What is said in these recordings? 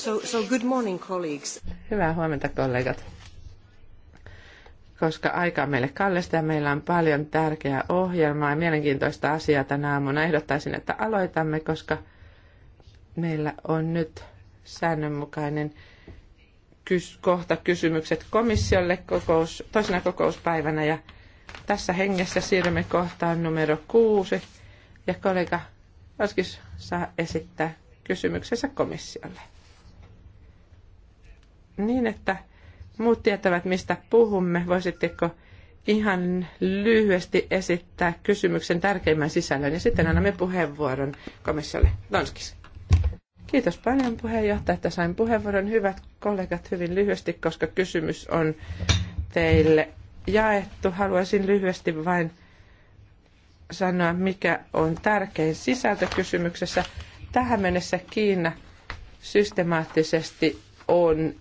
So, so good morning, colleagues. Hyvää huomenta, kollegat. Koska aika on meille kallista ja meillä on paljon tärkeää ohjelmaa ja mielenkiintoista asiaa tänä aamuna, ehdottaisin, että aloitamme, koska meillä on nyt säännönmukainen kys- kohta kysymykset komissiolle kokous, toisena kokouspäivänä ja tässä hengessä siirrymme kohtaan numero kuusi ja kollega Laskis saa esittää kysymyksensä komissiolle. Niin, että muut tietävät, mistä puhumme. Voisitteko ihan lyhyesti esittää kysymyksen tärkeimmän sisällön ja sitten annamme puheenvuoron komissiolle. Donskis. Kiitos paljon puheenjohtaja, että sain puheenvuoron. Hyvät kollegat, hyvin lyhyesti, koska kysymys on teille jaettu. Haluaisin lyhyesti vain sanoa, mikä on tärkein sisältö kysymyksessä. Tähän mennessä Kiina systemaattisesti on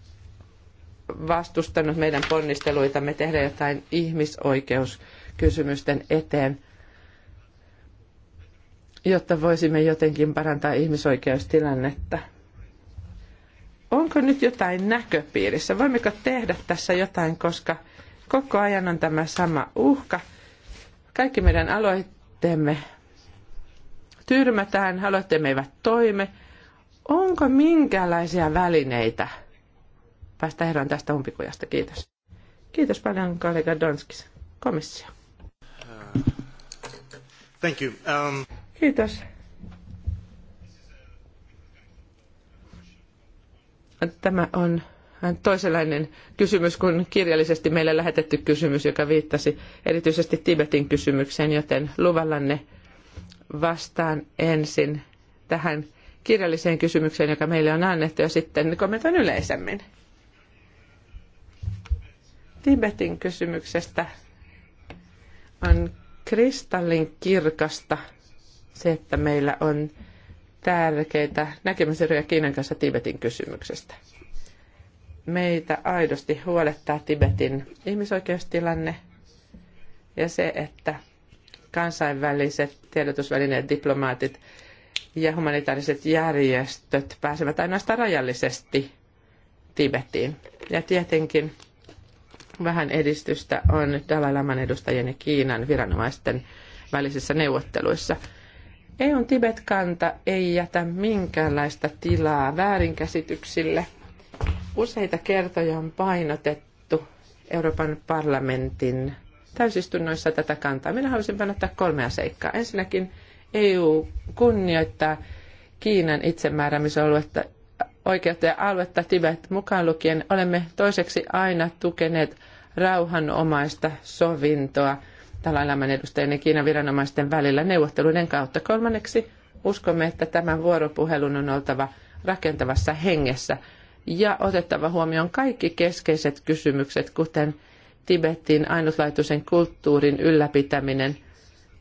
vastustanut meidän ponnisteluitamme tehdä jotain ihmisoikeuskysymysten eteen, jotta voisimme jotenkin parantaa ihmisoikeustilannetta. Onko nyt jotain näköpiirissä? Voimmeko tehdä tässä jotain, koska koko ajan on tämä sama uhka. Kaikki meidän aloitteemme tyrmätään, aloitteemme eivät toime. Onko minkälaisia välineitä päästä eroon tästä umpikujasta? Kiitos. Kiitos paljon kollega Donskis, komissio. Uh, thank you. Um... Kiitos. Tämä on toisenlainen kysymys kuin kirjallisesti meille lähetetty kysymys, joka viittasi erityisesti Tibetin kysymykseen, joten luvallanne vastaan ensin tähän kirjalliseen kysymykseen, joka meille on annettu, ja sitten kommentoin yleisemmin. Tibetin kysymyksestä on kristallin kirkasta se, että meillä on tärkeitä näkemyseroja Kiinan kanssa Tibetin kysymyksestä. Meitä aidosti huolettaa Tibetin ihmisoikeustilanne ja se, että kansainväliset tiedotusvälineet, diplomaatit ja humanitaariset järjestöt pääsevät ainoastaan rajallisesti Tibettiin. Ja tietenkin vähän edistystä on Dalai Laman edustajien ja Kiinan viranomaisten välisissä neuvotteluissa. EUn Tibet-kanta ei jätä minkäänlaista tilaa väärinkäsityksille. Useita kertoja on painotettu Euroopan parlamentin täysistunnoissa tätä kantaa. Minä haluaisin painottaa kolmea seikkaa. Ensinnäkin EU kunnioittaa Kiinan itsemääräämisaluetta oikeutta ja aluetta Tibet mukaan lukien. Olemme toiseksi aina tukeneet rauhanomaista sovintoa dalai edustajien ja Kiinan viranomaisten välillä neuvotteluiden kautta. Kolmanneksi uskomme, että tämän vuoropuhelun on oltava rakentavassa hengessä ja otettava huomioon kaikki keskeiset kysymykset, kuten Tibetin ainutlaatuisen kulttuurin ylläpitäminen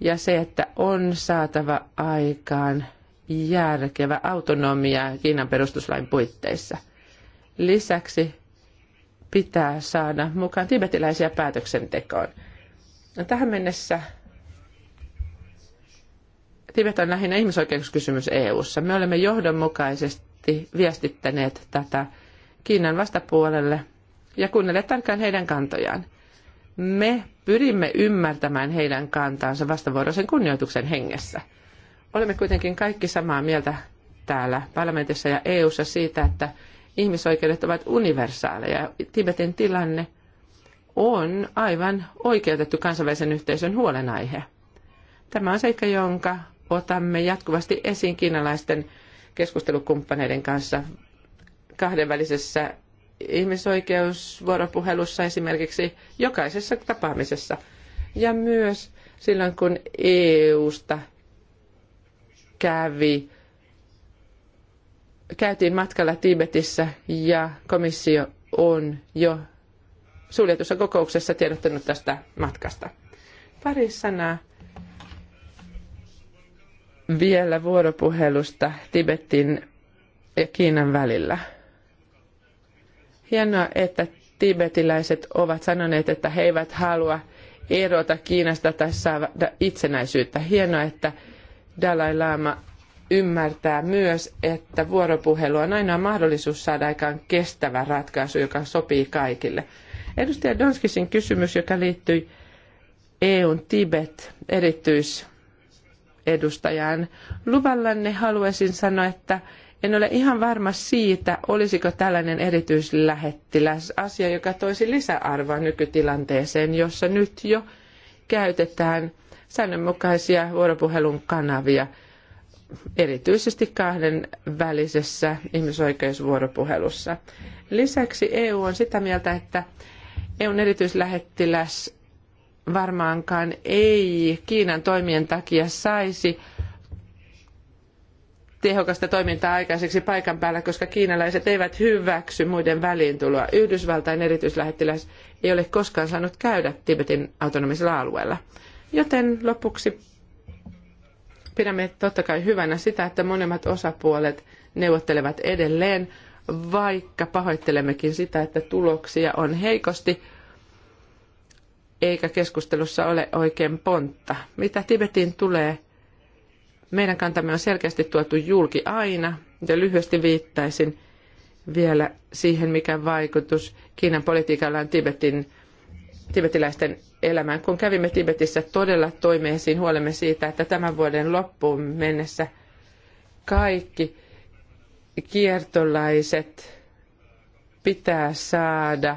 ja se, että on saatava aikaan järkevä autonomia Kiinan perustuslain puitteissa. Lisäksi pitää saada mukaan tibetiläisiä päätöksentekoon. No, tähän mennessä Tibet on lähinnä ihmisoikeuskysymys EU:ssa. Me olemme johdonmukaisesti viestittäneet tätä Kiinan vastapuolelle – ja kuunnelle tarkkaan heidän kantojaan. Me pyrimme ymmärtämään heidän kantaansa vastavuoroisen kunnioituksen hengessä. Olemme kuitenkin kaikki samaa mieltä täällä parlamentissa ja EU:ssa siitä, että ihmisoikeudet ovat universaaleja. Tibetin tilanne on aivan oikeutettu kansainvälisen yhteisön huolenaihe. Tämä on seikka, jonka otamme jatkuvasti esiin kiinalaisten keskustelukumppaneiden kanssa kahdenvälisessä ihmisoikeusvuoropuhelussa esimerkiksi jokaisessa tapaamisessa. Ja myös silloin, kun EUsta kävi, käytiin matkalla Tibetissä ja komissio on jo suljetussa kokouksessa tiedottanut tästä matkasta. Pari sanaa vielä vuoropuhelusta Tibetin ja Kiinan välillä. Hienoa, että tibetiläiset ovat sanoneet, että he eivät halua erota Kiinasta tai saada itsenäisyyttä. Hienoa, että Dalai Lama ymmärtää myös, että vuoropuhelu on ainoa mahdollisuus saada aikaan kestävä ratkaisu, joka sopii kaikille. Edustaja Donskisin kysymys, joka liittyi EUn Tibet erityisedustajaan. Luvallanne haluaisin sanoa, että en ole ihan varma siitä, olisiko tällainen erityislähettiläs asia, joka toisi lisäarvoa nykytilanteeseen, jossa nyt jo käytetään säännönmukaisia vuoropuhelun kanavia, erityisesti kahden välisessä ihmisoikeusvuoropuhelussa. Lisäksi EU on sitä mieltä, että EUn erityislähettiläs varmaankaan ei Kiinan toimien takia saisi tehokasta toimintaa aikaiseksi paikan päällä, koska kiinalaiset eivät hyväksy muiden väliintuloa. Yhdysvaltain erityislähettiläs ei ole koskaan saanut käydä Tibetin autonomisella alueella. Joten lopuksi pidämme totta kai hyvänä sitä, että monemmat osapuolet neuvottelevat edelleen, vaikka pahoittelemmekin sitä, että tuloksia on heikosti, eikä keskustelussa ole oikein pontta. Mitä Tibetin tulee, meidän kantamme on selkeästi tuotu julki aina, ja lyhyesti viittaisin vielä siihen, mikä vaikutus Kiinan politiikalla on Tibetin, tibetiläisten elämään. Kun kävimme Tibetissä, todella toimme esiin huolemme siitä, että tämän vuoden loppuun mennessä kaikki kiertolaiset pitää saada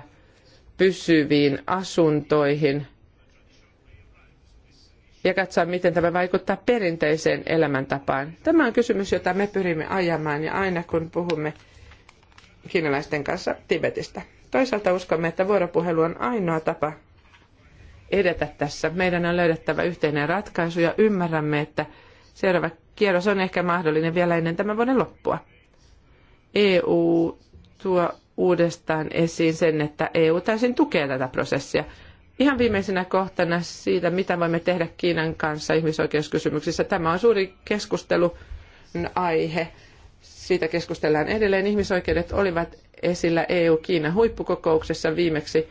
pysyviin asuntoihin ja katsoa, miten tämä vaikuttaa perinteiseen elämäntapaan. Tämä on kysymys, jota me pyrimme ajamaan ja aina kun puhumme kiinalaisten kanssa Tibetistä. Toisaalta uskomme, että vuoropuhelu on ainoa tapa edetä tässä. Meidän on löydettävä yhteinen ratkaisu ja ymmärrämme, että seuraava kierros on ehkä mahdollinen vielä ennen tämän vuoden loppua. EU tuo uudestaan esiin sen, että EU täysin tukee tätä prosessia – Ihan viimeisenä kohtana siitä, mitä voimme tehdä Kiinan kanssa ihmisoikeuskysymyksissä. Tämä on suuri keskustelun aihe. Siitä keskustellaan edelleen. Ihmisoikeudet olivat esillä EU-Kiinan huippukokouksessa viimeksi.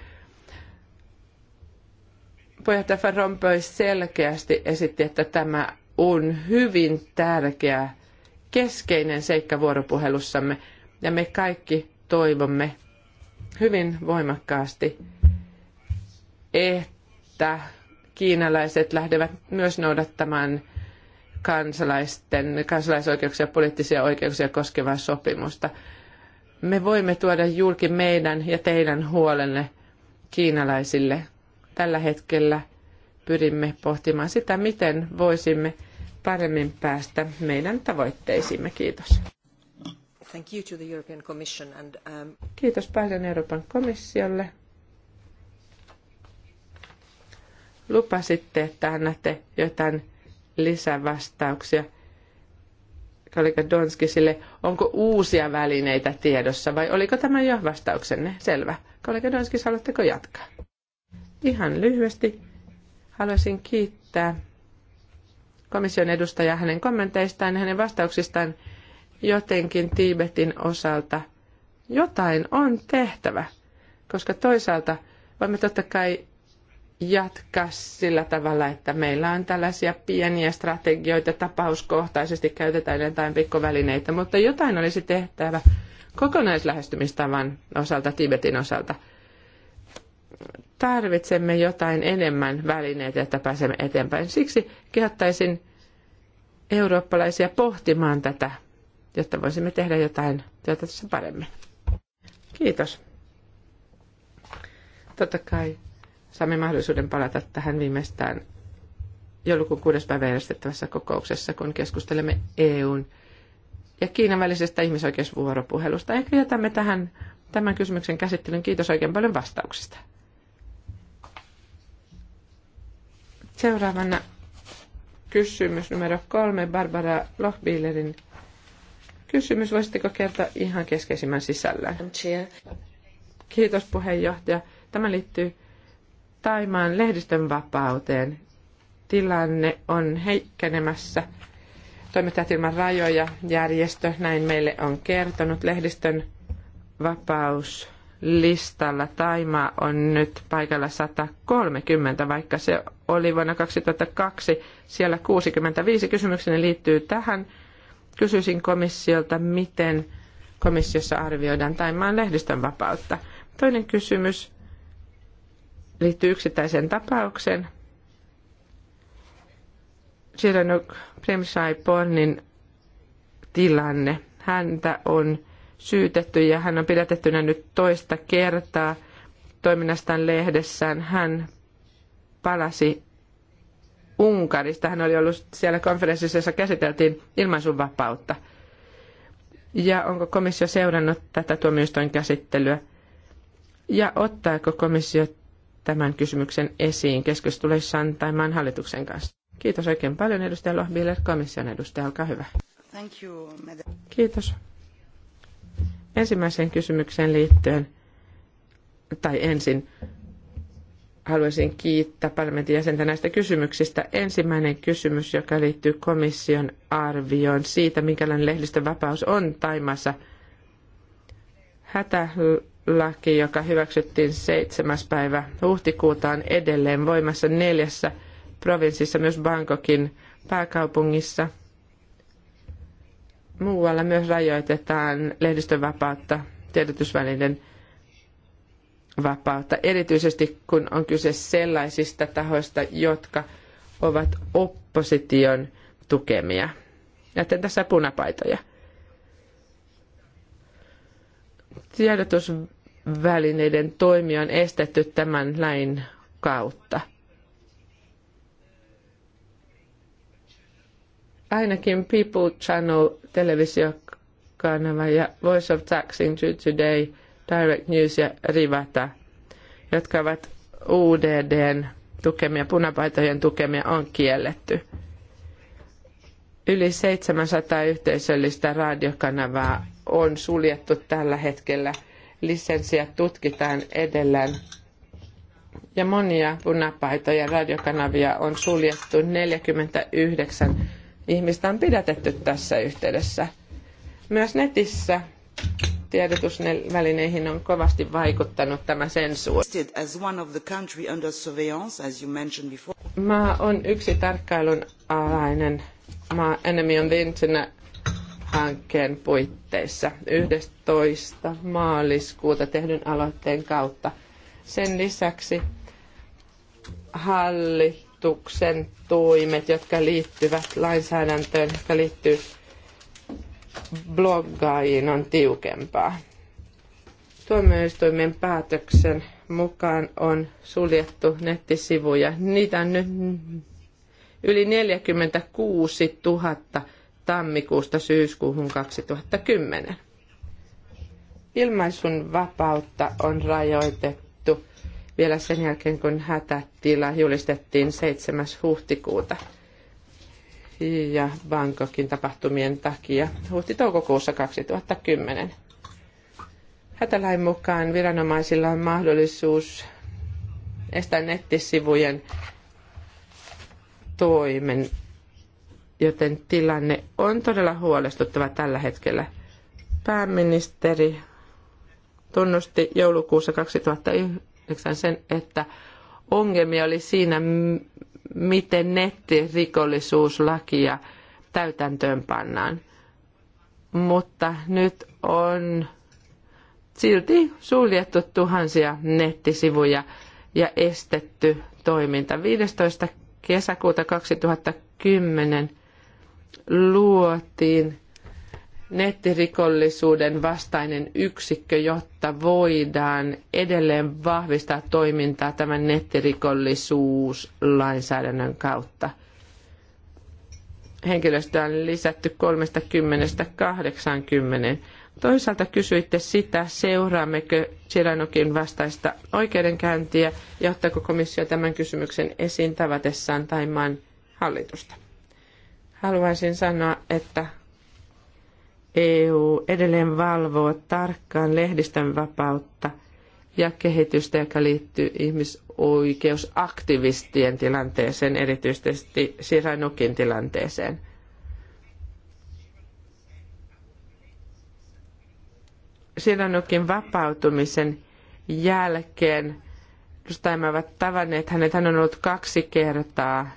Puheenjohtaja Van Rompuy selkeästi esitti, että tämä on hyvin tärkeä keskeinen seikka vuoropuhelussamme ja me kaikki toivomme hyvin voimakkaasti että kiinalaiset lähtevät myös noudattamaan kansalaisten, kansalaisoikeuksia ja poliittisia oikeuksia koskevaa sopimusta. Me voimme tuoda julki meidän ja teidän huolenne kiinalaisille. Tällä hetkellä pyrimme pohtimaan sitä, miten voisimme paremmin päästä meidän tavoitteisiimme. Kiitos. Um, Kiitos paljon Euroopan komissiolle Lupasitte, että annatte jotain lisävastauksia kollega Donskisille. Onko uusia välineitä tiedossa vai oliko tämä jo vastauksenne? Selvä. Kollega Donskis, haluatteko jatkaa? Ihan lyhyesti haluaisin kiittää komission edustajaa hänen kommenteistaan ja hänen vastauksistaan jotenkin Tiibetin osalta. Jotain on tehtävä, koska toisaalta voimme totta kai jatkaa sillä tavalla, että meillä on tällaisia pieniä strategioita, tapauskohtaisesti käytetään jotain pikkuvälineitä, mutta jotain olisi tehtävä kokonaislähestymistavan osalta, Tibetin osalta. Tarvitsemme jotain enemmän välineitä, että pääsemme eteenpäin. Siksi kehottaisin eurooppalaisia pohtimaan tätä, jotta voisimme tehdä jotain työtä tässä paremmin. Kiitos. Totta kai saamme mahdollisuuden palata tähän viimeistään joulukuun 6. päivä järjestettävässä kokouksessa, kun keskustelemme EUn ja Kiinan välisestä ihmisoikeusvuoropuhelusta. Ehkä jätämme tähän tämän kysymyksen käsittelyn. Kiitos oikein paljon vastauksista. Seuraavana kysymys numero kolme, Barbara Lochbielerin kysymys. Voisitteko kertoa ihan keskeisimmän sisällön? Kiitos puheenjohtaja. Tämä liittyy Taimaan lehdistön vapauteen. Tilanne on heikkenemässä. Toimittajat ilman rajoja järjestö, näin meille on kertonut. Lehdistön vapauslistalla Taimaa on nyt paikalla 130, vaikka se oli vuonna 2002 siellä 65. Kysymykseni liittyy tähän. Kysyisin komissiolta, miten komissiossa arvioidaan Taimaan lehdistön vapautta. Toinen kysymys liittyy yksittäiseen tapaukseen. Sirenok Premsaipornin tilanne. Häntä on syytetty ja hän on pidätettynä nyt toista kertaa toiminnastaan lehdessään. Hän palasi Unkarista. Hän oli ollut siellä konferenssissa, jossa käsiteltiin ilmaisunvapautta. Ja onko komissio seurannut tätä tuomioistuin käsittelyä? Ja ottaako komissio tämän kysymyksen esiin keskusteluissaan tai maan hallituksen kanssa. Kiitos oikein paljon edustaja Lohbiller, komission edustaja, olkaa hyvä. Thank you, madam. Kiitos. Ensimmäiseen kysymykseen liittyen, tai ensin, haluaisin kiittää parlamentin jäsentä näistä kysymyksistä. Ensimmäinen kysymys, joka liittyy komission arvioon siitä, minkälainen lehdistön vapaus on Taimassa. Hätä laki, joka hyväksyttiin 7. päivä huhtikuuta, on edelleen voimassa neljässä provinssissa, myös Bangkokin pääkaupungissa. Muualla myös rajoitetaan lehdistönvapautta, tiedotusvälineiden vapautta, erityisesti kun on kyse sellaisista tahoista, jotka ovat opposition tukemia. Joten tässä punapaitoja tiedotusvälineiden toimi on estetty tämän lain kautta. Ainakin People Channel televisiokanava ja Voice of Taxing to Today, Direct News ja Rivata, jotka ovat UDDn tukemia, punapaitojen tukemia, on kielletty yli 700 yhteisöllistä radiokanavaa on suljettu tällä hetkellä. Lisenssiä tutkitaan edellään. Ja monia punapaitoja radiokanavia on suljettu. 49 ihmistä on pidätetty tässä yhteydessä. Myös netissä tiedotusvälineihin on kovasti vaikuttanut tämä sensuuri. Maa on yksi tarkkailun alainen maa Enemy on the Internet hankkeen puitteissa 11. maaliskuuta tehdyn aloitteen kautta. Sen lisäksi hallituksen toimet, jotka liittyvät lainsäädäntöön, jotka liittyvät bloggaajiin, on tiukempaa. Tuomioistuimen päätöksen mukaan on suljettu nettisivuja. Niitä on nyt yli 46 000 tammikuusta syyskuuhun 2010. Ilmaisun vapautta on rajoitettu vielä sen jälkeen, kun hätätila julistettiin 7. huhtikuuta ja Bangkokin tapahtumien takia huhti-toukokuussa 2010. Hätälain mukaan viranomaisilla on mahdollisuus estää nettisivujen toimen joten tilanne on todella huolestuttava tällä hetkellä. Pääministeri tunnusti joulukuussa 2009 sen, että ongelmia oli siinä, miten nettirikollisuuslakia täytäntöön pannaan. Mutta nyt on silti suljettu tuhansia nettisivuja ja estetty toiminta. 15. kesäkuuta 2010 luotiin nettirikollisuuden vastainen yksikkö, jotta voidaan edelleen vahvistaa toimintaa tämän nettirikollisuuslainsäädännön kautta. Henkilöstöä on lisätty 30-80. Toisaalta kysyitte sitä, seuraammeko Chiranokin vastaista oikeudenkäyntiä ja ottaako komissio tämän kysymyksen esiin tavatessaan Taimaan hallitusta haluaisin sanoa, että EU edelleen valvoo tarkkaan lehdistön vapautta ja kehitystä, joka liittyy ihmisoikeusaktivistien tilanteeseen, erityisesti Siranukin tilanteeseen. Siranukin vapautumisen jälkeen kun ovat tavanneet hänet. Hän on ollut kaksi kertaa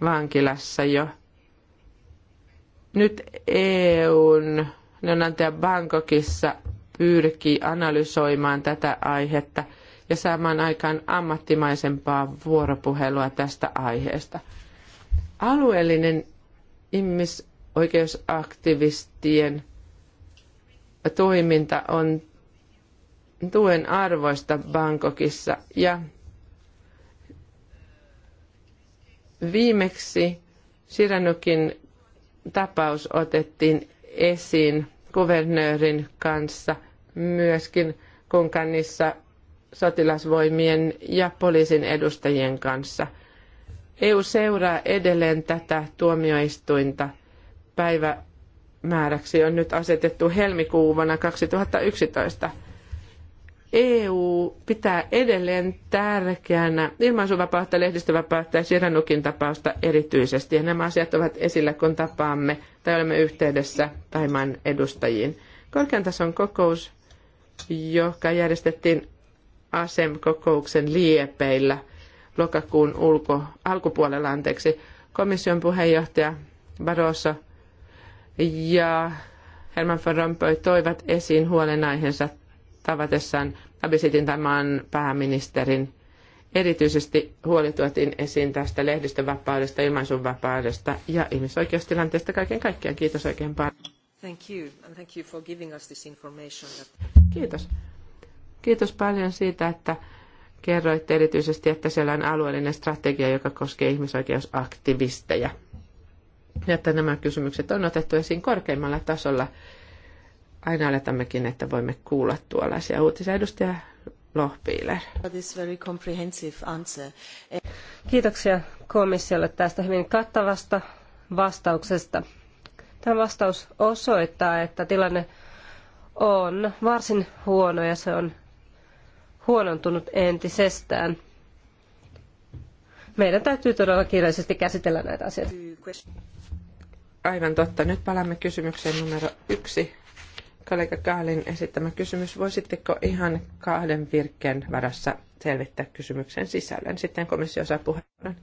vankilassa jo. Nyt EUn neuvonantaja Bangkokissa pyrkii analysoimaan tätä aihetta ja saamaan aikaan ammattimaisempaa vuoropuhelua tästä aiheesta. Alueellinen ihmisoikeusaktivistien toiminta on tuen arvoista Bangkokissa ja Viimeksi Siranukin tapaus otettiin esiin kuvernöörin kanssa myöskin Kunkanissa sotilasvoimien ja poliisin edustajien kanssa. EU seuraa edelleen tätä tuomioistuinta. Päivämääräksi on nyt asetettu helmikuu vuonna 2011. EU pitää edelleen tärkeänä ilmaisuvapautta, lehdistövapautta ja Siranukin tapausta erityisesti. Ja nämä asiat ovat esillä, kun tapaamme tai olemme yhteydessä Taimaan edustajiin. Korkean tason kokous, joka järjestettiin ASEM-kokouksen liepeillä lokakuun ulko, alkupuolella, anteeksi, komission puheenjohtaja Barroso ja Herman van Rompuy toivat esiin huolenaiheensa tavatessaan Abisitin tämän maan pääministerin erityisesti huoli tuotiin esiin tästä lehdistönvapaudesta, ilmaisunvapaudesta ja ihmisoikeustilanteesta kaiken kaikkiaan. Kiitos oikein paljon. Thank you. And thank you for giving us this information that... Kiitos. Kiitos paljon siitä, että kerroitte erityisesti, että siellä on alueellinen strategia, joka koskee ihmisoikeusaktivisteja. Ja että nämä kysymykset on otettu esiin korkeimmalla tasolla aina oletammekin, että voimme kuulla tuollaisia uutisia. Edustaja Lohpiiler. Kiitoksia komissiolle tästä hyvin kattavasta vastauksesta. Tämä vastaus osoittaa, että tilanne on varsin huono ja se on huonontunut entisestään. Meidän täytyy todella kiireisesti käsitellä näitä asioita. Aivan totta. Nyt palaamme kysymykseen numero yksi kollega Kaalin esittämä kysymys. Voisitteko ihan kahden virkkeen varassa selvittää kysymyksen sisällön? Sitten komissio saa puheenvuoron.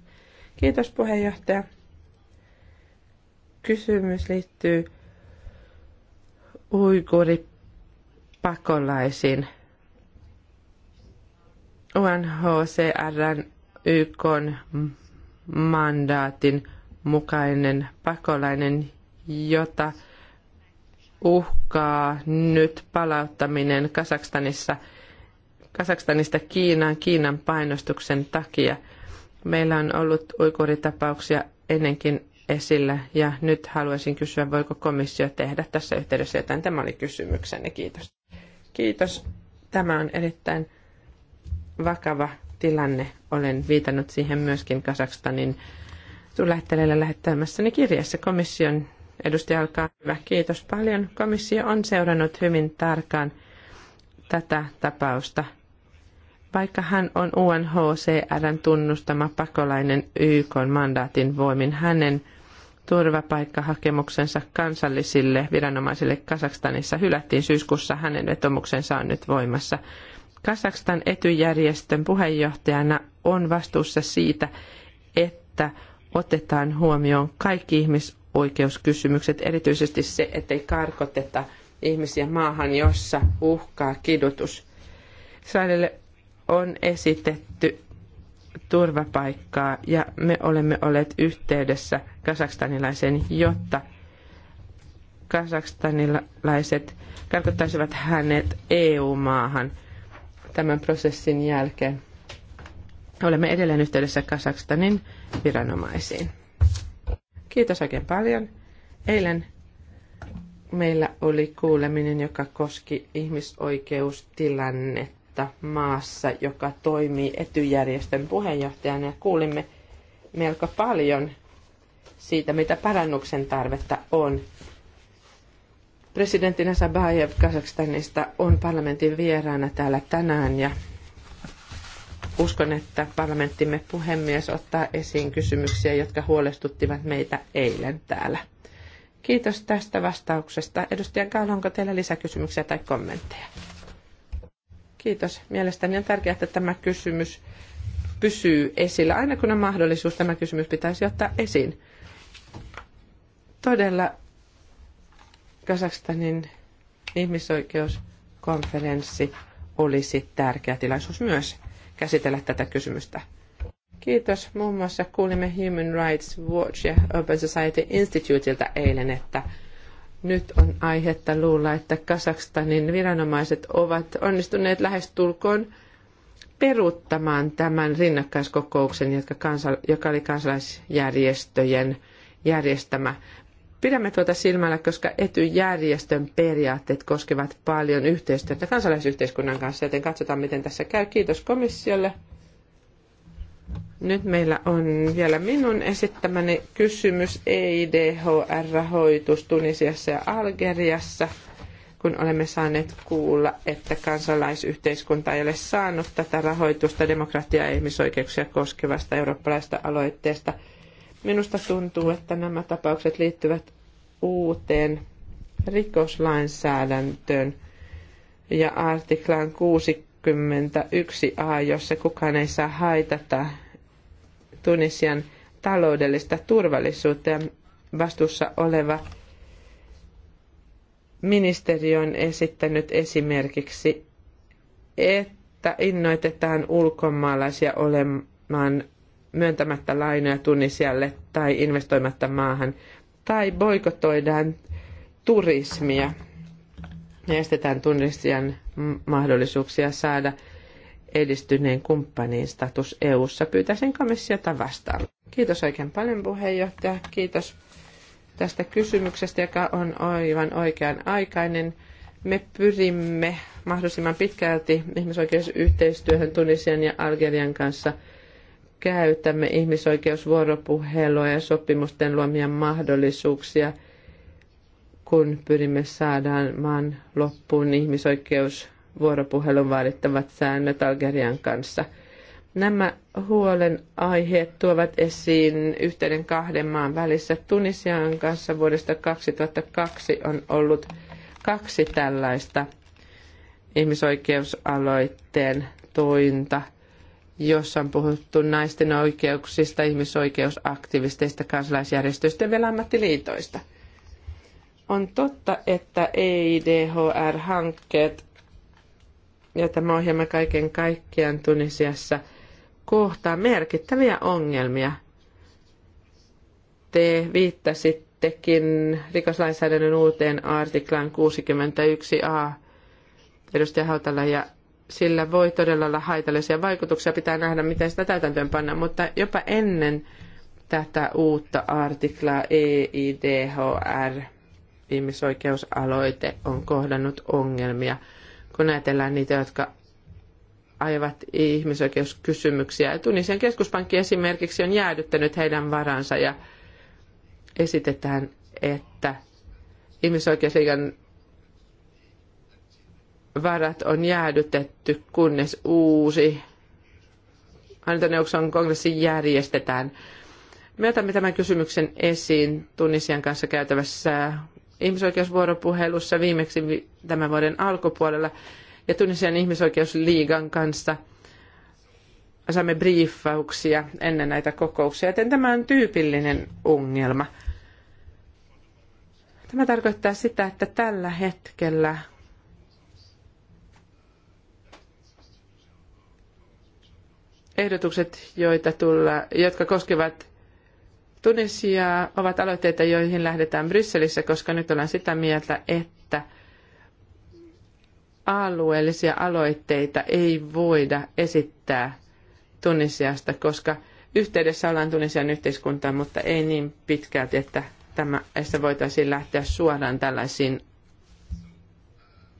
Kiitos puheenjohtaja. Kysymys liittyy uiguripakolaisiin. UNHCRn YK mandaatin mukainen pakolainen, jota uhkaa nyt palauttaminen Kasakstanissa, Kasakstanista Kiinaan Kiinan painostuksen takia. Meillä on ollut uikuritapauksia ennenkin esillä ja nyt haluaisin kysyä, voiko komissio tehdä tässä yhteydessä jotain. Tämä oli kysymyksenne. Kiitos. Kiitos. Tämä on erittäin vakava tilanne. Olen viitannut siihen myöskin Kasakstanin suurlähettelijälle lähettämässäni kirjassa komission Edustaja, olkaa hyvä. Kiitos paljon. Komissio on seurannut hyvin tarkkaan tätä tapausta. Vaikka hän on UNHCRn tunnustama pakolainen YK mandaatin voimin, hänen turvapaikkahakemuksensa kansallisille viranomaisille Kazakstanissa hylättiin syyskuussa. Hänen vetomuksensa on nyt voimassa. Kazakstan etujärjestön puheenjohtajana on vastuussa siitä, että otetaan huomioon kaikki ihmisoikeudet ihmisoikeuskysymykset, erityisesti se, ettei karkoteta ihmisiä maahan, jossa uhkaa kidutus. Israelille on esitetty turvapaikkaa ja me olemme olleet yhteydessä kasakstanilaisen, jotta kasakstanilaiset karkottaisivat hänet EU-maahan tämän prosessin jälkeen. Olemme edelleen yhteydessä Kasakstanin viranomaisiin. Kiitos oikein paljon. Eilen meillä oli kuuleminen, joka koski ihmisoikeustilannetta maassa, joka toimii etyjärjestön puheenjohtajana. kuulimme melko paljon siitä, mitä parannuksen tarvetta on. Presidentti Nazarbayev Kazakstanista on parlamentin vieraana täällä tänään ja Uskon, että parlamenttimme puhemies ottaa esiin kysymyksiä, jotka huolestuttivat meitä eilen täällä. Kiitos tästä vastauksesta. Edustaja Gaal, onko teillä lisäkysymyksiä tai kommentteja? Kiitos. Mielestäni on tärkeää, että tämä kysymys pysyy esillä. Aina kun on mahdollisuus, tämä kysymys pitäisi ottaa esiin. Todella Kasakstanin ihmisoikeuskonferenssi olisi tärkeä tilaisuus myös käsitellä tätä kysymystä. Kiitos. Muun muassa kuulimme Human Rights Watch ja Open Society Instituutilta eilen, että nyt on aihetta luulla, että Kasakstanin viranomaiset ovat onnistuneet lähestulkoon peruuttamaan tämän rinnakkaiskokouksen, joka oli kansalaisjärjestöjen järjestämä. Pidämme tuota silmällä, koska etujärjestön periaatteet koskevat paljon yhteistyötä kansalaisyhteiskunnan kanssa, joten katsotaan, miten tässä käy. Kiitos komissiolle. Nyt meillä on vielä minun esittämäni kysymys EIDHR-rahoitus Tunisiassa ja Algeriassa, kun olemme saaneet kuulla, että kansalaisyhteiskunta ei ole saanut tätä rahoitusta demokratiaa ja ihmisoikeuksia koskevasta eurooppalaisesta aloitteesta. Minusta tuntuu, että nämä tapaukset liittyvät uuteen rikoslainsäädäntöön ja artiklaan 61a, jossa kukaan ei saa haitata Tunisian taloudellista turvallisuutta ja vastuussa oleva ministeri on esittänyt esimerkiksi, että innoitetaan ulkomaalaisia olemaan myöntämättä lainoja Tunisialle tai investoimatta maahan tai boikotoidaan turismia ja estetään tunnistajan mahdollisuuksia saada edistyneen kumppanin status EU-ssa. Pyytäisin komissiota vastaan. Kiitos oikein paljon puheenjohtaja. Kiitos tästä kysymyksestä, joka on aivan oikean aikainen. Me pyrimme mahdollisimman pitkälti ihmisoikeusyhteistyöhön Tunisian ja Algerian kanssa – käytämme ihmisoikeusvuoropuhelua ja sopimusten luomia mahdollisuuksia, kun pyrimme saadaan maan loppuun ihmisoikeusvuoropuhelun vaadittavat säännöt Algerian kanssa. Nämä huolen aiheet tuovat esiin yhteyden kahden maan välissä. Tunisian kanssa vuodesta 2002 on ollut kaksi tällaista ihmisoikeusaloitteen tointa – jossa on puhuttu naisten oikeuksista, ihmisoikeusaktivisteista, kansalaisjärjestöistä ja vielä ammattiliitoista. On totta, että EIDHR-hankkeet ja tämä ohjelma kaiken kaikkiaan Tunisiassa kohtaa merkittäviä ongelmia. Te viittasittekin rikoslainsäädännön uuteen artiklaan 61a. Edustaja Hautala ja sillä voi todella olla haitallisia vaikutuksia. Pitää nähdä, miten sitä täytäntöön pannaan, mutta jopa ennen tätä uutta artiklaa EIDHR, ihmisoikeusaloite, on kohdannut ongelmia, kun ajatellaan niitä, jotka ajavat ihmisoikeuskysymyksiä. Tunisian keskuspankki esimerkiksi on jäädyttänyt heidän varansa ja esitetään, että ihmisoikeusliigan varat on jäädytetty, kunnes uusi hallintoneuvoston kongressi järjestetään. Me otamme tämän kysymyksen esiin Tunisian kanssa käytävässä ihmisoikeusvuoropuhelussa viimeksi tämän vuoden alkupuolella ja Tunisian ihmisoikeusliigan kanssa saamme briefauksia ennen näitä kokouksia, joten tämä on tyypillinen ongelma. Tämä tarkoittaa sitä, että tällä hetkellä ehdotukset, joita tulla, jotka koskevat Tunisiaa, ovat aloitteita, joihin lähdetään Brysselissä, koska nyt ollaan sitä mieltä, että alueellisia aloitteita ei voida esittää Tunisiasta, koska yhteydessä ollaan Tunisian yhteiskuntaan, mutta ei niin pitkälti, että tämä, että voitaisiin lähteä suoraan tällaisiin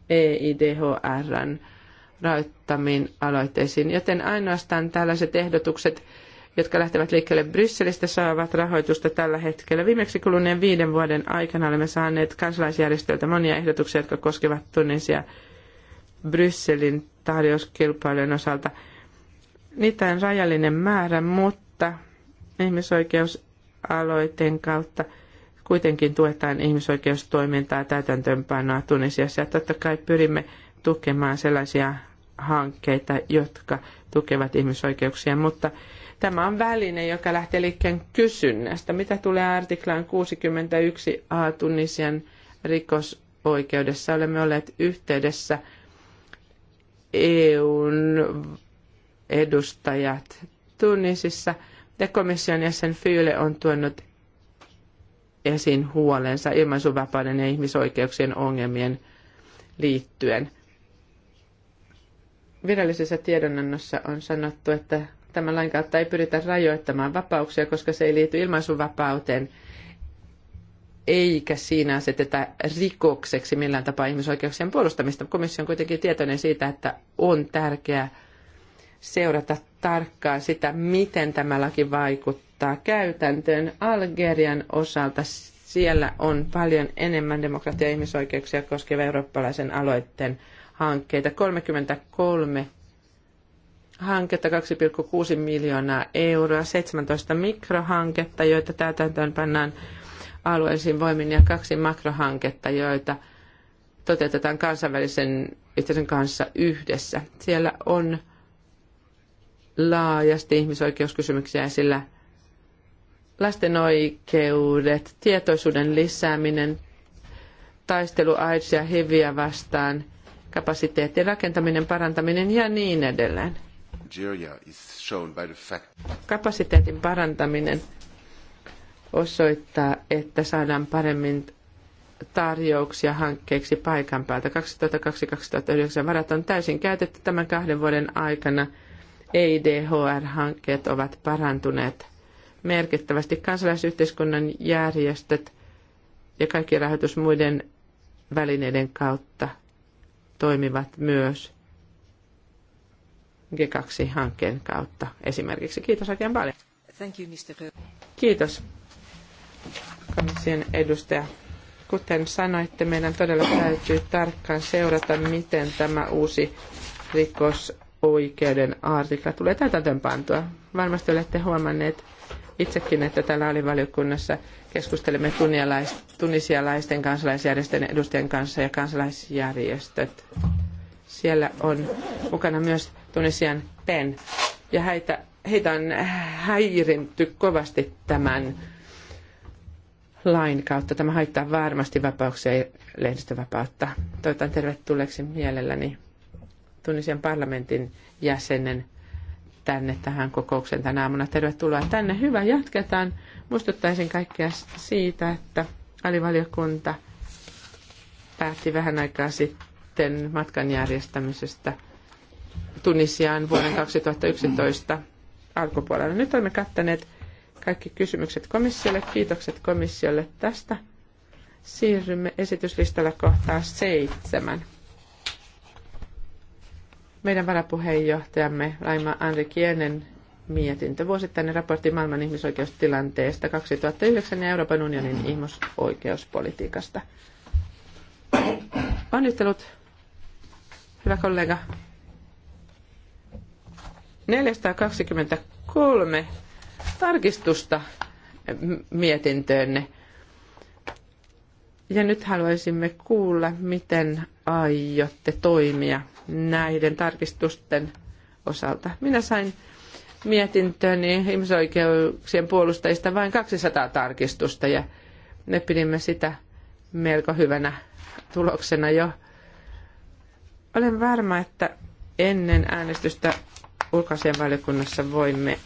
EIDHRn rahoittamiin aloitteisiin, joten ainoastaan tällaiset ehdotukset, jotka lähtevät liikkeelle Brysselistä, saavat rahoitusta tällä hetkellä. Viimeksi kuluneen viiden vuoden aikana olemme saaneet kansalaisjärjestöiltä monia ehdotuksia, jotka koskevat Tunisia Brysselin tarjouskilpailujen osalta. Niitä on rajallinen määrä, mutta ihmisoikeusaloitteen kautta kuitenkin tuetaan ihmisoikeustoimintaa ja täytäntöönpanoa Tunisiassa. Ja totta kai pyrimme tukemaan sellaisia hankkeita, jotka tukevat ihmisoikeuksia, mutta tämä on väline, joka lähtee liikkeen kysynnästä. Mitä tulee artiklaan 61 A Tunisian rikosoikeudessa, olemme olleet yhteydessä EUn edustajat Tunisissa ja komission jäsen Fyyle on tuonut esiin huolensa ilmaisuvapauden ja ihmisoikeuksien ongelmien liittyen virallisessa tiedonannossa on sanottu, että tämän lain kautta ei pyritä rajoittamaan vapauksia, koska se ei liity ilmaisuvapauteen, eikä siinä aseteta rikokseksi millään tapaa ihmisoikeuksien puolustamista. Komissio on kuitenkin tietoinen siitä, että on tärkeää seurata tarkkaan sitä, miten tämä laki vaikuttaa käytäntöön. Algerian osalta siellä on paljon enemmän demokratia- ja ihmisoikeuksia koskeva eurooppalaisen aloitteen hankkeita, 33 hanketta, 2,6 miljoonaa euroa, 17 mikrohanketta, joita täytäntöön pannaan alueellisiin voimin, ja kaksi makrohanketta, joita toteutetaan kansainvälisen yhteisön kanssa yhdessä. Siellä on laajasti ihmisoikeuskysymyksiä esillä lasten oikeudet, tietoisuuden lisääminen, taistelu AIDS ja HIViä vastaan – kapasiteetin rakentaminen, parantaminen ja niin edelleen. Kapasiteetin parantaminen osoittaa, että saadaan paremmin tarjouksia hankkeeksi paikan päältä. 2002-2009 varat on täysin käytetty tämän kahden vuoden aikana. EIDHR-hankkeet ovat parantuneet merkittävästi. Kansalaisyhteiskunnan järjestöt ja kaikki rahoitus muiden välineiden kautta toimivat myös G2-hankkeen kautta esimerkiksi. Kiitos oikein paljon. Thank you, Mr. Kiitos komission edustaja. Kuten sanoitte, meidän todella täytyy tarkkaan seurata, miten tämä uusi rikosoikeuden artikla tulee täytäntöönpantua. Varmasti olette huomanneet, itsekin, että täällä oli valiokunnassa keskustelemme tunisialaisten kansalaisjärjestöjen edustajien kanssa ja kansalaisjärjestöt. Siellä on mukana myös Tunisian PEN ja heitä, heitä on häirinty kovasti tämän lain kautta. Tämä haittaa varmasti vapauksia ja lehdistövapautta. Toivotan tervetulleeksi mielelläni Tunisian parlamentin jäsenen tänne tähän kokoukseen tänä aamuna. Tervetuloa tänne. Hyvä, jatketaan. Muistuttaisin kaikkea siitä, että alivaliokunta päätti vähän aikaa sitten matkan järjestämisestä Tunisiaan vuoden 2011 alkupuolella. Nyt olemme kattaneet kaikki kysymykset komissiolle. Kiitokset komissiolle tästä. Siirrymme esityslistalla kohtaan seitsemän meidän varapuheenjohtajamme Raima Andri Kienen mietintö vuosittainen raportti maailman ihmisoikeustilanteesta 2009 ja Euroopan unionin ihmisoikeuspolitiikasta. Onnittelut, hyvä kollega. 423 tarkistusta mietintöönne. Ja nyt haluaisimme kuulla, miten aiotte toimia näiden tarkistusten osalta. Minä sain mietintöni ihmisoikeuksien puolustajista vain 200 tarkistusta ja me pidimme sitä melko hyvänä tuloksena jo. Olen varma, että ennen äänestystä ulkoasianvaliokunnassa voimme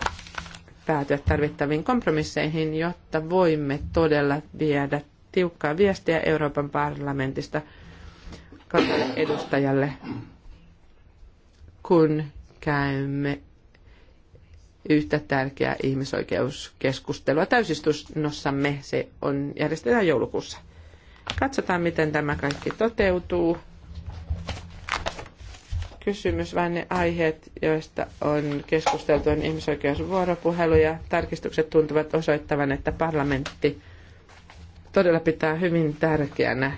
päätyä tarvittaviin kompromisseihin, jotta voimme todella viedä tiukkaa viestiä Euroopan parlamentista kansalle edustajalle, kun käymme yhtä tärkeää ihmisoikeuskeskustelua täysistunnossamme. Se on, järjestetään joulukuussa. Katsotaan, miten tämä kaikki toteutuu. Kysymys vain ne aiheet, joista on keskusteltu, on ihmisoikeusvuoropuhelu ja tarkistukset tuntuvat osoittavan, että parlamentti todella pitää hyvin tärkeänä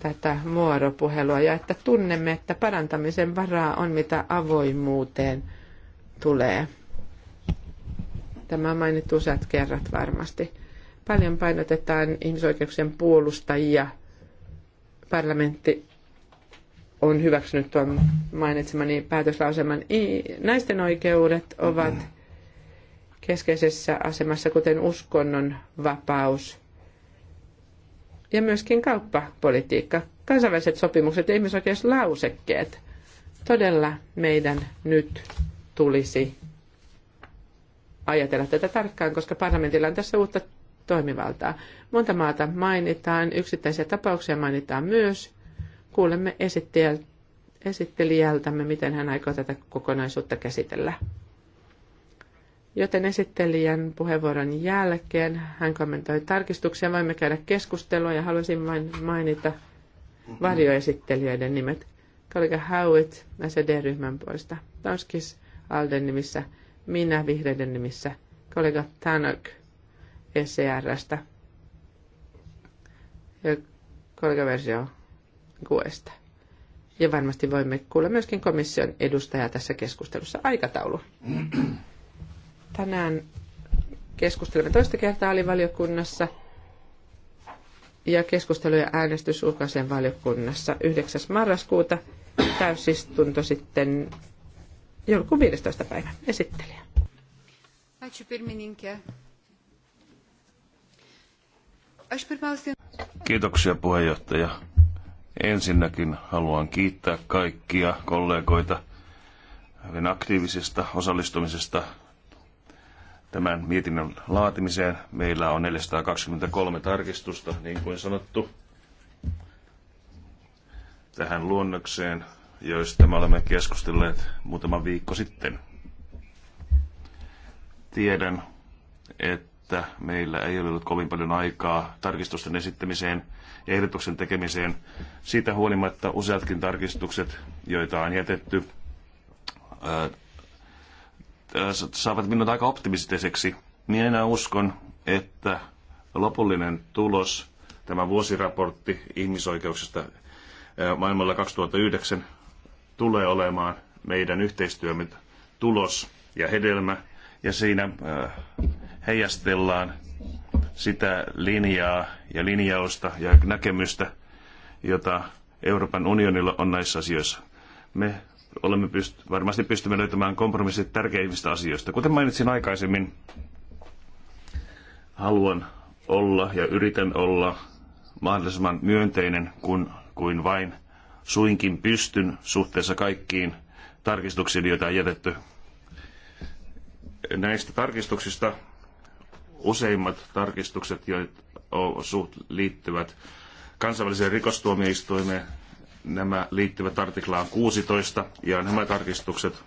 tätä vuoropuhelua ja että tunnemme, että parantamisen varaa on mitä avoimuuteen tulee. Tämä on mainittu useat kerrat varmasti. Paljon painotetaan ihmisoikeuksien puolustajia. Parlamentti on hyväksynyt tuon mainitsemani päätöslauselman. Naisten oikeudet ovat keskeisessä asemassa, kuten uskonnon vapaus ja myöskin kauppapolitiikka, kansainväliset sopimukset ihmisoikeuslausekkeet. Todella meidän nyt tulisi ajatella tätä tarkkaan, koska parlamentilla on tässä uutta toimivaltaa. Monta maata mainitaan, yksittäisiä tapauksia mainitaan myös. Kuulemme esittelijältämme, miten hän aikoo tätä kokonaisuutta käsitellä. Joten esittelijän puheenvuoron jälkeen hän kommentoi tarkistuksia. Voimme käydä keskustelua ja haluaisin vain mainita varjoesittelijöiden nimet. Kollega Howitt SED-ryhmän puolesta, Tonskis Alden nimissä, minä vihreiden nimissä, kollega Tanok ECRstä ja kollega Versio Guesta. Ja varmasti voimme kuulla myöskin komission edustajaa tässä keskustelussa aikataulu. Tänään keskustelemme toista kertaa alivaliokunnassa ja keskustelu ja äänestys ulkoisen valiokunnassa 9. marraskuuta täysistunto sitten joulukuun 15. päivä esittelijä. Kiitoksia puheenjohtaja. Ensinnäkin haluan kiittää kaikkia kollegoita hyvin aktiivisesta osallistumisesta tämän mietinnön laatimiseen. Meillä on 423 tarkistusta, niin kuin sanottu, tähän luonnokseen, joista me olemme keskustelleet muutama viikko sitten. Tiedän, että meillä ei ole ollut kovin paljon aikaa tarkistusten esittämiseen ja ehdotuksen tekemiseen. Siitä huolimatta useatkin tarkistukset, joita on jätetty, Äh, saavat minut aika optimistiseksi, niin enää uskon, että lopullinen tulos, tämä vuosiraportti ihmisoikeuksista äh, maailmalla 2009, tulee olemaan meidän yhteistyömme tulos ja hedelmä, ja siinä äh, heijastellaan sitä linjaa ja linjausta ja näkemystä, jota Euroopan unionilla on näissä asioissa. Me olemme pyst- varmasti pystymme löytämään kompromissit tärkeimmistä asioista. Kuten mainitsin aikaisemmin, haluan olla ja yritän olla mahdollisimman myönteinen kuin, kuin vain suinkin pystyn suhteessa kaikkiin tarkistuksiin, joita on jätetty. Näistä tarkistuksista useimmat tarkistukset, joita liittyvät kansainväliseen rikostuomioistuimeen, Nämä liittyvät artiklaan 16 ja nämä tarkistukset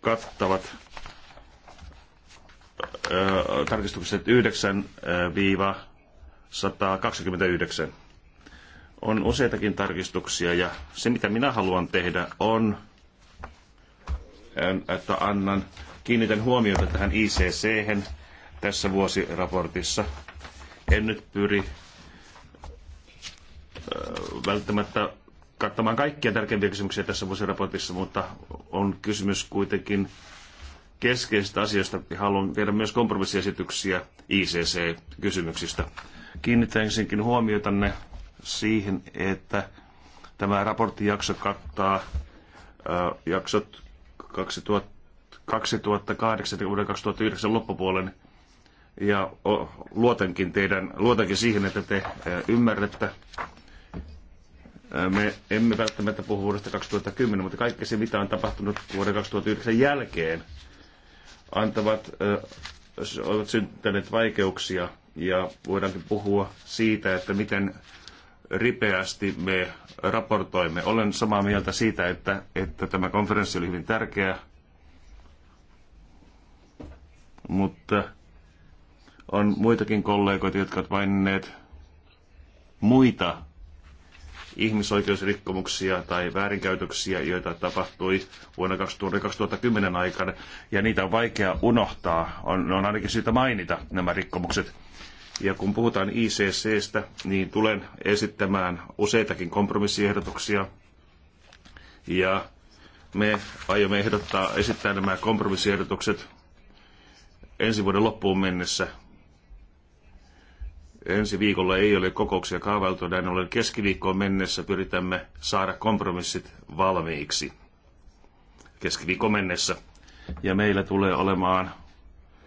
kattavat ö, tarkistukset 9-129. On useitakin tarkistuksia ja se mitä minä haluan tehdä on, että annan, kiinnitän huomiota tähän ICC-hen tässä vuosiraportissa. En nyt pyri välttämättä kattamaan kaikkia tärkeimpiä kysymyksiä tässä vuosiraportissa, mutta on kysymys kuitenkin keskeisistä asioista. Haluan tehdä myös kompromissiesityksiä ICC-kysymyksistä. Kiinnittäisinkin huomiotanne siihen, että tämä raporttijakso kattaa äh, jaksot 2008 2009 loppupuolen. Ja luotankin, teidän, luotankin siihen, että te ymmärrätte me emme välttämättä puhu vuodesta 2010, mutta kaikki se, mitä on tapahtunut vuoden 2009 jälkeen, antavat, ovat syntyneet vaikeuksia ja voidaankin puhua siitä, että miten ripeästi me raportoimme. Olen samaa mieltä siitä, että, että tämä konferenssi oli hyvin tärkeä, mutta on muitakin kollegoita, jotka ovat vainneet muita ihmisoikeusrikkomuksia tai väärinkäytöksiä, joita tapahtui vuonna 2010 aikana, ja niitä on vaikea unohtaa. On, on ainakin syytä mainita nämä rikkomukset. Ja kun puhutaan ICCstä, niin tulen esittämään useitakin kompromissiehdotuksia. Ja me aiomme ehdottaa esittää nämä kompromissiehdotukset ensi vuoden loppuun mennessä Ensi viikolla ei ole kokouksia kaavailtu, näin ollen keskiviikkoon mennessä pyritämme saada kompromissit valmiiksi. Keskiviikko mennessä. Ja meillä tulee olemaan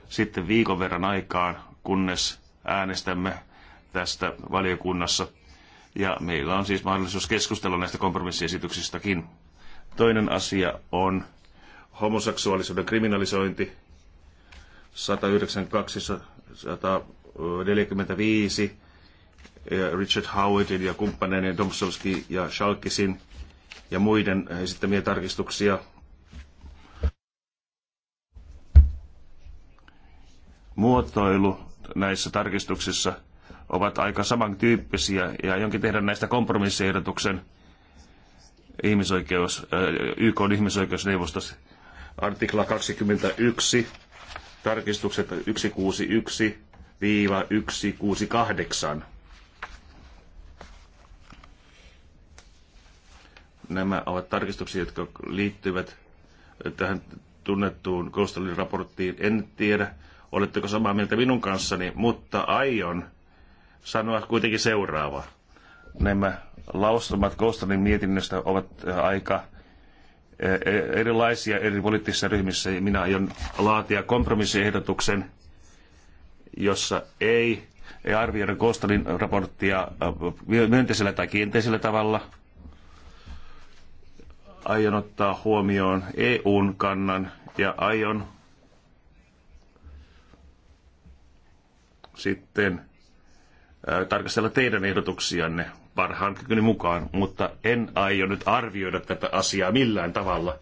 sitten viikon verran aikaan, kunnes äänestämme tästä valiokunnassa. Ja meillä on siis mahdollisuus keskustella näistä kompromissiesityksistäkin. Toinen asia on homoseksuaalisuuden kriminalisointi 192 45 Richard Howardin ja kumppaneiden Domsovski ja Schalkisin ja muiden esittämiä tarkistuksia. Muotoilu näissä tarkistuksissa ovat aika samantyyppisiä ja jonkin tehdä näistä kompromissiehdotuksen ihmisoikeus, äh, YK ihmisoikeusneuvostossa artikla 21, tarkistukset 161, viiva 168. Nämä ovat tarkistuksia, jotka liittyvät tähän tunnettuun Ghostalin raporttiin. En tiedä, oletteko samaa mieltä minun kanssani, mutta aion sanoa kuitenkin seuraava. Nämä lausumat Ghostalin mietinnöstä ovat äh, aika äh, erilaisia eri poliittisissa ryhmissä. Minä aion laatia kompromissiehdotuksen, jossa ei, ei arvioida Kostanin raporttia myönteisellä tai kiinteisellä tavalla. Aion ottaa huomioon EUn kannan ja aion sitten tarkastella teidän ehdotuksianne parhaan kykyni mukaan, mutta en aio nyt arvioida tätä asiaa millään tavalla.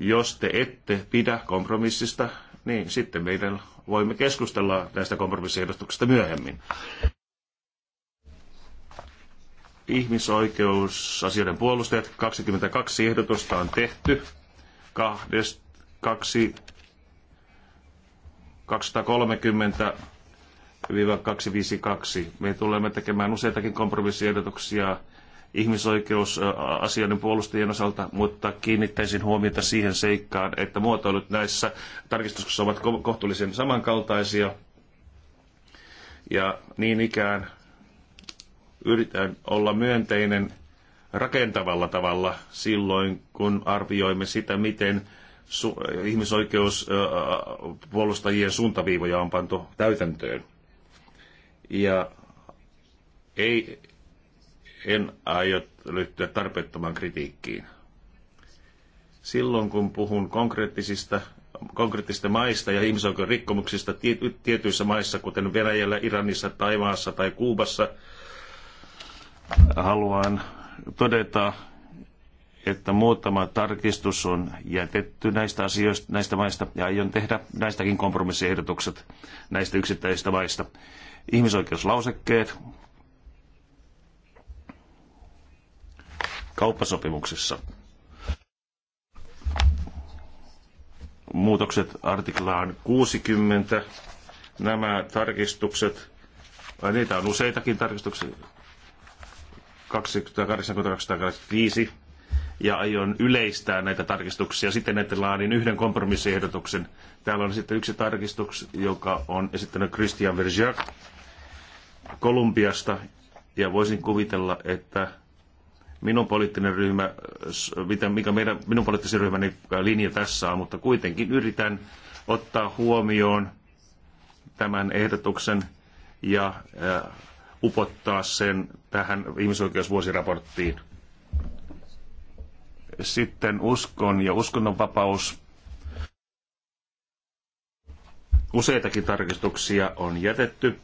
Jos te ette pidä kompromissista, niin sitten meidän voimme keskustella näistä kompromissiehdotuksista myöhemmin. Ihmisoikeusasioiden puolustajat, 22 ehdotusta on tehty, kahdest, kaksi, 230 252. Me tulemme tekemään useitakin kompromissiehdotuksia ihmisoikeusasioiden puolustajien osalta, mutta kiinnittäisin huomiota siihen seikkaan, että muotoilut näissä tarkistuksissa ovat kohtuullisen samankaltaisia. Ja niin ikään yritän olla myönteinen rakentavalla tavalla silloin, kun arvioimme sitä, miten su- ihmisoikeuspuolustajien suuntaviivoja on pantu täytäntöön. Ja ei en aio ryhtyä tarpeettomaan kritiikkiin. Silloin kun puhun konkreettisista, konkreettisista maista ja ihmisoikeusrikkomuksista tietyissä maissa, kuten Venäjällä, Iranissa, Taimaassa tai Kuubassa, haluan todeta, että muutama tarkistus on jätetty näistä asioista, näistä maista, ja aion tehdä näistäkin kompromissiehdotukset näistä yksittäisistä maista. Ihmisoikeuslausekkeet, kauppasopimuksissa. Muutokset artiklaan 60. Nämä tarkistukset, vai niitä on useitakin tarkistuksia, 285 ja aion yleistää näitä tarkistuksia sitten että laadin yhden kompromissiehdotuksen. Täällä on sitten yksi tarkistus, joka on esittänyt Christian Verger Kolumbiasta, ja voisin kuvitella, että minun poliittinen ryhmä, mikä meidän, minun poliittisen ryhmäni äh, linja tässä on, mutta kuitenkin yritän ottaa huomioon tämän ehdotuksen ja äh, upottaa sen tähän ihmisoikeusvuosiraporttiin. Sitten uskon ja uskonnonvapaus. Useitakin tarkistuksia on jätetty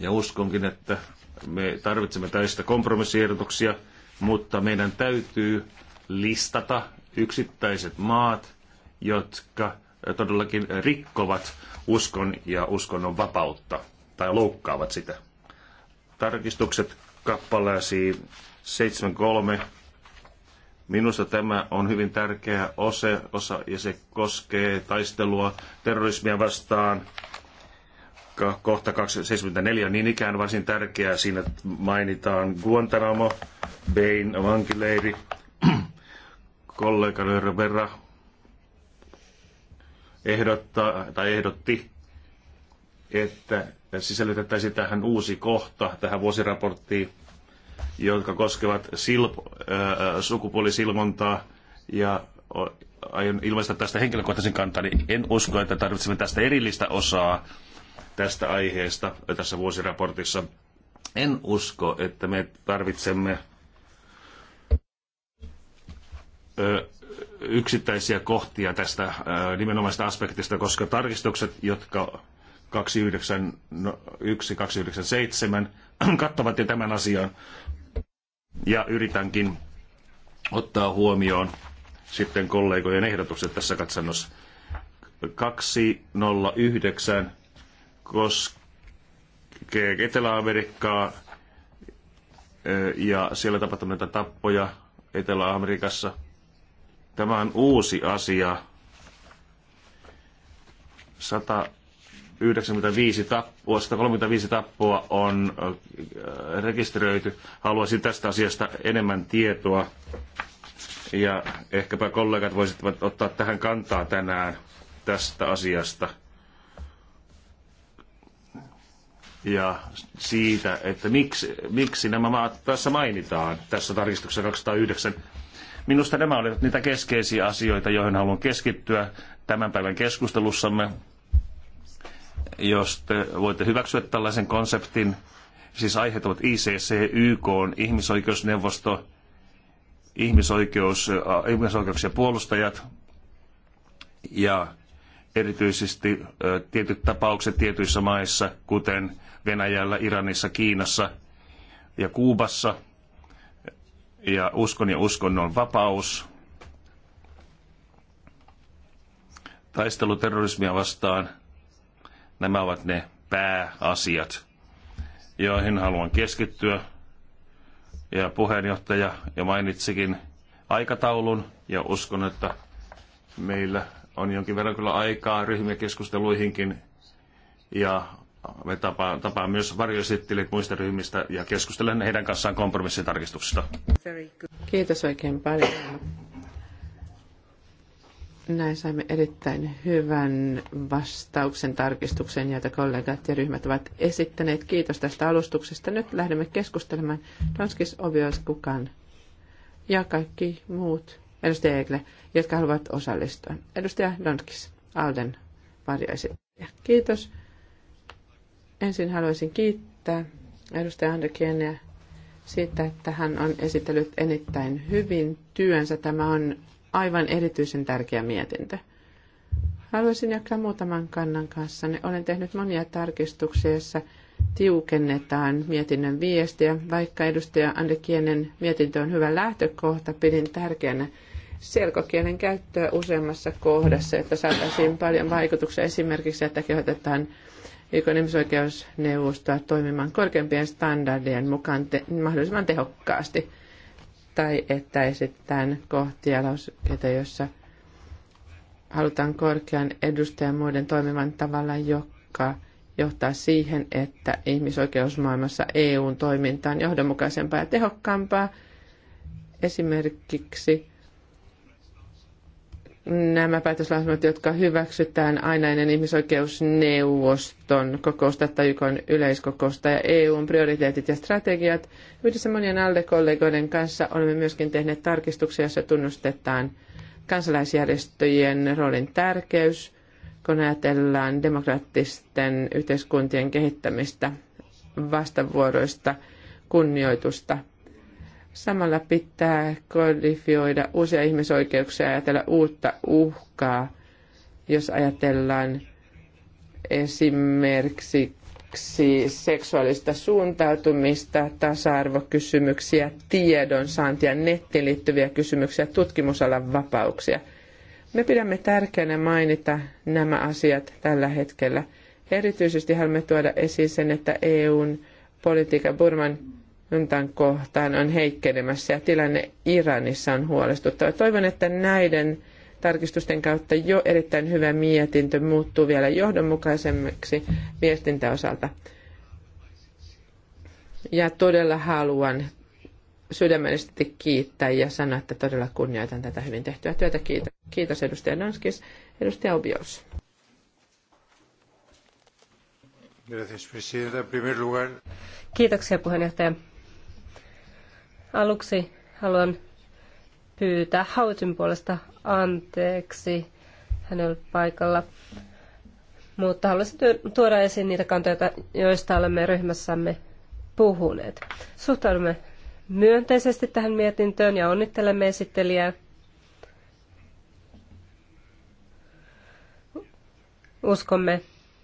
ja uskonkin, että me tarvitsemme tästä kompromissiehdotuksia – mutta meidän täytyy listata yksittäiset maat, jotka äh, todellakin rikkovat uskon ja uskonnon vapautta tai loukkaavat sitä. Tarkistukset kappaleesi 73. Minusta tämä on hyvin tärkeä osa, osa ja se koskee taistelua terrorismia vastaan, kohta 274 on niin ikään varsin tärkeää. Siinä mainitaan Guantanamo, Bain vankileiri, kollega Verra ehdottaa, tai ehdotti, että sisällytettäisiin tähän uusi kohta, tähän vuosiraporttiin, jotka koskevat silpo, äh, sukupuolisilmontaa ja aion ilmaista tästä henkilökohtaisen kantani. En usko, että tarvitsemme tästä erillistä osaa, tästä aiheesta tässä vuosiraportissa. En usko, että me tarvitsemme yksittäisiä kohtia tästä nimenomaisesta aspektista, koska tarkistukset, jotka 291, 297 no, kattavat jo tämän asian. Ja yritänkin ottaa huomioon sitten kollegojen ehdotukset tässä katsannossa. 209 koskee Etelä-Amerikkaa ja siellä tapahtuneita tappoja Etelä-Amerikassa. Tämä on uusi asia. 195 tappua, 135 tappoa on rekisteröity. Haluaisin tästä asiasta enemmän tietoa ja ehkäpä kollegat voisivat ottaa tähän kantaa tänään tästä asiasta. ja siitä, että miksi, miksi nämä maat tässä mainitaan tässä tarkistuksessa 209. Minusta nämä olivat niitä keskeisiä asioita, joihin haluan keskittyä tämän päivän keskustelussamme. Jos te voitte hyväksyä tällaisen konseptin, siis aiheet ovat ICC, YK, ihmisoikeusneuvosto, ihmisoikeus, äh, ihmisoikeuksien puolustajat ja erityisesti äh, tietyt tapaukset tietyissä maissa, kuten Venäjällä, Iranissa, Kiinassa ja Kuubassa. Ja uskon ja uskonnon vapaus. Taistelu terrorismia vastaan. Nämä ovat ne pääasiat, joihin haluan keskittyä. Ja puheenjohtaja jo mainitsikin aikataulun ja uskon, että meillä on jonkin verran kyllä aikaa ryhmäkeskusteluihinkin ja me tapaan, tapaan myös varjoesittelijät muista ryhmistä ja keskustelen heidän kanssaan kompromissitarkistuksista. Kiitos oikein paljon. Näin saimme erittäin hyvän vastauksen tarkistuksen, jota kollegat ja ryhmät ovat esittäneet. Kiitos tästä alustuksesta. Nyt lähdemme keskustelemaan Danskis Ovios Kukan ja kaikki muut edustaja Egle, jotka haluavat osallistua. Edustaja Donskis, Alden varjoesittelijä. Kiitos. Ensin haluaisin kiittää edustaja Andrikieniä siitä, että hän on esitellyt erittäin hyvin työnsä. Tämä on aivan erityisen tärkeä mietintö. Haluaisin jakaa muutaman kannan kanssa. Olen tehnyt monia tarkistuksia, joissa tiukennetaan mietinnön viestiä. Vaikka edustaja Andekienen mietintö on hyvä lähtökohta, pidin tärkeänä selkokielen käyttöä useammassa kohdassa, että saataisiin paljon vaikutuksia esimerkiksi, että kehotetaan YKn ihmisoikeusneuvostoa toimimaan korkeimpien standardien mukaan te- mahdollisimman tehokkaasti. Tai että esitetään kohtia lauseita, joissa halutaan korkean edustajan muiden toimivan tavalla, joka johtaa siihen, että ihmisoikeusmaailmassa EUn toiminta on johdonmukaisempaa ja tehokkaampaa. Esimerkiksi nämä päätöslauselmat, jotka hyväksytään aina ennen ihmisoikeusneuvoston kokousta tai YK yleiskokousta ja EUn prioriteetit ja strategiat. Yhdessä monien ALDE-kollegoiden kanssa olemme myöskin tehneet tarkistuksia, joissa tunnustetaan kansalaisjärjestöjen roolin tärkeys, kun ajatellaan demokraattisten yhteiskuntien kehittämistä, vastavuoroista kunnioitusta – Samalla pitää kodifioida uusia ihmisoikeuksia ja ajatella uutta uhkaa, jos ajatellaan esimerkiksi seksuaalista suuntautumista, tasa-arvokysymyksiä, tiedonsaantia, nettiin liittyviä kysymyksiä, tutkimusalan vapauksia. Me pidämme tärkeänä mainita nämä asiat tällä hetkellä. Erityisesti haluamme tuoda esiin sen, että EUn politiikka Burman Antan kohtaan on heikkenemässä ja tilanne Iranissa on huolestuttava. Toivon, että näiden tarkistusten kautta jo erittäin hyvä mietintö muuttuu vielä johdonmukaisemmaksi viestintäosalta. Ja todella haluan sydämellisesti kiittää ja sanoa, että todella kunnioitan tätä hyvin tehtyä työtä. Kiitos, Kiitos edustaja Danskis. Edustaja Obios. Kiitoksia puheenjohtaja. Aluksi haluan pyytää Hautin puolesta anteeksi. Hän ei ollut paikalla. Mutta haluaisin tuoda esiin niitä kantoja, joista olemme ryhmässämme puhuneet. Suhtaudumme myönteisesti tähän mietintöön ja onnittelemme esittelijää. Uskomme,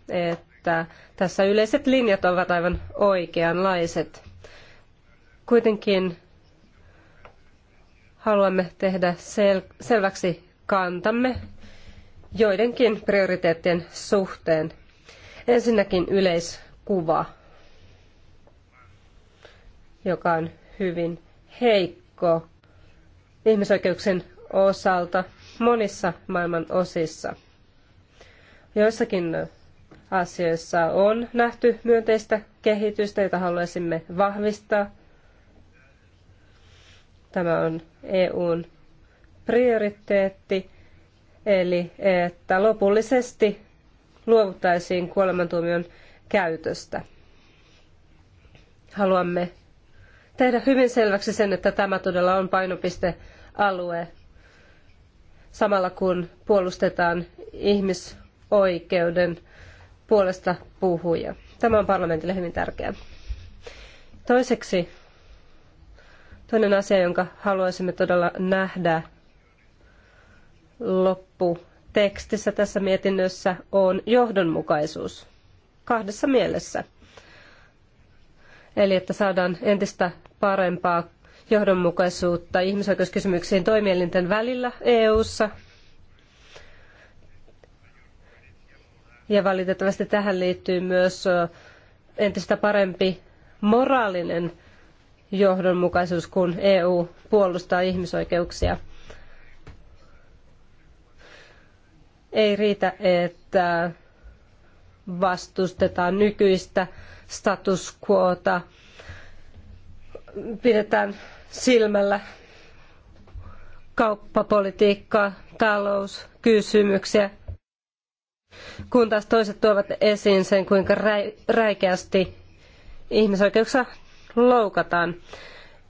että tässä yleiset linjat ovat aivan oikeanlaiset. Kuitenkin haluamme tehdä sel- selväksi kantamme joidenkin prioriteettien suhteen. Ensinnäkin yleiskuva, joka on hyvin heikko ihmisoikeuksien osalta monissa maailman osissa. Joissakin asioissa on nähty myönteistä kehitystä, jota haluaisimme vahvistaa, Tämä on EUn prioriteetti, eli että lopullisesti luovuttaisiin kuolemantuomion käytöstä. Haluamme tehdä hyvin selväksi sen, että tämä todella on painopistealue samalla kun puolustetaan ihmisoikeuden puolesta puhuja. Tämä on parlamentille hyvin tärkeää. Toiseksi Toinen asia, jonka haluaisimme todella nähdä lopputekstissä tässä mietinnössä, on johdonmukaisuus kahdessa mielessä. Eli että saadaan entistä parempaa johdonmukaisuutta ihmisoikeuskysymyksiin toimielinten välillä EU:ssa. Ja valitettavasti tähän liittyy myös entistä parempi moraalinen johdonmukaisuus, kun EU puolustaa ihmisoikeuksia. Ei riitä, että vastustetaan nykyistä status quota, pidetään silmällä kauppapolitiikkaa, talouskysymyksiä, kun taas toiset tuovat esiin sen, kuinka räikeästi ihmisoikeuksia loukataan.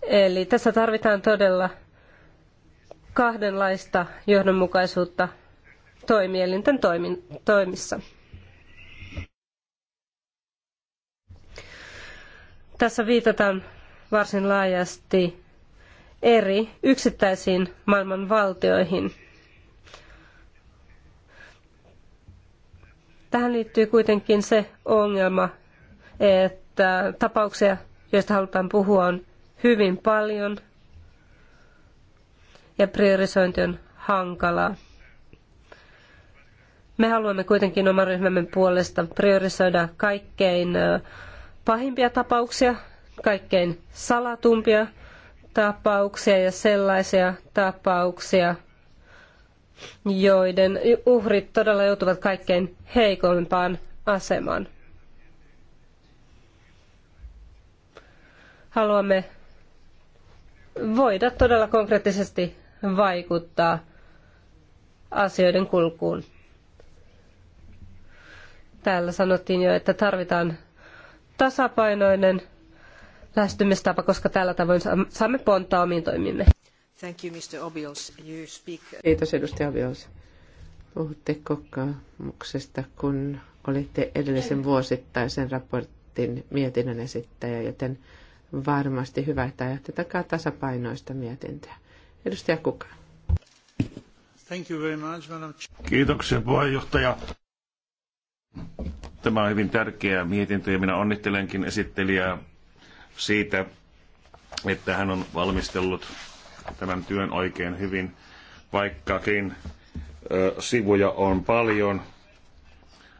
Eli tässä tarvitaan todella kahdenlaista johdonmukaisuutta toimielinten toimin, toimissa. Tässä viitataan varsin laajasti eri yksittäisiin maailman valtioihin. Tähän liittyy kuitenkin se ongelma, että tapauksia joista halutaan puhua, on hyvin paljon ja priorisointi on hankalaa. Me haluamme kuitenkin oman ryhmämme puolesta priorisoida kaikkein pahimpia tapauksia, kaikkein salatumpia tapauksia ja sellaisia tapauksia, joiden uhrit todella joutuvat kaikkein heikoimpaan asemaan. Haluamme voida todella konkreettisesti vaikuttaa asioiden kulkuun. Täällä sanottiin jo, että tarvitaan tasapainoinen lähestymistapa, koska tällä tavoin saamme pontaa omiin toimimme. Thank you, Mr. Obios. You speak... Kiitos, edustaja Obios. Puhutte kokkaamuksesta, kun olitte edellisen vuosittaisen raportin mietinnön esittäjä, joten varmasti hyvä, että ajatte takaa tasapainoista mietintöä. Edustaja Kuka. Thank you very much, madam. Kiitoksia puheenjohtaja. Tämä on hyvin tärkeä mietintö ja minä onnittelenkin esittelijää siitä, että hän on valmistellut tämän työn oikein hyvin, vaikkakin sivuja on paljon.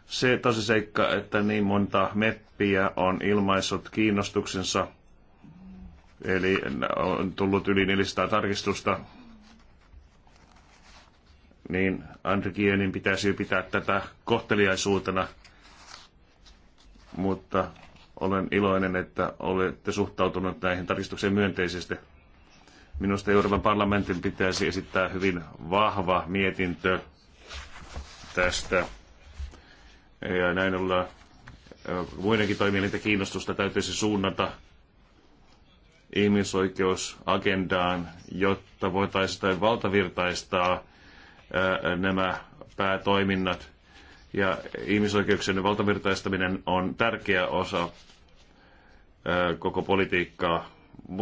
Se tosiseikka, että niin monta meppiä on ilmaissut kiinnostuksensa Eli on tullut yli 400 tarkistusta. Niin Andri Kienin pitäisi pitää tätä kohteliaisuutena, mutta olen iloinen, että olette suhtautuneet näihin tarkistuksiin myönteisesti. Minusta Euroopan parlamentin pitäisi esittää hyvin vahva mietintö tästä. Ja näin ollaan muidenkin toimielintä kiinnostusta täytyisi suunnata ihmisoikeusagendaan, jotta voitaisiin valtavirtaistaa nämä päätoiminnat. Ja ihmisoikeuksien valtavirtaistaminen on tärkeä osa koko politiikkaa.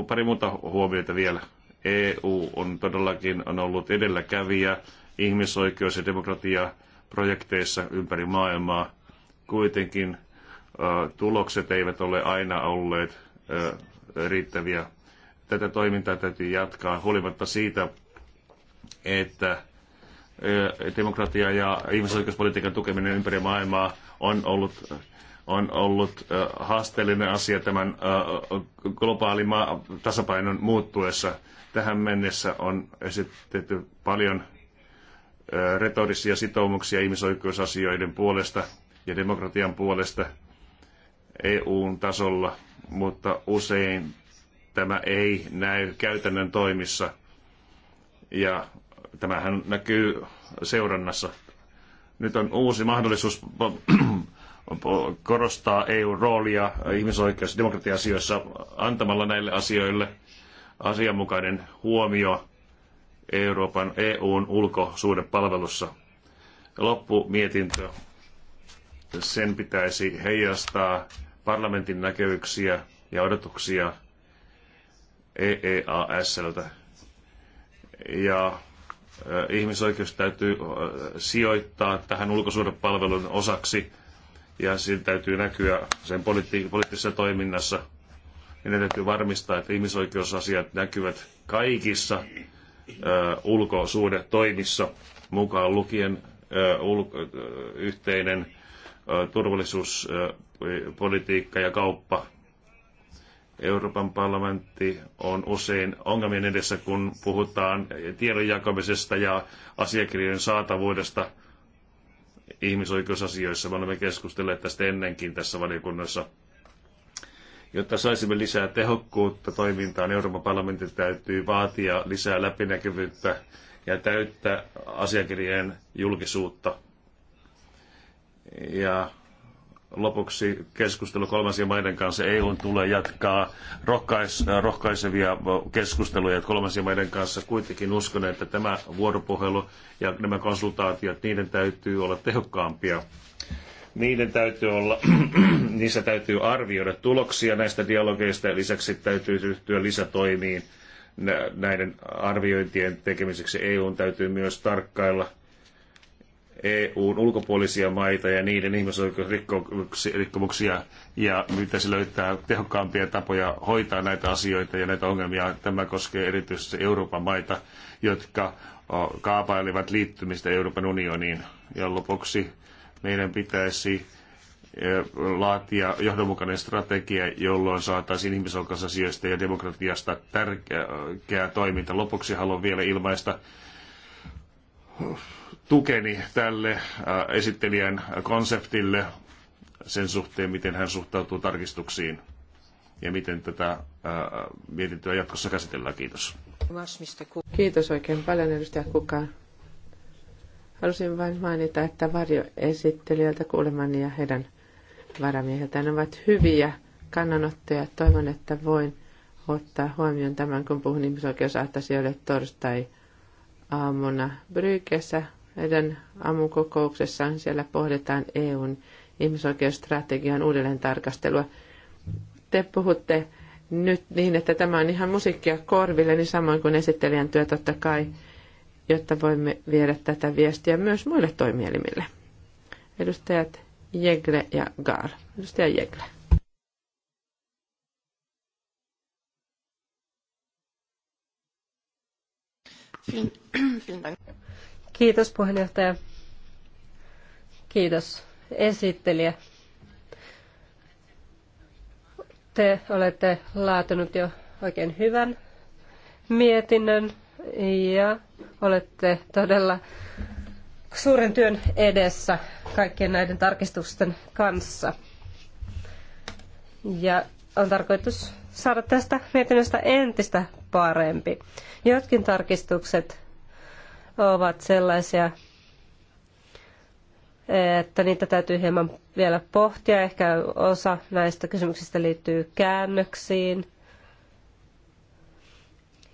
Pari muuta huomiota vielä. EU on todellakin on ollut edelläkävijä ihmisoikeus- ja demokratiaprojekteissa ympäri maailmaa. Kuitenkin tulokset eivät ole aina olleet riittäviä. Tätä toimintaa täytyy jatkaa huolimatta siitä, että eh, demokratia ja ihmisoikeuspolitiikan tukeminen ympäri maailmaa on ollut, on ollut eh, haasteellinen asia tämän eh, globaalin tasapainon muuttuessa. Tähän mennessä on esitetty paljon retorisia sitoumuksia ihmisoikeusasioiden puolesta ja demokratian puolesta EUn tasolla mutta usein tämä ei näy käytännön toimissa. Ja tämähän näkyy seurannassa. Nyt on uusi mahdollisuus korostaa EU-roolia ihmisoikeus- ja demokratia-asioissa antamalla näille asioille asianmukainen huomio Euroopan EUn ulkosuhdepalvelussa. Loppumietintö. Sen pitäisi heijastaa parlamentin näkemyksiä ja odotuksia EEASltä. Ja äh, ihmisoikeus täytyy äh, sijoittaa tähän ulkosuhdepalvelun osaksi ja siinä täytyy näkyä sen politi- poliittisessa toiminnassa. Meidän täytyy varmistaa, että ihmisoikeusasiat näkyvät kaikissa äh, ulkosuhdetoimissa, mukaan lukien yhteinen turvallisuus- politiikka ja kauppa. Euroopan parlamentti on usein ongelmien edessä, kun puhutaan tiedon jakamisesta ja asiakirjojen saatavuudesta ihmisoikeusasioissa. Me olemme keskustelleet tästä ennenkin tässä valiokunnassa. Jotta saisimme lisää tehokkuutta toimintaan, Euroopan parlamentin täytyy vaatia lisää läpinäkyvyyttä ja täyttää asiakirjojen julkisuutta. Ja lopuksi keskustelu kolmansien maiden kanssa. EU tulee jatkaa rohkais, äh, rohkaisevia äh, keskusteluja kolmansien maiden kanssa. Kuitenkin uskon, että tämä vuoropuhelu ja nämä konsultaatiot, niiden täytyy olla tehokkaampia. Niiden täytyy olla, niissä täytyy arvioida tuloksia näistä dialogeista ja lisäksi täytyy ryhtyä lisätoimiin näiden arviointien tekemiseksi. EU täytyy myös tarkkailla EUn ulkopuolisia maita ja niiden ihmisoikeusrikkomuksia ja mitä se löytää tehokkaampia tapoja hoitaa näitä asioita ja näitä ongelmia. Tämä koskee erityisesti Euroopan maita, jotka kaapailevat liittymistä Euroopan unioniin. Ja lopuksi meidän pitäisi laatia johdonmukainen strategia, jolloin saataisiin ihmisoikeusasioista ja demokratiasta tärkeää toiminta. Lopuksi haluan vielä ilmaista tukeni tälle äh, esittelijän konseptille sen suhteen, miten hän suhtautuu tarkistuksiin ja miten tätä äh, mietintöä jatkossa käsitellään. Kiitos. Kiitos oikein paljon edustaja kuka Halusin vain mainita, että varjoesittelijältä kuulemani ja heidän varamieheltä ovat hyviä kannanottoja. Toivon, että voin ottaa huomioon tämän, kun puhun ihmisoikeusasioille torstai aamuna Brygessä heidän aamukokouksessaan siellä pohditaan EUn ihmisoikeusstrategian uudelleen tarkastelua. Te puhutte nyt niin, että tämä on ihan musiikkia korville, niin samoin kuin esittelijän työ totta kai, jotta voimme viedä tätä viestiä myös muille toimielimille. Edustajat Jegle ja Gar. Edustaja Jegle. Vielen, Kiitos puheenjohtaja. Kiitos esittelijä. Te olette laatinut jo oikein hyvän mietinnön ja olette todella suuren työn edessä kaikkien näiden tarkistusten kanssa. Ja on tarkoitus saada tästä mietinnöstä entistä parempi. Jotkin tarkistukset ovat sellaisia, että niitä täytyy hieman vielä pohtia. Ehkä osa näistä kysymyksistä liittyy käännöksiin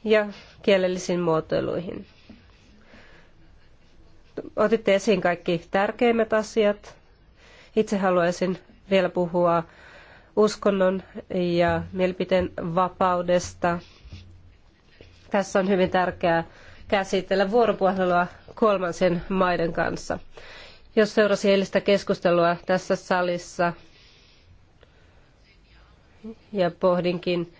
ja kielellisiin muotoiluihin. Otitte esiin kaikki tärkeimmät asiat. Itse haluaisin vielä puhua uskonnon ja mielipiteen vapaudesta. Tässä on hyvin tärkeää käsitellä vuoropuhelua kolmansien maiden kanssa. Jos seurasi eilistä keskustelua tässä salissa ja pohdinkin,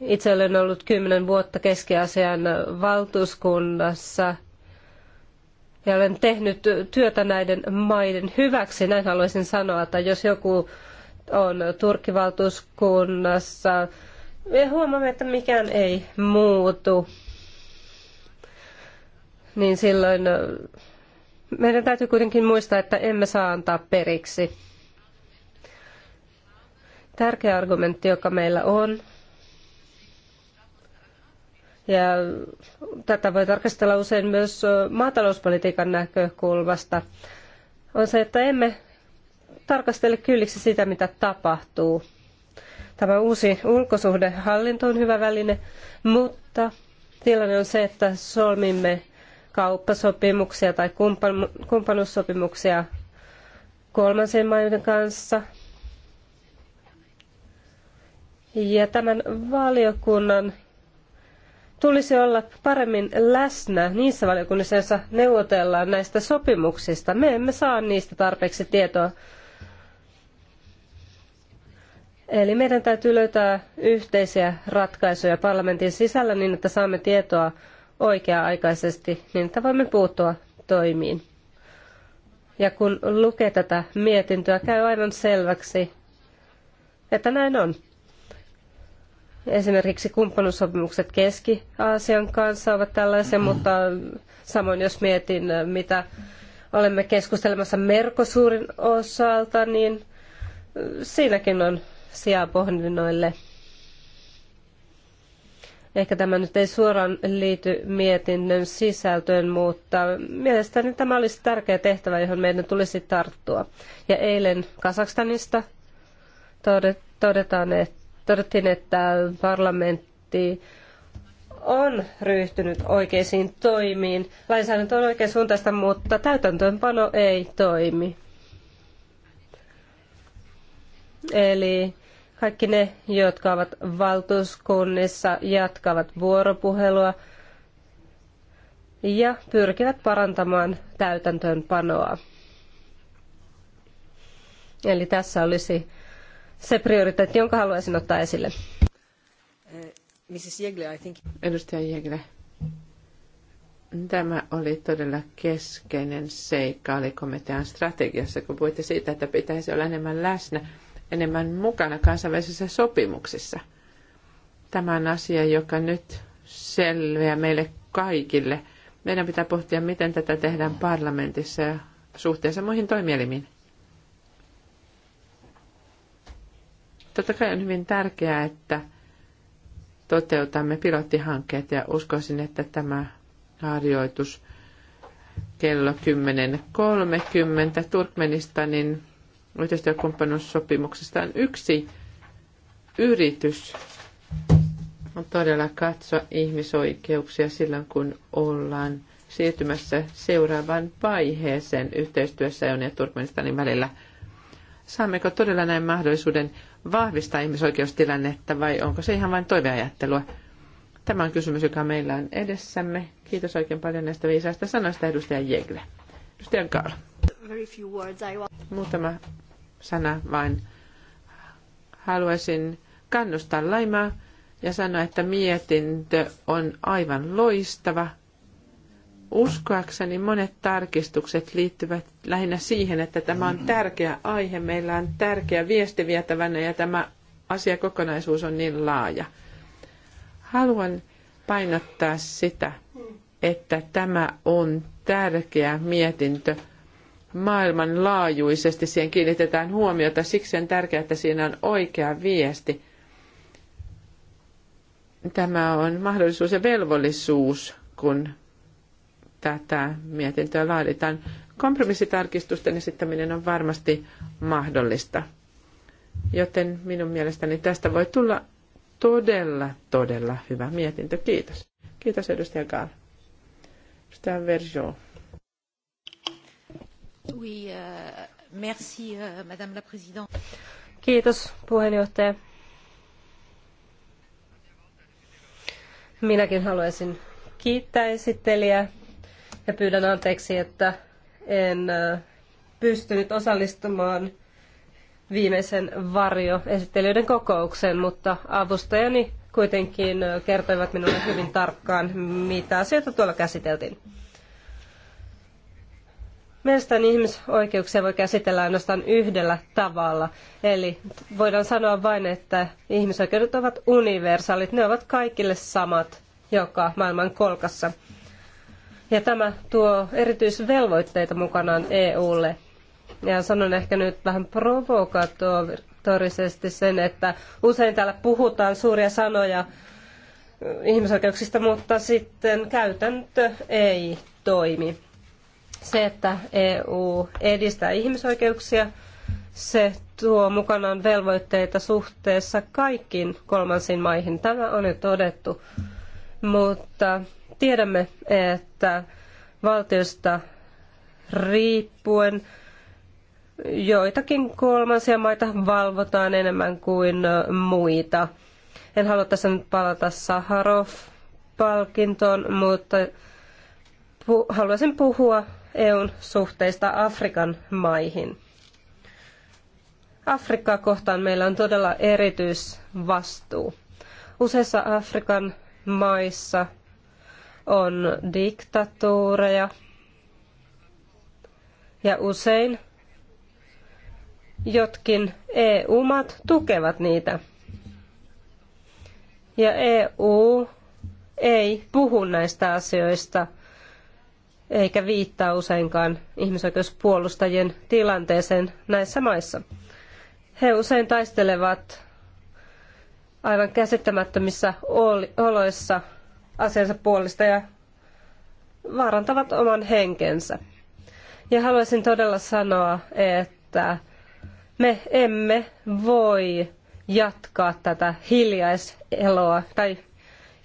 itse olen ollut kymmenen vuotta Keski-Asian valtuuskunnassa ja olen tehnyt työtä näiden maiden hyväksi. Näin haluaisin sanoa, että jos joku on Turkkivaltuuskunnassa, me huomaamme, että mikään ei muutu niin silloin meidän täytyy kuitenkin muistaa, että emme saa antaa periksi. Tärkeä argumentti, joka meillä on, ja tätä voi tarkastella usein myös maatalouspolitiikan näkökulmasta, on se, että emme tarkastele kylliksi sitä, mitä tapahtuu. Tämä uusi ulkosuhdehallinto on hyvä väline, mutta tilanne on se, että solmimme kauppasopimuksia tai kumppanuussopimuksia kolmansien maiden kanssa. Ja tämän valiokunnan tulisi olla paremmin läsnä niissä valiokunnissa, joissa neuvotellaan näistä sopimuksista. Me emme saa niistä tarpeeksi tietoa. Eli meidän täytyy löytää yhteisiä ratkaisuja parlamentin sisällä niin, että saamme tietoa oikea-aikaisesti, niin että voimme puuttua toimiin. Ja kun lukee tätä mietintöä, käy aivan selväksi, että näin on. Esimerkiksi kumppanuussopimukset Keski-Aasian kanssa ovat tällaisia, mutta samoin jos mietin, mitä olemme keskustelemassa Merkosuurin osalta, niin siinäkin on sijaa pohdinnoille – Ehkä tämä nyt ei suoraan liity mietinnön sisältöön, mutta mielestäni tämä olisi tärkeä tehtävä, johon meidän tulisi tarttua. Ja eilen Kasakstanista todetaan, että, todettiin, että parlamentti on ryhtynyt oikeisiin toimiin. Lainsäädäntö on oikein suuntaista, mutta täytäntöönpano ei toimi. Eli kaikki ne, jotka ovat valtuuskunnissa, jatkavat vuoropuhelua ja pyrkivät parantamaan täytäntöönpanoa. Eli tässä olisi se prioriteetti, jonka haluaisin ottaa esille. Eh, Mrs. I think... Edustaja Jägle. Tämä oli todella keskeinen seikka, oli komitean strategiassa, kun puhuitte siitä, että pitäisi olla enemmän läsnä enemmän mukana kansainvälisissä sopimuksissa. Tämä on asia, joka nyt selviää meille kaikille. Meidän pitää pohtia, miten tätä tehdään parlamentissa ja suhteessa muihin toimielimiin. Totta kai on hyvin tärkeää, että toteutamme pilottihankkeet ja uskoisin, että tämä harjoitus kello 10.30 Turkmenistanin yhteistyökumppanuussopimuksestaan yksi yritys on todella katsoa ihmisoikeuksia silloin, kun ollaan siirtymässä seuraavaan vaiheeseen yhteistyössä EUn ja Turkmenistanin välillä. Saammeko todella näin mahdollisuuden vahvistaa ihmisoikeustilannetta vai onko se ihan vain toiveajattelua? Tämä on kysymys, joka meillä on edessämme. Kiitos oikein paljon näistä viisaista sanoista, edustaja Jegle. Edustaja Karl. Muutama sana vain. Haluaisin kannustaa Laimaa ja sanoa, että mietintö on aivan loistava. Uskoakseni monet tarkistukset liittyvät lähinnä siihen, että tämä on tärkeä aihe. Meillä on tärkeä viesti vietävänä ja tämä asiakokonaisuus on niin laaja. Haluan painottaa sitä, että tämä on tärkeä mietintö maailmanlaajuisesti siihen kiinnitetään huomiota. Siksi on tärkeää, että siinä on oikea viesti. Tämä on mahdollisuus ja velvollisuus, kun tätä mietintöä laaditaan. Kompromissitarkistusten esittäminen on varmasti mahdollista. Joten minun mielestäni tästä voi tulla todella, todella hyvä mietintö. Kiitos. Kiitos edustaja Gaal. Edustaja Euh, euh, Kiitos puheenjohtaja. Minäkin haluaisin kiittää esittelijää ja pyydän anteeksi, että en pystynyt osallistumaan viimeisen varjoesittelijöiden kokoukseen, mutta avustajani kuitenkin kertoivat minulle hyvin tarkkaan, mitä asioita tuolla käsiteltiin. Mielestäni ihmisoikeuksia voi käsitellä ainoastaan yhdellä tavalla. Eli voidaan sanoa vain, että ihmisoikeudet ovat universaalit. Ne ovat kaikille samat joka maailman kolkassa. Ja tämä tuo erityisvelvoitteita mukanaan EUlle. Ja sanon ehkä nyt vähän provokatorisesti sen, että usein täällä puhutaan suuria sanoja ihmisoikeuksista, mutta sitten käytäntö ei toimi. Se, että EU edistää ihmisoikeuksia, se tuo mukanaan velvoitteita suhteessa kaikkiin kolmansiin maihin. Tämä on jo todettu, mutta tiedämme, että valtiosta riippuen joitakin kolmansia maita valvotaan enemmän kuin muita. En halua tässä nyt palata Saharov-palkintoon, mutta haluaisin puhua EUn suhteista Afrikan maihin. Afrikkaa kohtaan meillä on todella erityisvastuu. Useissa Afrikan maissa on diktatuureja ja usein jotkin EU-maat tukevat niitä. Ja EU ei puhu näistä asioista – eikä viittaa useinkaan ihmisoikeuspuolustajien tilanteeseen näissä maissa. He usein taistelevat aivan käsittämättömissä oloissa asiansa puolesta ja vaarantavat oman henkensä. Ja haluaisin todella sanoa, että me emme voi jatkaa tätä hiljaiseloa tai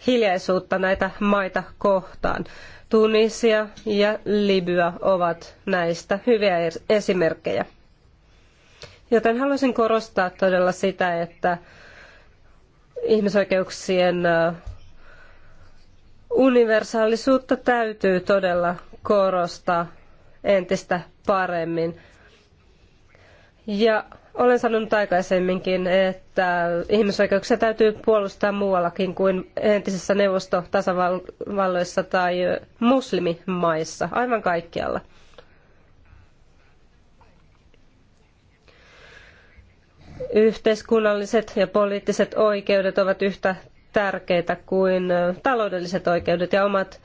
hiljaisuutta näitä maita kohtaan. Tunisia ja Libya ovat näistä hyviä esimerkkejä. Joten haluaisin korostaa todella sitä, että ihmisoikeuksien universaalisuutta täytyy todella korostaa entistä paremmin. Ja olen sanonut aikaisemminkin, että ihmisoikeuksia täytyy puolustaa muuallakin kuin entisessä neuvostotasavalloissa tai muslimimaissa, aivan kaikkialla. Yhteiskunnalliset ja poliittiset oikeudet ovat yhtä tärkeitä kuin taloudelliset oikeudet ja omat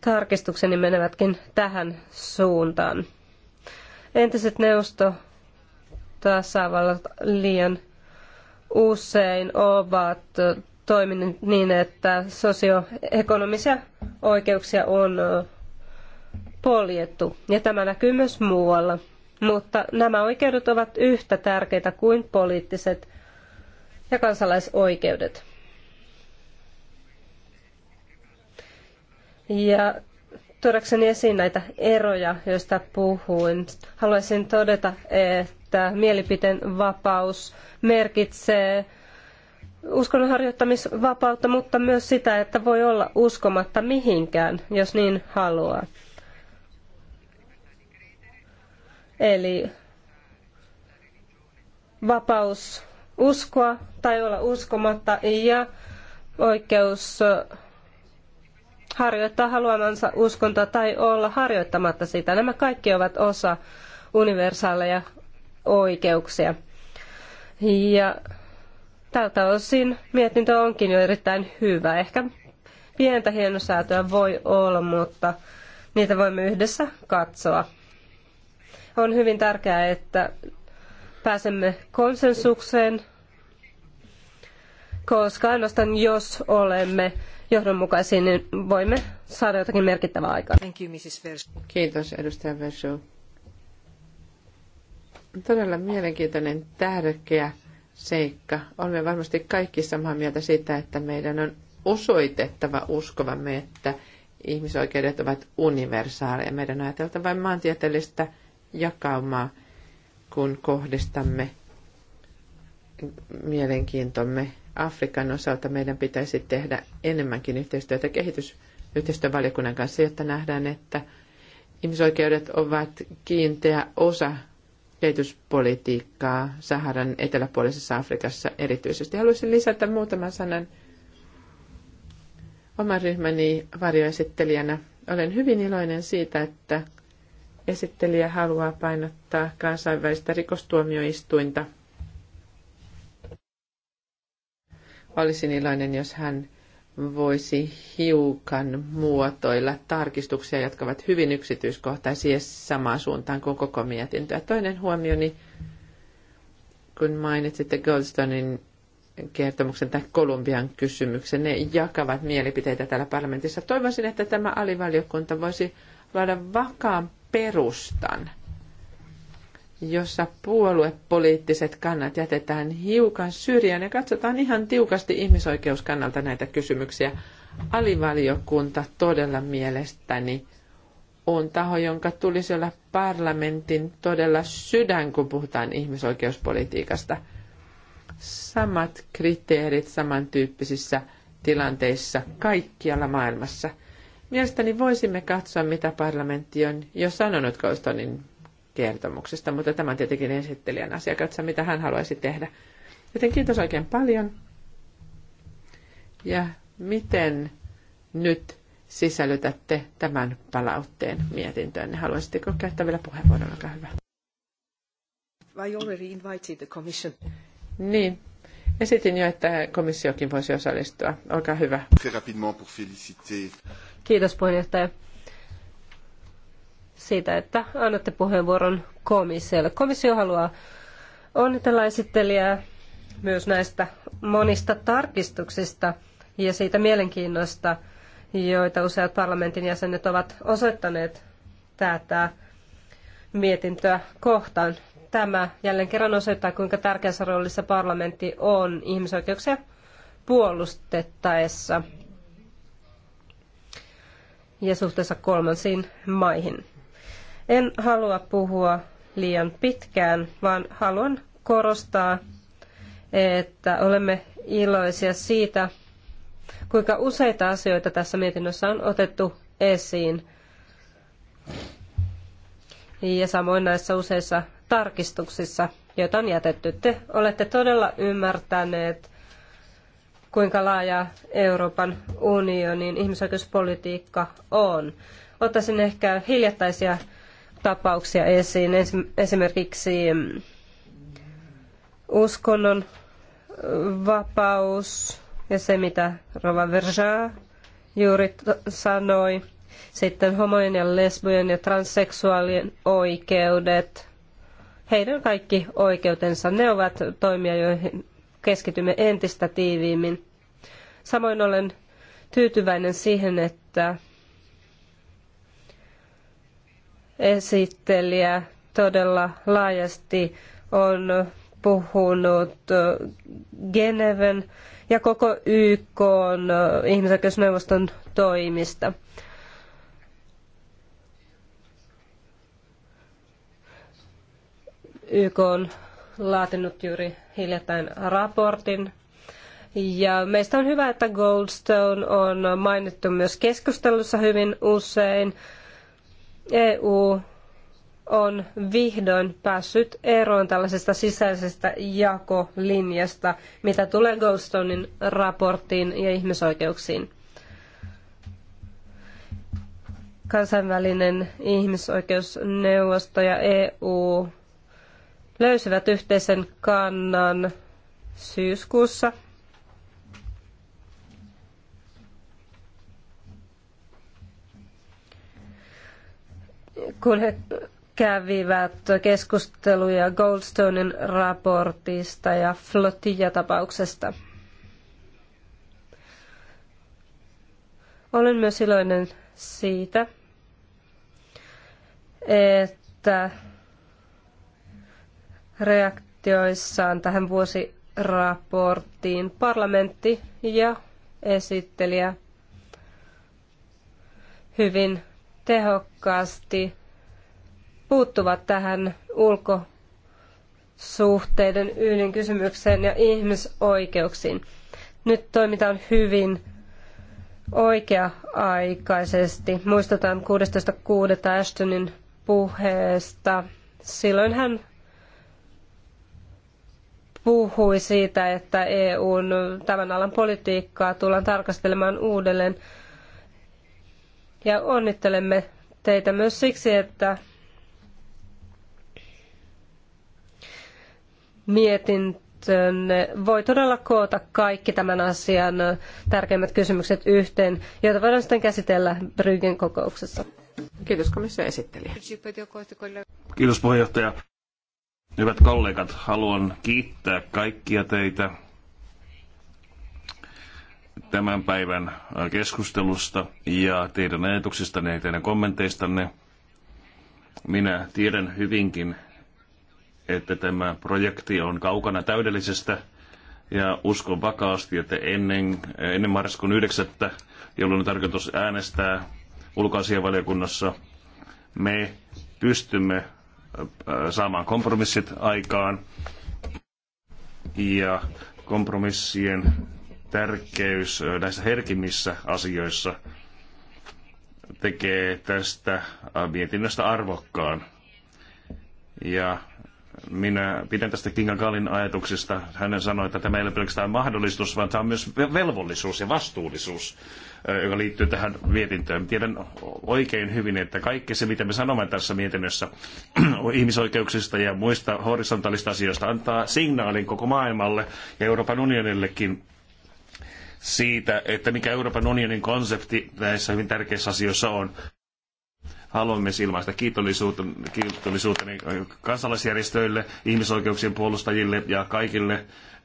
tarkistukseni menevätkin tähän suuntaan. Entiset neuvosto tasavallat liian usein ovat toimineet niin, että sosioekonomisia oikeuksia on poljettu. Ja tämä näkyy myös muualla. Mutta nämä oikeudet ovat yhtä tärkeitä kuin poliittiset ja kansalaisoikeudet. Ja tuodakseni esiin näitä eroja, joista puhuin, haluaisin todeta, että mielipiteen vapaus merkitsee uskonnon harjoittamisvapautta, mutta myös sitä, että voi olla uskomatta mihinkään, jos niin haluaa. Eli vapaus uskoa tai olla uskomatta ja oikeus harjoittaa haluamansa uskontoa tai olla harjoittamatta sitä. Nämä kaikki ovat osa universaaleja oikeuksia. Ja tältä osin mietintö onkin jo erittäin hyvä. Ehkä pientä hienosäätöä voi olla, mutta niitä voimme yhdessä katsoa. On hyvin tärkeää, että pääsemme konsensukseen, koska ainoastaan jos olemme johdonmukaisiin, niin voimme saada jotakin merkittävää aikaa. Thank you, Mrs. Vers. Kiitos, edustaja Versu. Todella mielenkiintoinen, tärkeä seikka. Olemme varmasti kaikki samaa mieltä siitä, että meidän on osoitettava uskovamme, että ihmisoikeudet ovat universaaleja. Meidän on ajateltava vain maantieteellistä jakaumaa, kun kohdistamme mielenkiintomme Afrikan osalta meidän pitäisi tehdä enemmänkin yhteistyötä kehitysyhteistyövaliokunnan kanssa, jotta nähdään, että ihmisoikeudet ovat kiinteä osa kehityspolitiikkaa Saharan eteläpuolisessa Afrikassa erityisesti. Haluaisin lisätä muutaman sanan oman ryhmäni varjoesittelijänä. Olen hyvin iloinen siitä, että esittelijä haluaa painottaa kansainvälistä rikostuomioistuinta – Olisin iloinen, jos hän voisi hiukan muotoilla tarkistuksia, jotka ovat hyvin yksityiskohtaisia samaan suuntaan kuin koko mietintöä. Toinen huomioni, kun mainitsitte Goldstonein kertomuksen tai Kolumbian kysymyksen, ne jakavat mielipiteitä täällä parlamentissa. Toivoisin, että tämä alivaliokunta voisi luoda vakaan perustan – jossa puoluepoliittiset kannat jätetään hiukan syrjään ja katsotaan ihan tiukasti ihmisoikeuskannalta näitä kysymyksiä. Alivaliokunta todella mielestäni on taho, jonka tulisi olla parlamentin todella sydän, kun puhutaan ihmisoikeuspolitiikasta. Samat kriteerit samantyyppisissä tilanteissa kaikkialla maailmassa. Mielestäni voisimme katsoa, mitä parlamentti on jo sanonut Koustonin kertomuksesta, mutta tämä on tietenkin esittelijän asia, mitä hän haluaisi tehdä. Joten kiitos oikein paljon. Ja miten nyt sisällytätte tämän palautteen mietintöönne? Haluaisitteko käyttää vielä puheenvuoron? Olkaa hyvä. Niin, Esitin jo, että komissiokin voisi osallistua. Olkaa hyvä. Kiitos puheenjohtaja siitä, että annatte puheenvuoron komissiolle. Komissio haluaa onnitella esittelijää myös näistä monista tarkistuksista ja siitä mielenkiinnosta, joita useat parlamentin jäsenet ovat osoittaneet tätä mietintöä kohtaan. Tämä jälleen kerran osoittaa, kuinka tärkeässä roolissa parlamentti on ihmisoikeuksia puolustettaessa ja suhteessa kolmansiin maihin. En halua puhua liian pitkään, vaan haluan korostaa, että olemme iloisia siitä, kuinka useita asioita tässä mietinnössä on otettu esiin. Ja samoin näissä useissa tarkistuksissa, joita on jätetty. Te olette todella ymmärtäneet, kuinka laaja Euroopan unionin ihmisoikeuspolitiikka on. Ottaisin ehkä hiljattaisia tapauksia esiin. Esimerkiksi mm, uskonnon mm, vapaus ja se, mitä Rova Verja juuri sanoi. Sitten homojen ja lesbojen ja transseksuaalien oikeudet. Heidän kaikki oikeutensa, ne ovat toimia, joihin keskitymme entistä tiiviimmin. Samoin olen tyytyväinen siihen, että esittelijä todella laajasti on puhunut Geneven ja koko YK on ihmisoikeusneuvoston toimista. YK on laatinut juuri hiljattain raportin. Ja meistä on hyvä, että Goldstone on mainittu myös keskustelussa hyvin usein EU on vihdoin päässyt eroon tällaisesta sisäisestä jakolinjasta, mitä tulee Goldstonein raporttiin ja ihmisoikeuksiin. Kansainvälinen ihmisoikeusneuvosto ja EU löysivät yhteisen kannan syyskuussa kun he kävivät keskusteluja Goldstonen raportista ja Flotilla-tapauksesta. Olen myös iloinen siitä, että reaktioissaan tähän vuosiraporttiin parlamentti ja esittelijä hyvin tehokkaasti puuttuvat tähän ulkosuhteiden ydinkysymykseen ja ihmisoikeuksiin. Nyt toimitaan hyvin oikea-aikaisesti. Muistetaan 16.6. Ashtonin puheesta. Silloin hän puhui siitä, että EUn tämän alan politiikkaa tullaan tarkastelemaan uudelleen. Ja onnittelemme teitä myös siksi, että mietintönne voi todella koota kaikki tämän asian tärkeimmät kysymykset yhteen, joita voidaan sitten käsitellä Bryggen kokouksessa. Kiitos komission esittelijä. Kiitos puheenjohtaja. Hyvät kollegat, haluan kiittää kaikkia teitä tämän päivän keskustelusta ja teidän ajatuksistanne ja teidän kommenteistanne. Minä tiedän hyvinkin että tämä projekti on kaukana täydellisestä ja uskon vakaasti, että ennen, ennen marraskuun 9. jolloin on tarkoitus äänestää ulkoasianvaliokunnassa, me pystymme äh, saamaan kompromissit aikaan ja kompromissien tärkeys äh, näissä herkimmissä asioissa tekee tästä äh, mietinnöstä arvokkaan. Ja minä pidän tästä Kinga Kalin ajatuksesta. Hän sanoi, että tämä ei ole pelkästään mahdollisuus, vaan tämä on myös velvollisuus ja vastuullisuus, joka liittyy tähän mietintöön. Tiedän oikein hyvin, että kaikki se, mitä me sanomme tässä mietinnössä ihmisoikeuksista ja muista horisontaalista asioista, antaa signaalin koko maailmalle ja Euroopan unionillekin siitä, että mikä Euroopan unionin konsepti näissä hyvin tärkeissä asioissa on haluamme ilmaista kiitollisuutta, kiitollisuutta kansalaisjärjestöille, ihmisoikeuksien puolustajille ja kaikille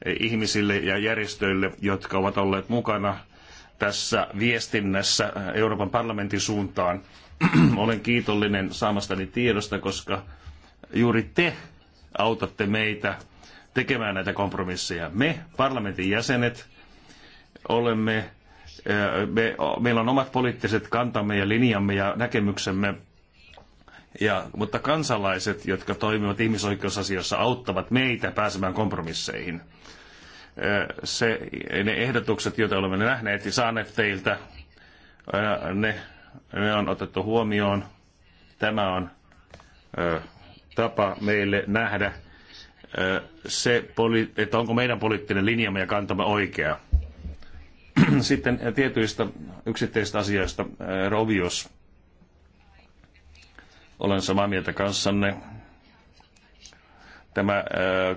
eh, ihmisille ja järjestöille, jotka ovat olleet mukana tässä viestinnässä eh, Euroopan parlamentin suuntaan. Olen kiitollinen saamastani tiedosta, koska juuri te autatte meitä tekemään näitä kompromisseja. Me, parlamentin jäsenet, olemme me, meillä on omat poliittiset kantamme ja linjamme ja näkemyksemme, ja, mutta kansalaiset, jotka toimivat ihmisoikeusasioissa, auttavat meitä pääsemään kompromisseihin. Se, ne ehdotukset, joita olemme nähneet ja saaneet teiltä, ne, ne on otettu huomioon. Tämä on tapa meille nähdä se, että onko meidän poliittinen linjamme ja kantamme oikea Sitten äh, tietyistä yksittäisistä asioista, äh, Rovios. Olen samaa mieltä kanssanne. Tämä äh,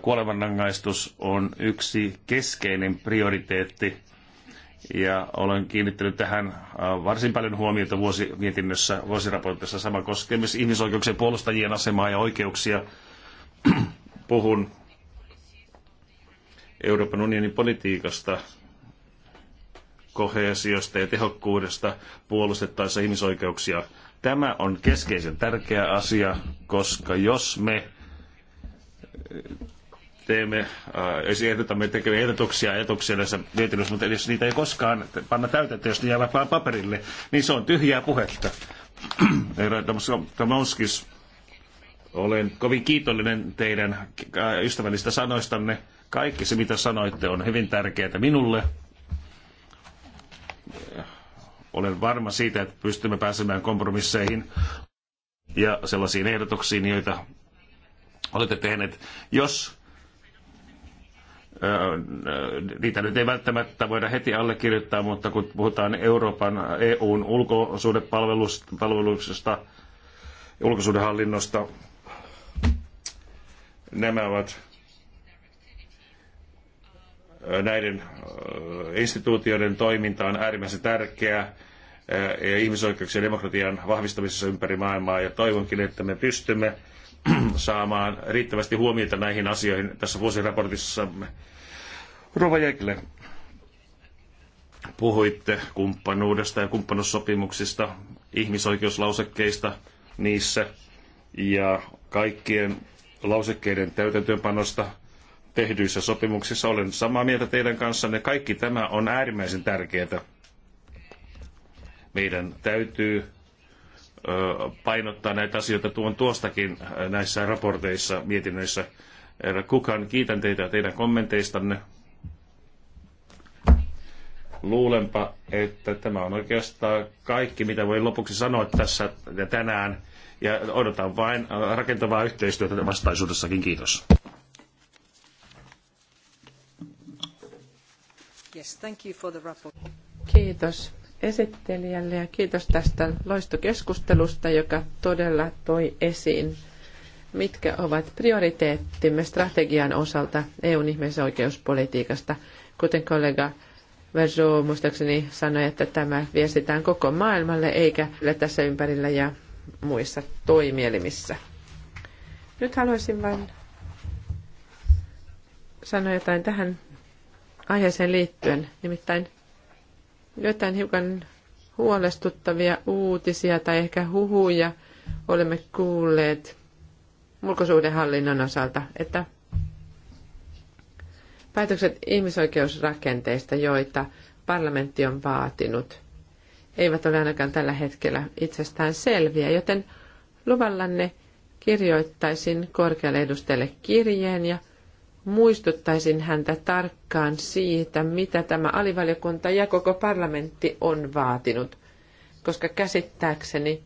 kuolemanrangaistus on yksi keskeinen prioriteetti ja olen kiinnittänyt tähän varsin paljon huomiota vuosimietinnössä, vuosiraportissa. Sama koskee myös ihmisoikeuksien puolustajien asemaa ja oikeuksia. Puhun Euroopan unionin politiikasta koheesiosta ja tehokkuudesta puolustettaessa ihmisoikeuksia. Tämä on keskeisen tärkeä asia, koska jos me eh, teemme, eh, ehdotamme tekemään ehdotuksia etuksia näissä mietinnöissä, mutta jos niitä ei koskaan panna täytettä, jos ne jäävät vain paperille, niin se on tyhjää puhetta. Herra olen kovin kiitollinen teidän eh, ystävällisistä sanoistanne. Kaikki se, mitä sanoitte, on hyvin tärkeää minulle olen varma siitä, että pystymme pääsemään kompromisseihin ja sellaisiin ehdotuksiin, joita olette tehneet. Jos niitä nyt ei välttämättä voida heti allekirjoittaa, mutta kun puhutaan Euroopan EUn ulkosuhdepalveluksesta, ulkosuhdehallinnosta, nämä ovat näiden instituutioiden toiminta on äärimmäisen tärkeää ja ihmisoikeuksien ja demokratian vahvistamisessa ympäri maailmaa. Ja toivonkin, että me pystymme saamaan riittävästi huomiota näihin asioihin tässä vuosiraportissamme. Rova Jekle, puhuitte kumppanuudesta ja kumppanussopimuksista, ihmisoikeuslausekkeista niissä ja kaikkien lausekkeiden täytäntöönpanosta – tehdyissä sopimuksissa. Olen samaa mieltä teidän kanssanne. Kaikki tämä on äärimmäisen tärkeää. Meidän täytyy painottaa näitä asioita tuon tuostakin näissä raporteissa, mietinnöissä. Herra Kukan, kiitän teitä teidän kommenteistanne. Luulenpa, että tämä on oikeastaan kaikki, mitä voi lopuksi sanoa tässä ja tänään. Ja odotan vain rakentavaa yhteistyötä vastaisuudessakin. Kiitos. Yes, thank you for the Kiitos esittelijälle ja kiitos tästä loistokeskustelusta, joka todella toi esiin, mitkä ovat prioriteettimme strategian osalta EUn ihmisoikeuspolitiikasta. Kuten kollega Verzo muistaakseni sanoi, että tämä viestitään koko maailmalle eikä tässä ympärillä ja muissa toimielimissä. Nyt haluaisin vain sanoa jotain tähän aiheeseen liittyen. Nimittäin jotain hiukan huolestuttavia uutisia tai ehkä huhuja olemme kuulleet ulkosuhdehallinnon osalta, että päätökset ihmisoikeusrakenteista, joita parlamentti on vaatinut, eivät ole ainakaan tällä hetkellä itsestään selviä, joten luvallanne kirjoittaisin korkealle edustajalle kirjeen ja – muistuttaisin häntä tarkkaan siitä, mitä tämä alivaliokunta ja koko parlamentti on vaatinut, koska käsittääkseni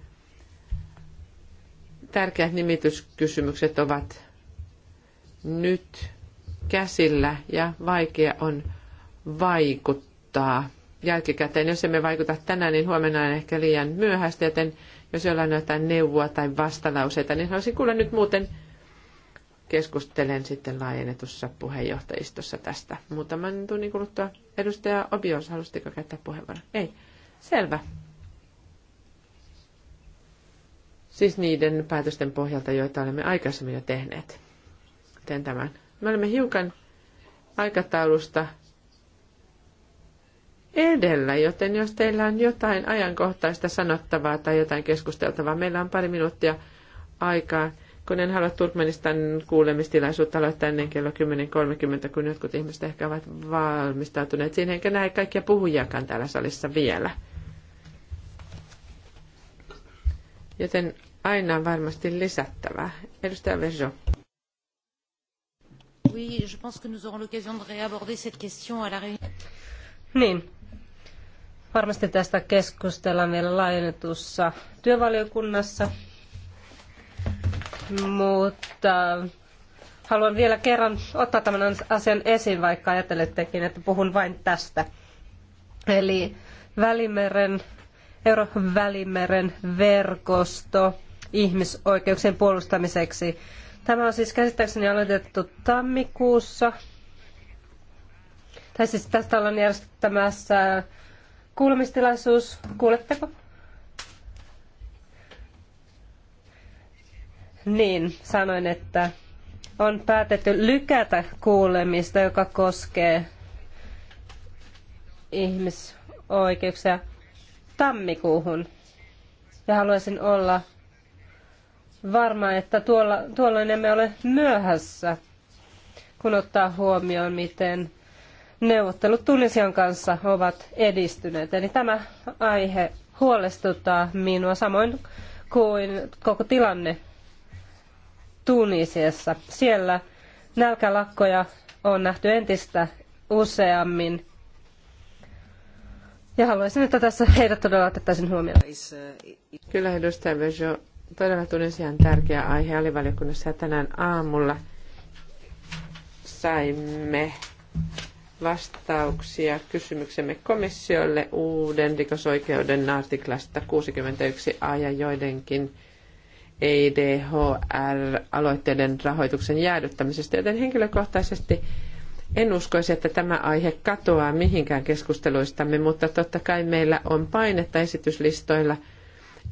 tärkeät nimityskysymykset ovat nyt käsillä ja vaikea on vaikuttaa jälkikäteen. Jos emme vaikuta tänään, niin huomenna on ehkä liian myöhäistä, joten jos jollain on jotain neuvoa tai vastalauseita, niin haluaisin kuulla nyt muuten keskustelen sitten laajennetussa puheenjohtajistossa tästä muutaman tunnin kuluttua. Edustaja Obios, halusitko käyttää puheenvuoron? Ei. Selvä. Siis niiden päätösten pohjalta, joita olemme aikaisemmin jo tehneet. Teen tämän. Me olemme hiukan aikataulusta edellä, joten jos teillä on jotain ajankohtaista sanottavaa tai jotain keskusteltavaa, meillä on pari minuuttia aikaa – kun en halua Turkmenistan kuulemistilaisuutta aloittaa ennen kello 10.30, kun jotkut ihmiset ehkä ovat valmistautuneet siihen, enkä näe kaikkia puhujiakaan täällä salissa vielä. Joten aina on varmasti lisättävää. Edustaja Verjo. Oui, je pense que nous aurons l'occasion de réaborder cette question à la Niin. Varmasti tästä keskustellaan vielä laajennetussa työvaliokunnassa mutta haluan vielä kerran ottaa tämän asian esiin, vaikka ajattelettekin, että puhun vain tästä. Eli Välimeren, Euroopan välimeren verkosto ihmisoikeuksien puolustamiseksi. Tämä on siis käsittääkseni aloitettu tammikuussa. Tai siis tästä ollaan järjestämässä kuulemistilaisuus. Kuuletteko? Niin, sanoin, että on päätetty lykätä kuulemista, joka koskee ihmisoikeuksia tammikuuhun. Ja haluaisin olla varma, että tuolla, tuolloin emme ole myöhässä, kun ottaa huomioon, miten neuvottelut Tunisian kanssa ovat edistyneet. Eli tämä aihe huolestuttaa minua samoin kuin koko tilanne Tunisiassa. Siellä nälkälakkoja on nähty entistä useammin. Ja haluaisin, että tässä heidät todella otettaisiin huomioon. Kyllä edustaja Vejo, todella Tunisian tärkeä aihe alivaliokunnassa ja tänään aamulla saimme vastauksia kysymyksemme komissiolle uuden rikosoikeuden artiklasta 61 a ja joidenkin EIDHR-aloitteiden rahoituksen jäädyttämisestä, joten henkilökohtaisesti en uskoisi, että tämä aihe katoaa mihinkään keskusteluistamme, mutta totta kai meillä on painetta esityslistoilla.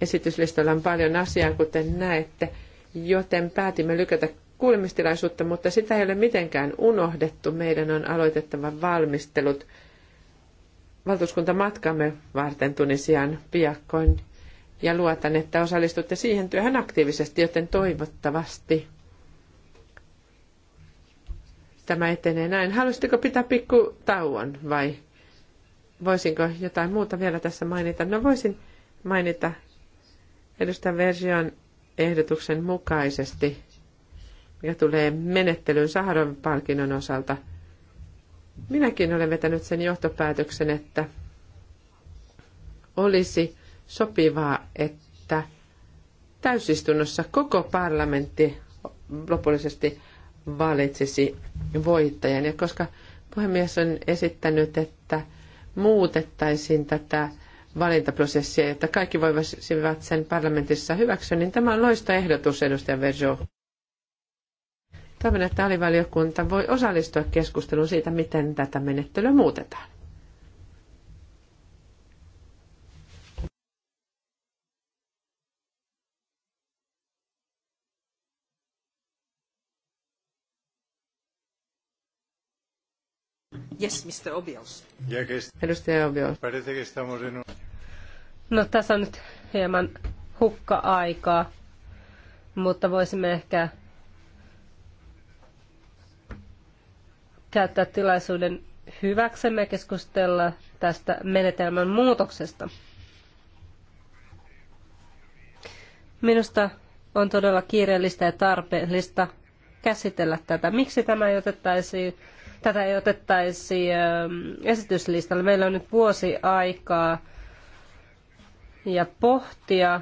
Esityslistoilla on paljon asiaa, kuten näette, joten päätimme lykätä kuulemistilaisuutta, mutta sitä ei ole mitenkään unohdettu. Meidän on aloitettava valmistelut valtuuskuntamatkamme varten Tunisiaan piakkoin, ja luotan, että osallistutte siihen työhön aktiivisesti, joten toivottavasti tämä etenee näin. Haluaisitteko pitää pikku tauon vai voisinko jotain muuta vielä tässä mainita? No voisin mainita edustajan version ehdotuksen mukaisesti, mikä tulee menettelyn Saharon palkinnon osalta. Minäkin olen vetänyt sen johtopäätöksen, että olisi sopivaa, että täysistunnossa koko parlamentti lopullisesti valitsisi voittajan. Ja koska puhemies on esittänyt, että muutettaisiin tätä valintaprosessia, että kaikki voivat sen parlamentissa hyväksyä, niin tämä on loista ehdotus, edustaja Verjo. Toivon, että alivaliokunta voi osallistua keskusteluun siitä, miten tätä menettelyä muutetaan. Yes, Mr. Obios. Edustaja Obios. No tässä on nyt hieman hukka-aikaa, mutta voisimme ehkä käyttää tilaisuuden hyväksemme keskustella tästä menetelmän muutoksesta. Minusta on todella kiireellistä ja tarpeellista käsitellä tätä. Miksi tämä ei otettaisi tätä ei otettaisi ähm, esityslistalle. Meillä on nyt vuosi aikaa ja pohtia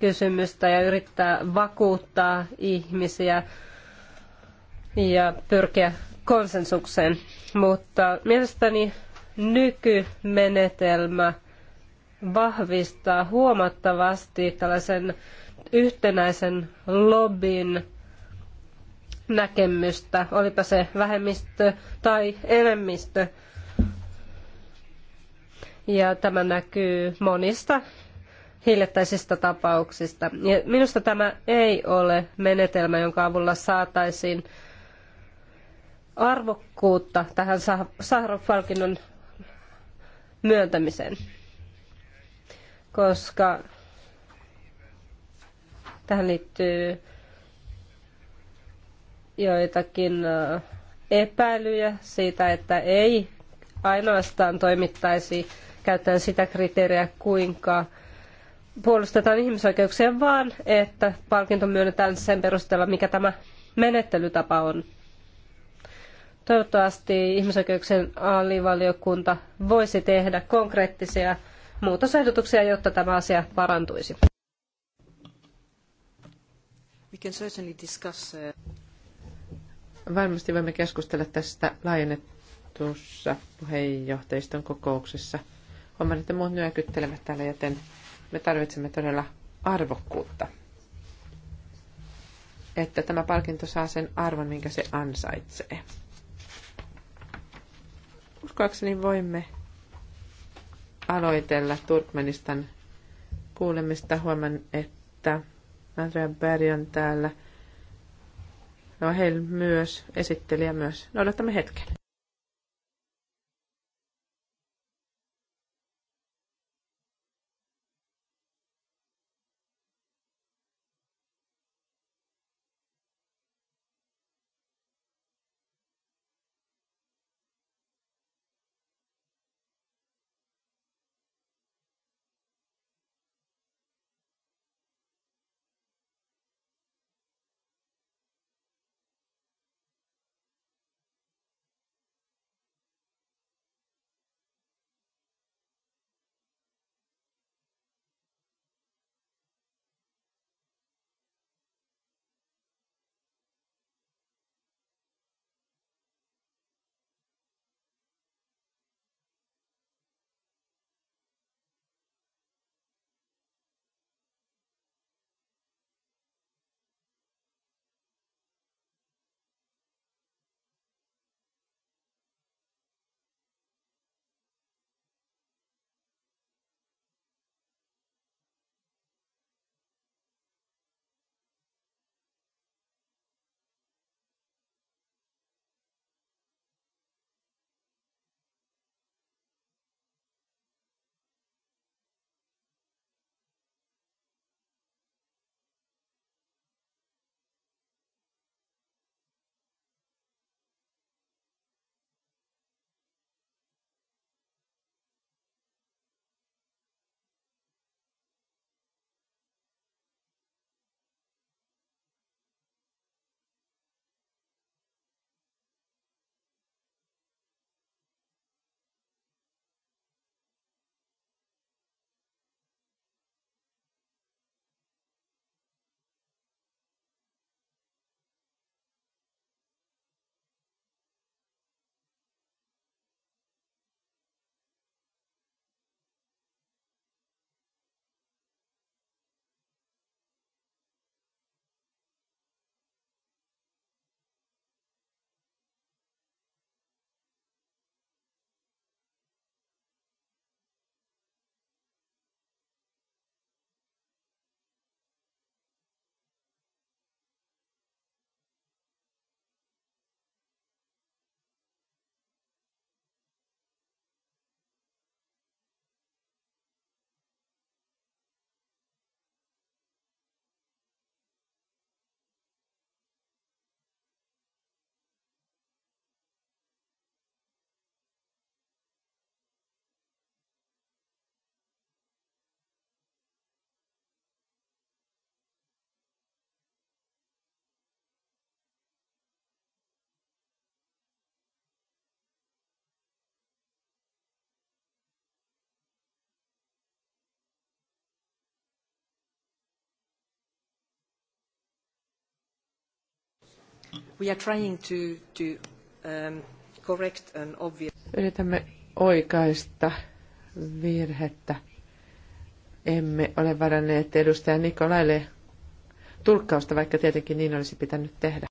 kysymystä ja yrittää vakuuttaa ihmisiä ja pyrkiä konsensukseen. Mutta mielestäni nykymenetelmä vahvistaa huomattavasti tällaisen yhtenäisen lobin näkemystä, olipa se vähemmistö tai enemmistö. Ja tämä näkyy monista hiljattaisista tapauksista. Ja minusta tämä ei ole menetelmä, jonka avulla saataisiin arvokkuutta tähän Saharov-palkinnon myöntämiseen, koska tähän liittyy joitakin epäilyjä siitä, että ei ainoastaan toimittaisi käyttäen sitä kriteeriä, kuinka puolustetaan ihmisoikeuksia, vaan että palkinto myönnetään sen perusteella, mikä tämä menettelytapa on. Toivottavasti ihmisoikeuksien alivaliokunta voisi tehdä konkreettisia muutosehdotuksia, jotta tämä asia parantuisi. Varmasti voimme keskustella tästä laajennetussa puheenjohtajiston kokouksessa. Huomaan, että muut nyökyttelevät täällä, joten me tarvitsemme todella arvokkuutta. Että tämä palkinto saa sen arvon, minkä se ansaitsee. Uskoakseni voimme aloitella Turkmenistan kuulemista. Huomaan, että Andrea Berg on täällä – No heillä myös, esittelijä myös. Noudatamme hetken. We are trying to, to um, correct an obvious... Yritämme oikaista virhettä. Emme ole varanneet edustaja Nikolaille tulkkausta, vaikka tietenkin niin olisi pitänyt tehdä.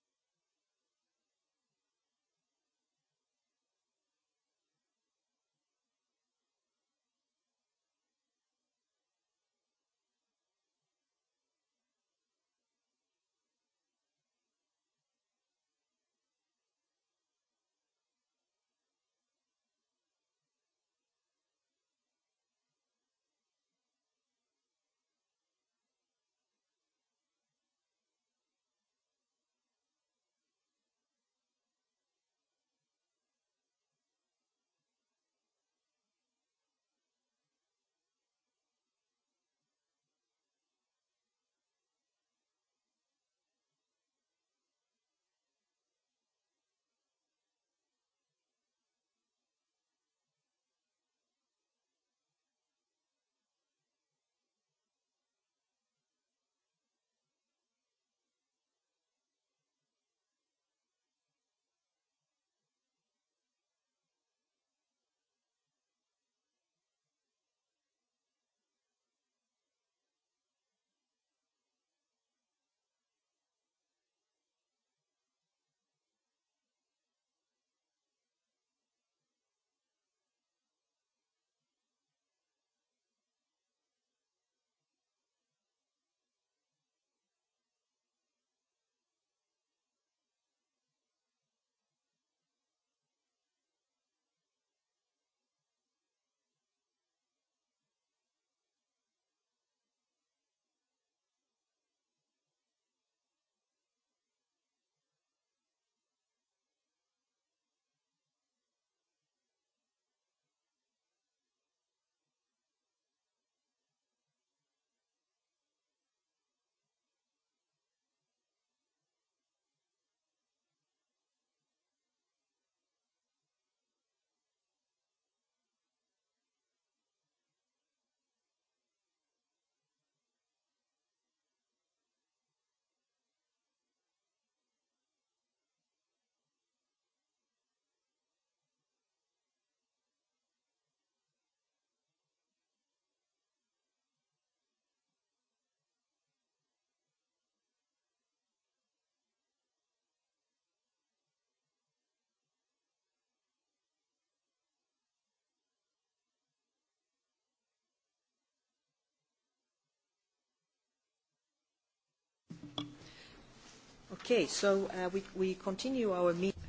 Okay, so uh, we, we continue our meeting.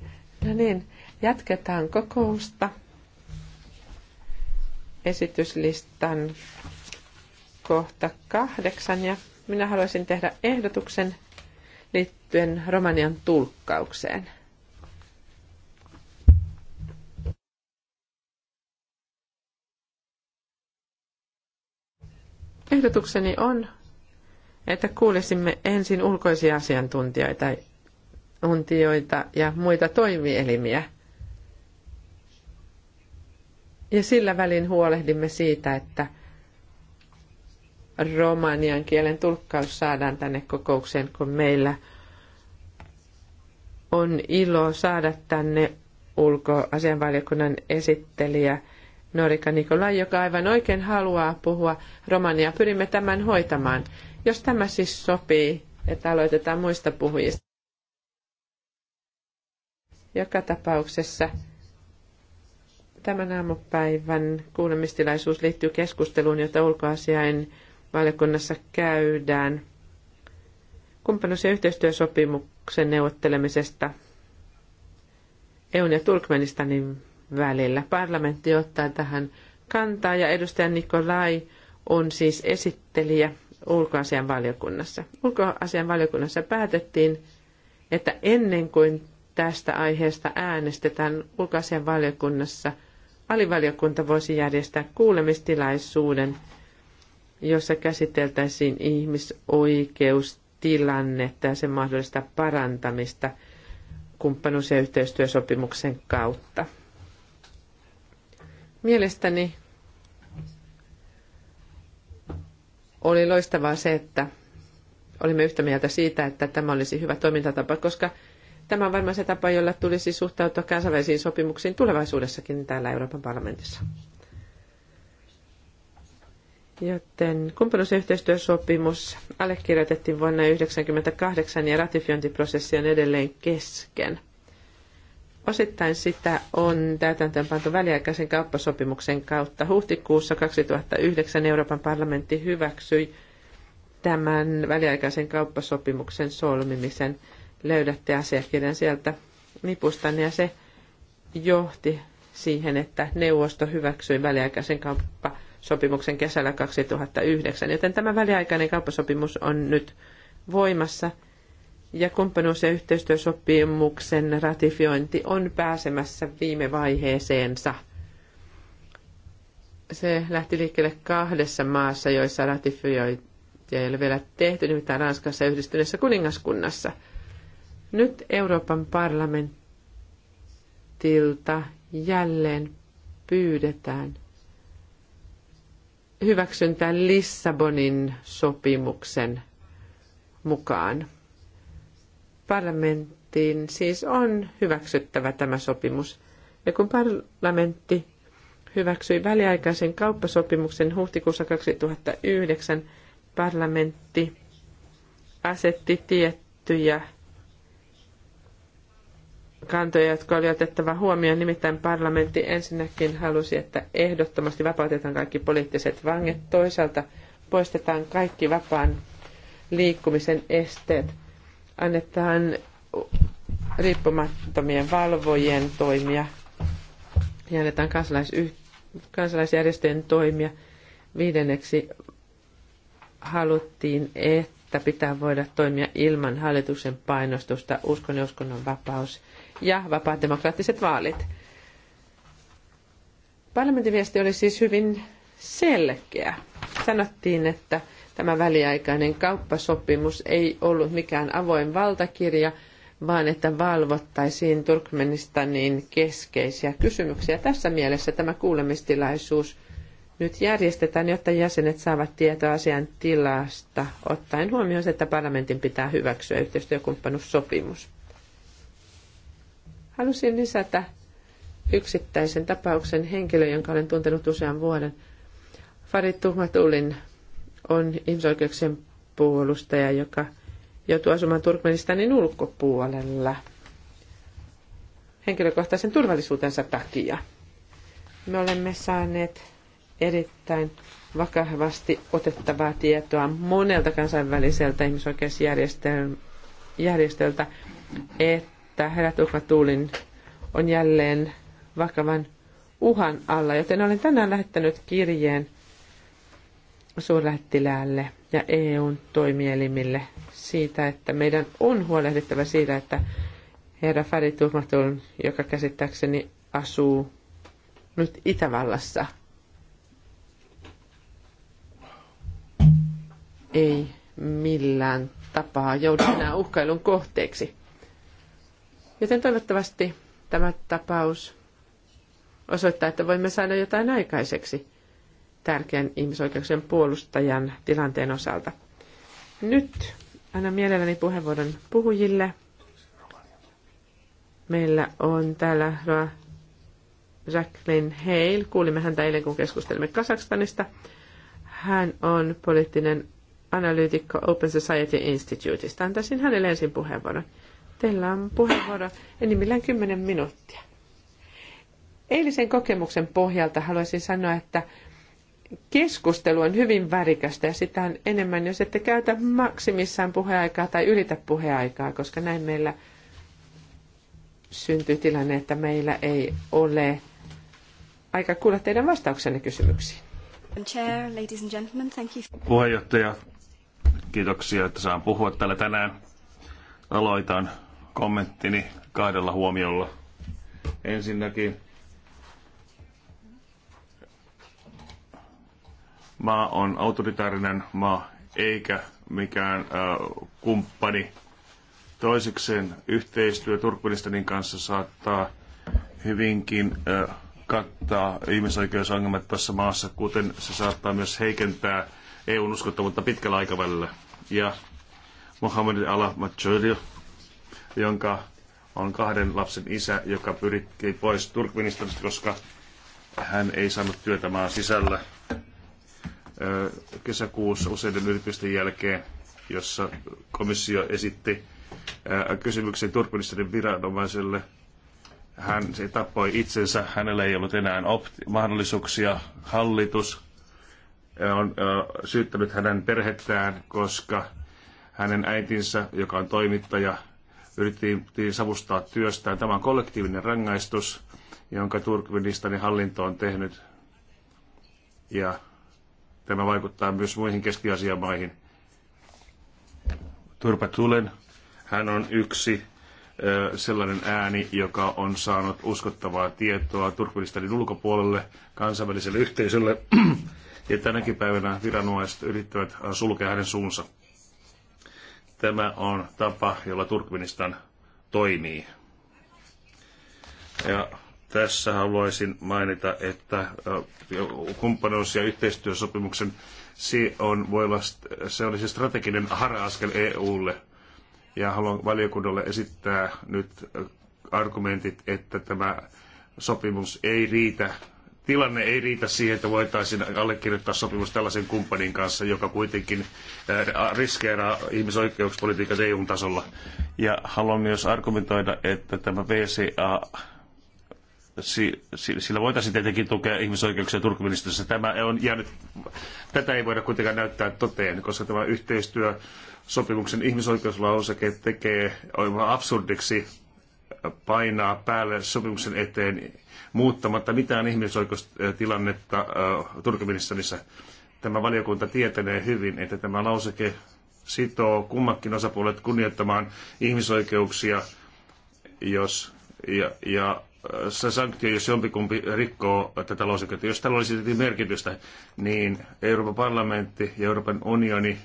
No niin, jatketaan kokousta. Esityslistan kohta kahdeksan ja minä haluaisin tehdä ehdotuksen liittyen Romanian tulkkaukseen. Ehdotukseni on että kuulisimme ensin ulkoisia asiantuntijoita untioita ja muita toimielimiä. Ja sillä välin huolehdimme siitä, että romanian kielen tulkkaus saadaan tänne kokoukseen, kun meillä on ilo saada tänne ulkoasianvaliokunnan esittelijä Norika Nikolai, joka aivan oikein haluaa puhua romania. Pyrimme tämän hoitamaan. Jos tämä siis sopii, että aloitetaan muista puhujista. Joka tapauksessa tämän aamupäivän kuulemistilaisuus liittyy keskusteluun, jota ulkoasiain valiokunnassa käydään kumppanuus- ja yhteistyösopimuksen neuvottelemisesta EUn ja Turkmenistanin välillä. Parlamentti ottaa tähän kantaa ja edustaja Nikolai on siis esittelijä ulkoasian valiokunnassa. Ulkoasian valiokunnassa päätettiin, että ennen kuin tästä aiheesta äänestetään ulkoasian valiokunnassa, alivaliokunta voisi järjestää kuulemistilaisuuden, jossa käsiteltäisiin ihmisoikeustilannetta ja sen mahdollista parantamista kumppanuus- ja yhteistyösopimuksen kautta. Mielestäni Oli loistavaa se, että olimme yhtä mieltä siitä, että tämä olisi hyvä toimintatapa, koska tämä on varmaan se tapa, jolla tulisi suhtautua kansainvälisiin sopimuksiin tulevaisuudessakin täällä Euroopan parlamentissa. Joten kumppanuus- ja yhteistyösopimus allekirjoitettiin vuonna 1998 ja ratifiointiprosessi on edelleen kesken. Osittain sitä on pantu väliaikaisen kauppasopimuksen kautta. Huhtikuussa 2009 Euroopan parlamentti hyväksyi tämän väliaikaisen kauppasopimuksen solmimisen. Löydätte asiakirjan sieltä nipustanne ja se johti siihen, että neuvosto hyväksyi väliaikaisen kauppasopimuksen kesällä 2009, joten tämä väliaikainen kauppasopimus on nyt voimassa – ja kumppanuus- ja yhteistyösopimuksen ratifiointi on pääsemässä viime vaiheeseensa. Se lähti liikkeelle kahdessa maassa, joissa ratifiointia ei ole vielä tehty, nimittäin Ranskassa ja yhdistyneessä kuningaskunnassa. Nyt Euroopan parlamentilta jälleen pyydetään hyväksyntää Lissabonin sopimuksen mukaan parlamenttiin siis on hyväksyttävä tämä sopimus. Ja kun parlamentti hyväksyi väliaikaisen kauppasopimuksen huhtikuussa 2009, parlamentti asetti tiettyjä kantoja, jotka oli otettava huomioon. Nimittäin parlamentti ensinnäkin halusi, että ehdottomasti vapautetaan kaikki poliittiset vanget. Toisaalta poistetaan kaikki vapaan liikkumisen esteet annetaan riippumattomien valvojien toimia ja annetaan kansalaisyh- kansalaisjärjestöjen toimia. Viidenneksi haluttiin, että pitää voida toimia ilman hallituksen painostusta, uskon ja uskonnon vapaus ja vapaat demokraattiset vaalit. Parlamentin viesti oli siis hyvin selkeä. Sanottiin, että tämä väliaikainen kauppasopimus ei ollut mikään avoin valtakirja, vaan että valvottaisiin Turkmenistanin keskeisiä kysymyksiä. Tässä mielessä tämä kuulemistilaisuus nyt järjestetään, jotta jäsenet saavat tietoa asian tilasta, ottaen huomioon, että parlamentin pitää hyväksyä yhteistyökumppanuussopimus. Halusin lisätä yksittäisen tapauksen henkilö, jonka olen tuntenut usean vuoden. Farid Tuhmatulin on ihmisoikeuksien puolustaja, joka joutuu asumaan Turkmenistanin ulkopuolella henkilökohtaisen turvallisuutensa takia. Me olemme saaneet erittäin vakavasti otettavaa tietoa monelta kansainväliseltä ihmisoikeusjärjestöltä, että herra Tuulin on jälleen vakavan uhan alla, joten olen tänään lähettänyt kirjeen suurlähettiläälle ja EUn toimielimille siitä, että meidän on huolehdittava siitä, että herra Fadi Tuhmatun, joka käsittääkseni asuu nyt Itävallassa, ei millään tapaa joudu enää uhkailun kohteeksi. Joten toivottavasti tämä tapaus osoittaa, että voimme saada jotain aikaiseksi – tärkeän ihmisoikeuksien puolustajan tilanteen osalta. Nyt annan mielelläni puheenvuoron puhujille. Meillä on täällä Jacqueline Hale. Kuulimme häntä eilen, kun keskustelimme Kasakstanista. Hän on poliittinen analyytikko Open Society Instituteista. Antaisin hänelle ensin puheenvuoron. Teillä on puheenvuoro enimmillään 10 minuuttia. Eilisen kokemuksen pohjalta haluaisin sanoa, että keskustelu on hyvin värikästä ja sitä on enemmän, jos ette käytä maksimissaan puheaikaa tai ylitä puheaikaa, koska näin meillä syntyy tilanne, että meillä ei ole aika kuulla teidän vastauksenne kysymyksiin. Chair, ladies and gentlemen, thank you. Puheenjohtaja, kiitoksia, että saan puhua täällä tänään. Aloitan kommenttini kahdella huomiolla. Ensinnäkin maa on autoritaarinen maa eikä mikään äh, kumppani. Toisekseen yhteistyö Turkmenistanin kanssa saattaa hyvinkin äh, kattaa ihmisoikeusongelmat tässä maassa, kuten se saattaa myös heikentää EUn uskottavuutta pitkällä aikavälillä. Ja Mohamed Al-Machoudil, jonka on kahden lapsen isä, joka pyrittiin pois Turkmenistanista, koska hän ei saanut työtä maan sisällä kesäkuussa useiden yritysten jälkeen, jossa komissio esitti kysymyksen Turkmenistanin viranomaiselle. Hän se tappoi itsensä, hänellä ei ollut enää mahdollisuuksia. Hallitus on syyttänyt hänen perhettään, koska hänen äitinsä, joka on toimittaja, yritti savustaa työstään. Tämä on kollektiivinen rangaistus, jonka Turkmenistanin hallinto on tehnyt. Ja Tämä vaikuttaa myös muihin keski maihin. Turpa Tulen, hän on yksi sellainen ääni, joka on saanut uskottavaa tietoa Turkmenistanin ulkopuolelle kansainväliselle yhteisölle. Ja tänäkin päivänä viranomaiset yrittävät sulkea hänen suunsa. Tämä on tapa, jolla Turkmenistan toimii. Ja tässä haluaisin mainita, että kumppanuus- ja yhteistyösopimuksen se, on, voi olla, se olisi strateginen hara-askel EUlle. Ja haluan valiokunnalle esittää nyt argumentit, että tämä sopimus ei riitä, tilanne ei riitä siihen, että voitaisiin allekirjoittaa sopimus tällaisen kumppanin kanssa, joka kuitenkin riskeeraa ihmisoikeuspolitiikan eu tasolla. Ja haluan myös argumentoida, että tämä VCA sillä voitaisiin tietenkin tukea ihmisoikeuksia Turkmenistossa. Tämä on jäänyt, tätä ei voida kuitenkaan näyttää toteen, koska tämä yhteistyö sopimuksen ihmisoikeuslauseke tekee aivan absurdiksi painaa päälle sopimuksen eteen muuttamatta mitään ihmisoikeustilannetta Turkmenistanissa. Tämä valiokunta tietenee hyvin, että tämä lauseke sitoo kummatkin osapuolet kunnioittamaan ihmisoikeuksia, jos ja, ja se sanktio, jos jompikumpi rikkoo tätä lauseketta. Jos tällä olisi merkitystä, niin Euroopan parlamentti ja Euroopan unioni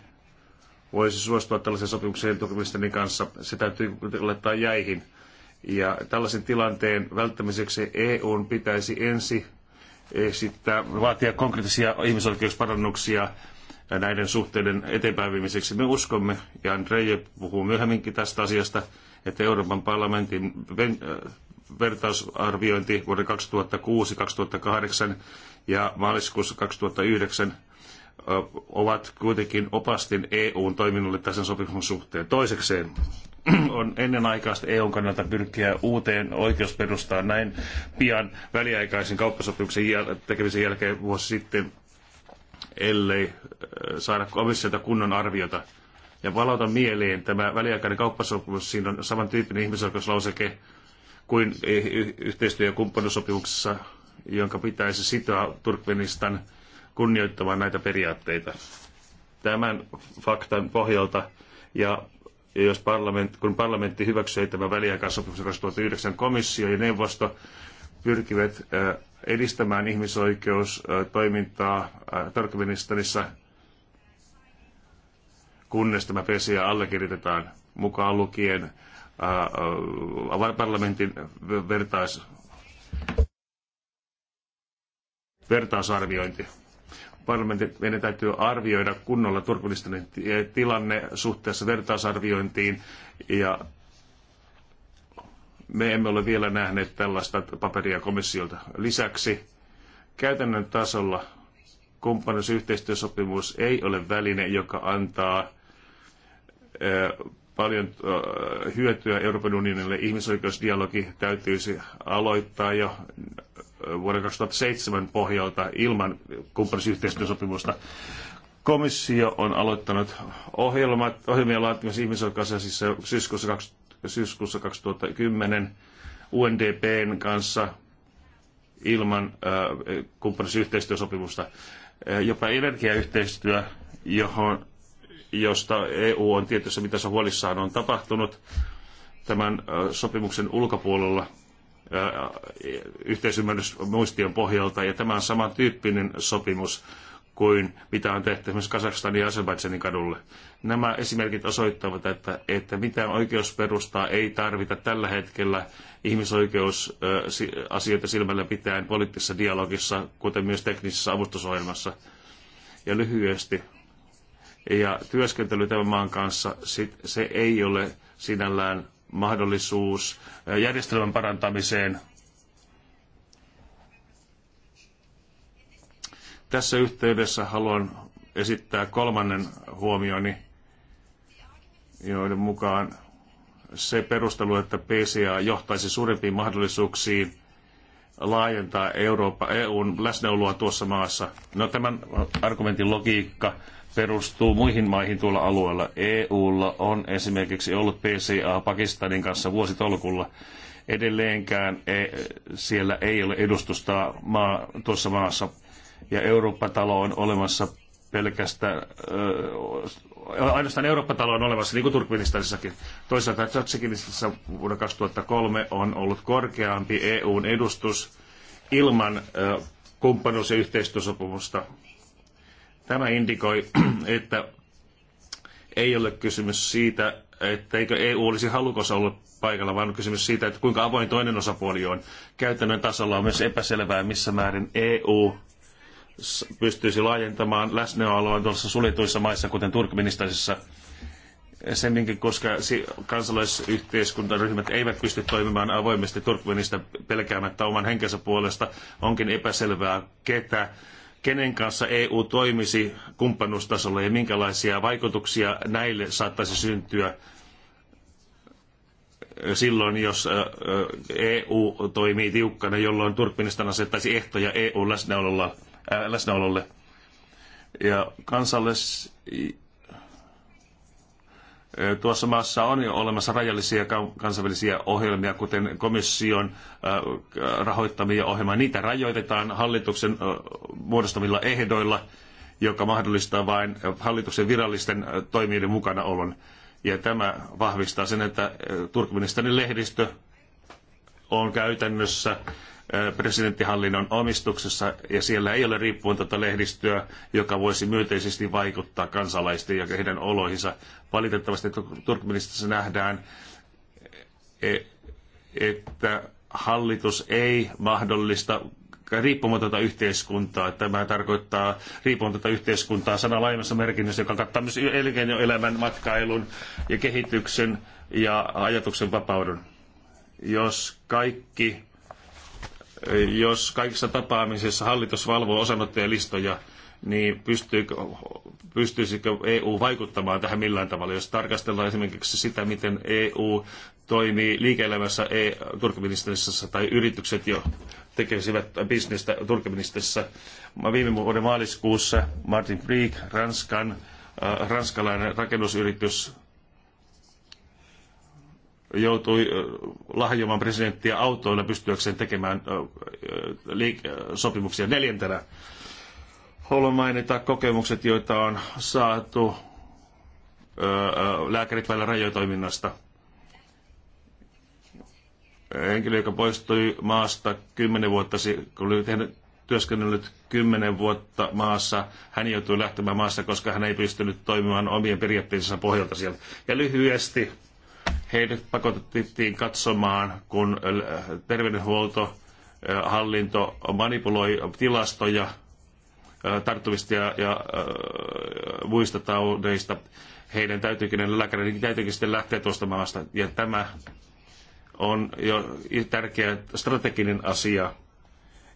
voisi suostua tällaisen sopimukseen Turkmenistanin kanssa. Se täytyy laittaa jäihin. Ja tällaisen tilanteen välttämiseksi EUn pitäisi ensi esittää, vaatia konkreettisia ihmisoikeusparannuksia näiden suhteiden eteenpäinviimiseksi. Me uskomme, ja Andrei puhuu myöhemminkin tästä asiasta, että Euroopan parlamentin vertausarviointi vuoden 2006-2008 ja maaliskuussa 2009 ovat kuitenkin opastin EUn toiminnalle tässä sopimuksen suhteen. Toisekseen on ennen aikaista EUn kannalta pyrkiä uuteen oikeusperustaan näin pian väliaikaisen kauppasopimuksen tekemisen jälkeen vuosi sitten, ellei saada komissiota kunnon arviota. Ja valota mieleen tämä väliaikainen kauppasopimus, siinä on samantyyppinen ihmisoikeuslauseke, kuin eh, yhteistyö- ja kumppanuussopimuksessa, jonka pitäisi sitoa Turkmenistan kunnioittamaan näitä periaatteita. Tämän faktan pohjalta ja jos parlament, kun parlamentti hyväksyi tämän väliaikaisopimuksen 2009 komissio ja neuvosto pyrkivät eh, edistämään ihmisoikeustoimintaa eh, Turkmenistanissa, kunnes tämä PCA allekirjoitetaan mukaan lukien parlamentin vertais, vertaisarviointi. Parlamentin, meidän täytyy arvioida kunnolla turkulistinen eh, tilanne suhteessa vertaisarviointiin ja me emme ole vielä nähneet tällaista paperia komissiolta. Lisäksi käytännön tasolla kumppanuusyhteistyösopimus ei ole väline, joka antaa paljon hyötyä Euroopan unionille. Ihmisoikeusdialogi täytyisi aloittaa jo vuoden 2007 pohjalta ilman kumppanisyhteistyösopimusta. Komissio on aloittanut ohjelmat, ohjelmien laatimisen ihmisoikeusasiassa syyskuussa, syyskuussa 2010 UNDPn kanssa ilman äh, kumppanisyhteistyösopimusta. Jopa energiayhteistyö, johon josta EU on tietyssä mitassa huolissaan on tapahtunut tämän sopimuksen ulkopuolella yhteisymmärrysmuistion pohjalta, ja tämä on samantyyppinen sopimus kuin mitä on tehty esimerkiksi Kazakstanin ja Azerbaidžanin kadulle. Nämä esimerkit osoittavat, että, että mitään oikeusperustaa ei tarvita tällä hetkellä ihmisoikeusasioita silmällä pitäen poliittisessa dialogissa, kuten myös teknisessä avustusohjelmassa. Ja lyhyesti ja työskentely tämän maan kanssa, se ei ole sinällään mahdollisuus järjestelmän parantamiseen. Tässä yhteydessä haluan esittää kolmannen huomioni, joiden mukaan se perustelu, että PCA johtaisi suurempiin mahdollisuuksiin laajentaa Eurooppa, EUn läsnäoloa tuossa maassa. No tämän argumentin logiikka perustuu muihin maihin tuolla alueella. EUlla on esimerkiksi ollut PCA Pakistanin kanssa vuositolkulla. Edelleenkään e, siellä ei ole edustusta maa, tuossa maassa. Ja Eurooppa-talo on olemassa pelkästään, äh, ainoastaan Eurooppa-talo on olemassa, niin kuin Turkmenistanissakin. Toisaalta Tsatsikinistassa vuonna 2003 on ollut korkeampi EUn edustus ilman äh, kumppanuus- ja yhteistyösopimusta Tämä indikoi, että ei ole kysymys siitä, etteikö EU olisi halukas olla paikalla, vaan on kysymys siitä, että kuinka avoin toinen osapuoli on. Käytännön tasolla on myös epäselvää, missä määrin EU pystyisi laajentamaan läsnäoloaan tuossa suljetuissa maissa, kuten Turkmenistanissa, semminkin, koska kansalaisyhteiskuntaryhmät eivät pysty toimimaan avoimesti Turkmenista pelkäämättä oman henkensä puolesta, onkin epäselvää, ketä kenen kanssa EU toimisi kumppanuustasolla ja minkälaisia vaikutuksia näille saattaisi syntyä silloin, jos EU toimii tiukkana, jolloin Turkmenistan asettaisi ehtoja EU läsnäololle. Ja kansallis- Tuossa maassa on jo olemassa rajallisia kansainvälisiä ohjelmia, kuten komission rahoittamia ohjelmia. Niitä rajoitetaan hallituksen muodostamilla ehdoilla, joka mahdollistaa vain hallituksen virallisten toimijoiden mukanaolon. Ja tämä vahvistaa sen, että Turkmenistanin lehdistö on käytännössä presidenttihallinnon omistuksessa ja siellä ei ole riippumatonta lehdistöä, joka voisi myönteisesti vaikuttaa kansalaisten ja heidän oloihinsa. Valitettavasti Turkmenistassa nähdään, e, että hallitus ei mahdollista riippumatonta yhteiskuntaa. Tämä tarkoittaa riippumatonta yhteiskuntaa sana laajemmassa merkinnössä, joka kattaa myös elinkeinoelämän, matkailun ja kehityksen ja ajatuksen vapauden. Jos kaikki jos kaikissa tapaamisissa hallitus valvoo osanottajalistoja, niin pystyykö, pystyisikö EU vaikuttamaan tähän millään tavalla, jos tarkastellaan esimerkiksi sitä, miten EU toimii liike-elämässä e Turkmenistanissa tai yritykset jo tekevät bisnestä Turkmenistanissa. Viime vuoden maaliskuussa Martin Brieg, Ranskan, äh, ranskalainen rakennusyritys, joutui lahjomaan presidenttiä autoilla pystyäkseen tekemään sopimuksia neljäntenä. Haluan mainita kokemukset, joita on saatu lääkärit välillä rajoitoiminnasta. Henkilö, joka poistui maasta kymmenen vuotta, kun oli tehnyt, työskennellyt kymmenen vuotta maassa, hän joutui lähtemään maasta, koska hän ei pystynyt toimimaan omien periaatteensa pohjalta siellä. Ja lyhyesti, Heidät pakotettiin katsomaan, kun äh, terveydenhuolto, äh, hallinto manipuloi tilastoja äh, tarttuvista ja, ja muista taudeista. Heidän täytyykin, lääkäreiden täytyykin sitten lähteä tuosta maasta. Ja tämä on jo tärkeä strateginen asia.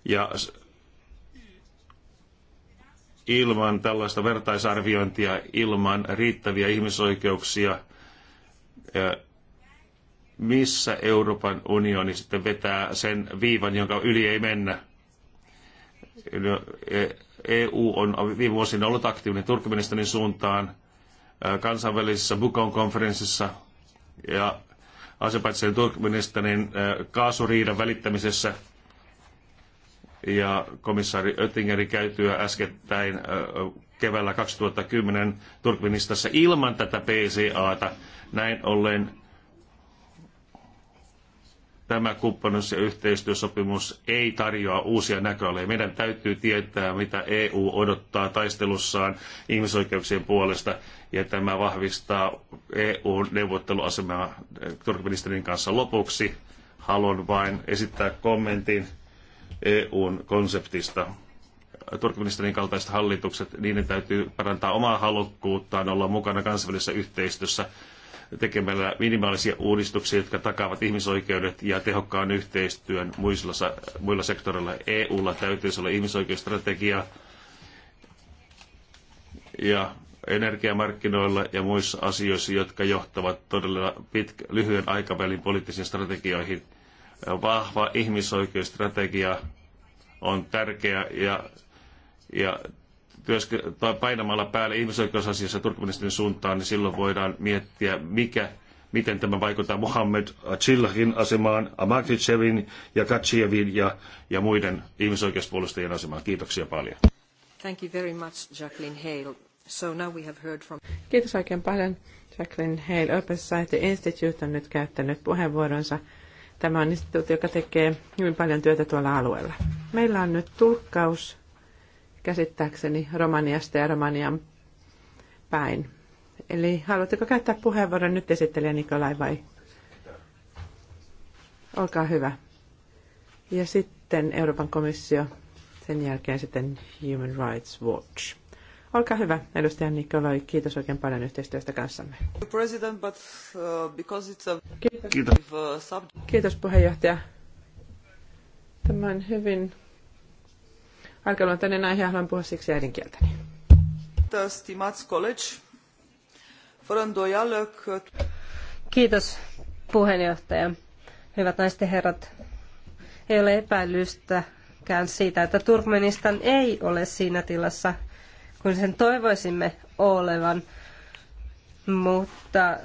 Ja ilman tällaista vertaisarviointia, ilman riittäviä ihmisoikeuksia, missä Euroopan unioni sitten vetää sen viivan, jonka yli ei mennä. EU eh, e on viime vuosina ollut aktiivinen Turkmenistanin suuntaan eh, kansainvälisessä Bukon-konferenssissa ja Asepaitsen Turkmenistanin eh, kaasuriidan välittämisessä ja komissaari Oettingerin käytyä äskettäin keväällä 2010 Turkmenistassa ilman tätä PCAta. Näin ollen tämä kumppanuus- ja yhteistyösopimus ei tarjoa uusia näköaloja. Meidän täytyy tietää, mitä EU odottaa taistelussaan ihmisoikeuksien puolesta, ja tämä vahvistaa EU-neuvotteluasemaa eh, Turkmenistanin kanssa lopuksi. Haluan vain esittää kommentin EUn konseptista. Turkmenistanin kaltaiset hallitukset, niiden täytyy parantaa omaa halukkuuttaan olla mukana kansainvälisessä yhteistyössä tekemällä minimaalisia uudistuksia, jotka takaavat ihmisoikeudet ja tehokkaan yhteistyön muilla, muilla sektoreilla. EUlla täytyisi olla ihmisoikeusstrategia ja energiamarkkinoilla ja muissa asioissa, jotka johtavat todella pitkä, lyhyen aikavälin poliittisiin strategioihin. Vahva ihmisoikeusstrategia on tärkeä ja, ja painamalla päälle ihmisoikeusasiassa Turkmenistanin suuntaan, niin silloin voidaan miettiä, mikä, miten tämä vaikuttaa Mohammed Chillahin asemaan, Amakhnichevin ja Katsievin ja, ja muiden ihmisoikeuspuolustajien asemaan. Kiitoksia paljon. Thank you very much, Jacqueline Hale. So now we have heard from... Kiitos oikein paljon. Jacqueline Hale Open Society Institute on nyt käyttänyt puheenvuoronsa. Tämä on instituutio, joka tekee hyvin paljon työtä tuolla alueella. Meillä on nyt tulkkaus käsittääkseni Romaniasta ja Romanian päin. Eli haluatteko käyttää puheenvuoron nyt esittelijä Nikolai vai? Olkaa hyvä. Ja sitten Euroopan komissio, sen jälkeen sitten Human Rights Watch. Olkaa hyvä, edustaja Nikolai. Kiitos oikein paljon yhteistyöstä kanssamme. Uh, Kiitos. Uh, Kiitos puheenjohtaja. Tämä on hyvin arkaluontoinen aihe, haluan puhua siksi äidinkieltäni. Stimați colegi, fără îndoială că... Kiitos puheenjohtaja. Hyvät naiset ja herrat, ei ole epäilystäkään siitä, että Turkmenistan ei ole siinä tilassa, kun sen toivoisimme olevan, mutta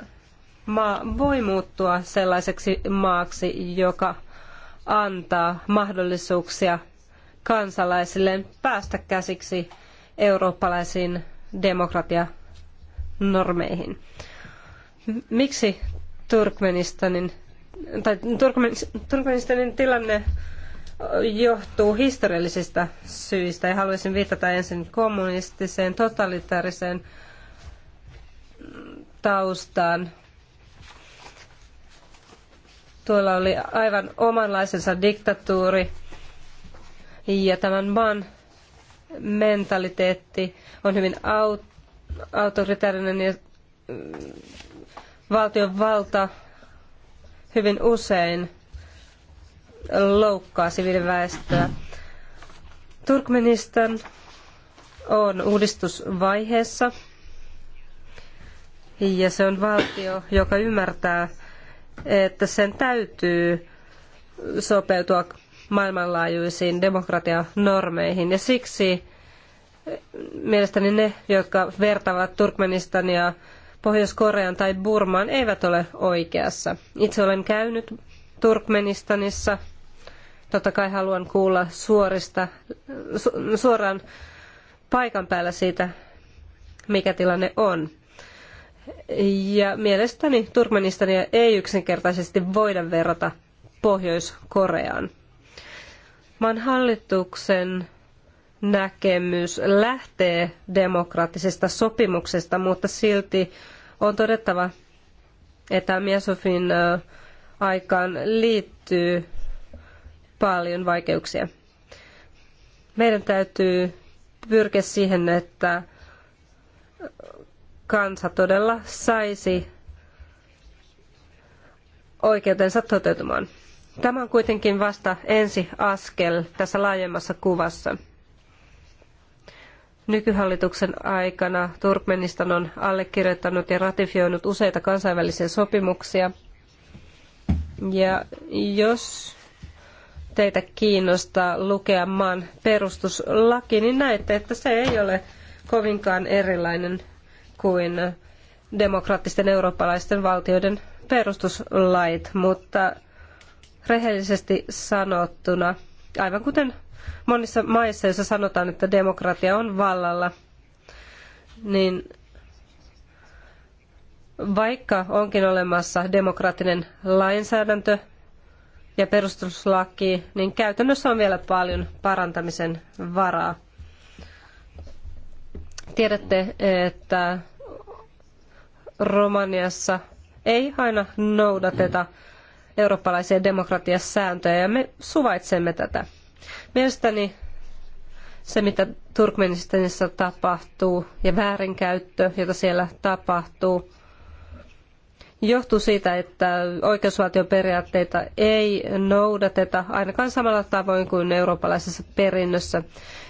maa voi muuttua sellaiseksi maaksi, joka antaa mahdollisuuksia Kansalaisille päästä käsiksi eurooppalaisiin demokratianormeihin. Miksi Turkmenistanin, tai Turkmenistanin tilanne johtuu historiallisista syistä ja haluaisin viitata ensin kommunistiseen, totalitaariseen taustaan. Tuolla oli aivan omanlaisensa diktatuuri, ja tämän maan mentaliteetti on hyvin autoritäärinen ja mm, valtion valta hyvin usein loukkaa siviiliväestöä. Turkmenistan on uudistusvaiheessa ja se on valtio, joka ymmärtää, että sen täytyy sopeutua maailmanlaajuisiin demokratianormeihin. Ja siksi mielestäni ne, jotka vertaavat Turkmenistania Pohjois-Korean tai Burmaan, eivät ole oikeassa. Itse olen käynyt Turkmenistanissa. Totta kai haluan kuulla suorista, su- suoraan paikan päällä siitä, mikä tilanne on. Ja mielestäni Turkmenistania ei yksinkertaisesti voida verrata Pohjois-Koreaan. Maan hallituksen näkemys lähtee demokraattisesta sopimuksesta, mutta silti on todettava, että Miesofin aikaan liittyy paljon vaikeuksia. Meidän täytyy pyrkiä siihen, että kansa todella saisi oikeutensa toteutumaan. Tämä on kuitenkin vasta ensi askel tässä laajemmassa kuvassa. Nykyhallituksen aikana Turkmenistan on allekirjoittanut ja ratifioinut useita kansainvälisiä sopimuksia. Ja jos teitä kiinnostaa lukea maan perustuslaki, niin näette, että se ei ole kovinkaan erilainen kuin demokraattisten eurooppalaisten valtioiden perustuslait, mutta rehellisesti sanottuna, aivan kuten monissa maissa, joissa sanotaan, että demokratia on vallalla, niin vaikka onkin olemassa demokraattinen lainsäädäntö ja perustuslaki, niin käytännössä on vielä paljon parantamisen varaa. Tiedätte, että Romaniassa ei aina noudateta eurooppalaisia demokratiasääntöjä ja me suvaitsemme tätä. Mielestäni se, mitä Turkmenistanissa tapahtuu ja väärinkäyttö, jota siellä tapahtuu, johtuu siitä, että oikeusvaltioperiaatteita ei noudateta ainakaan samalla tavoin kuin eurooppalaisessa perinnössä.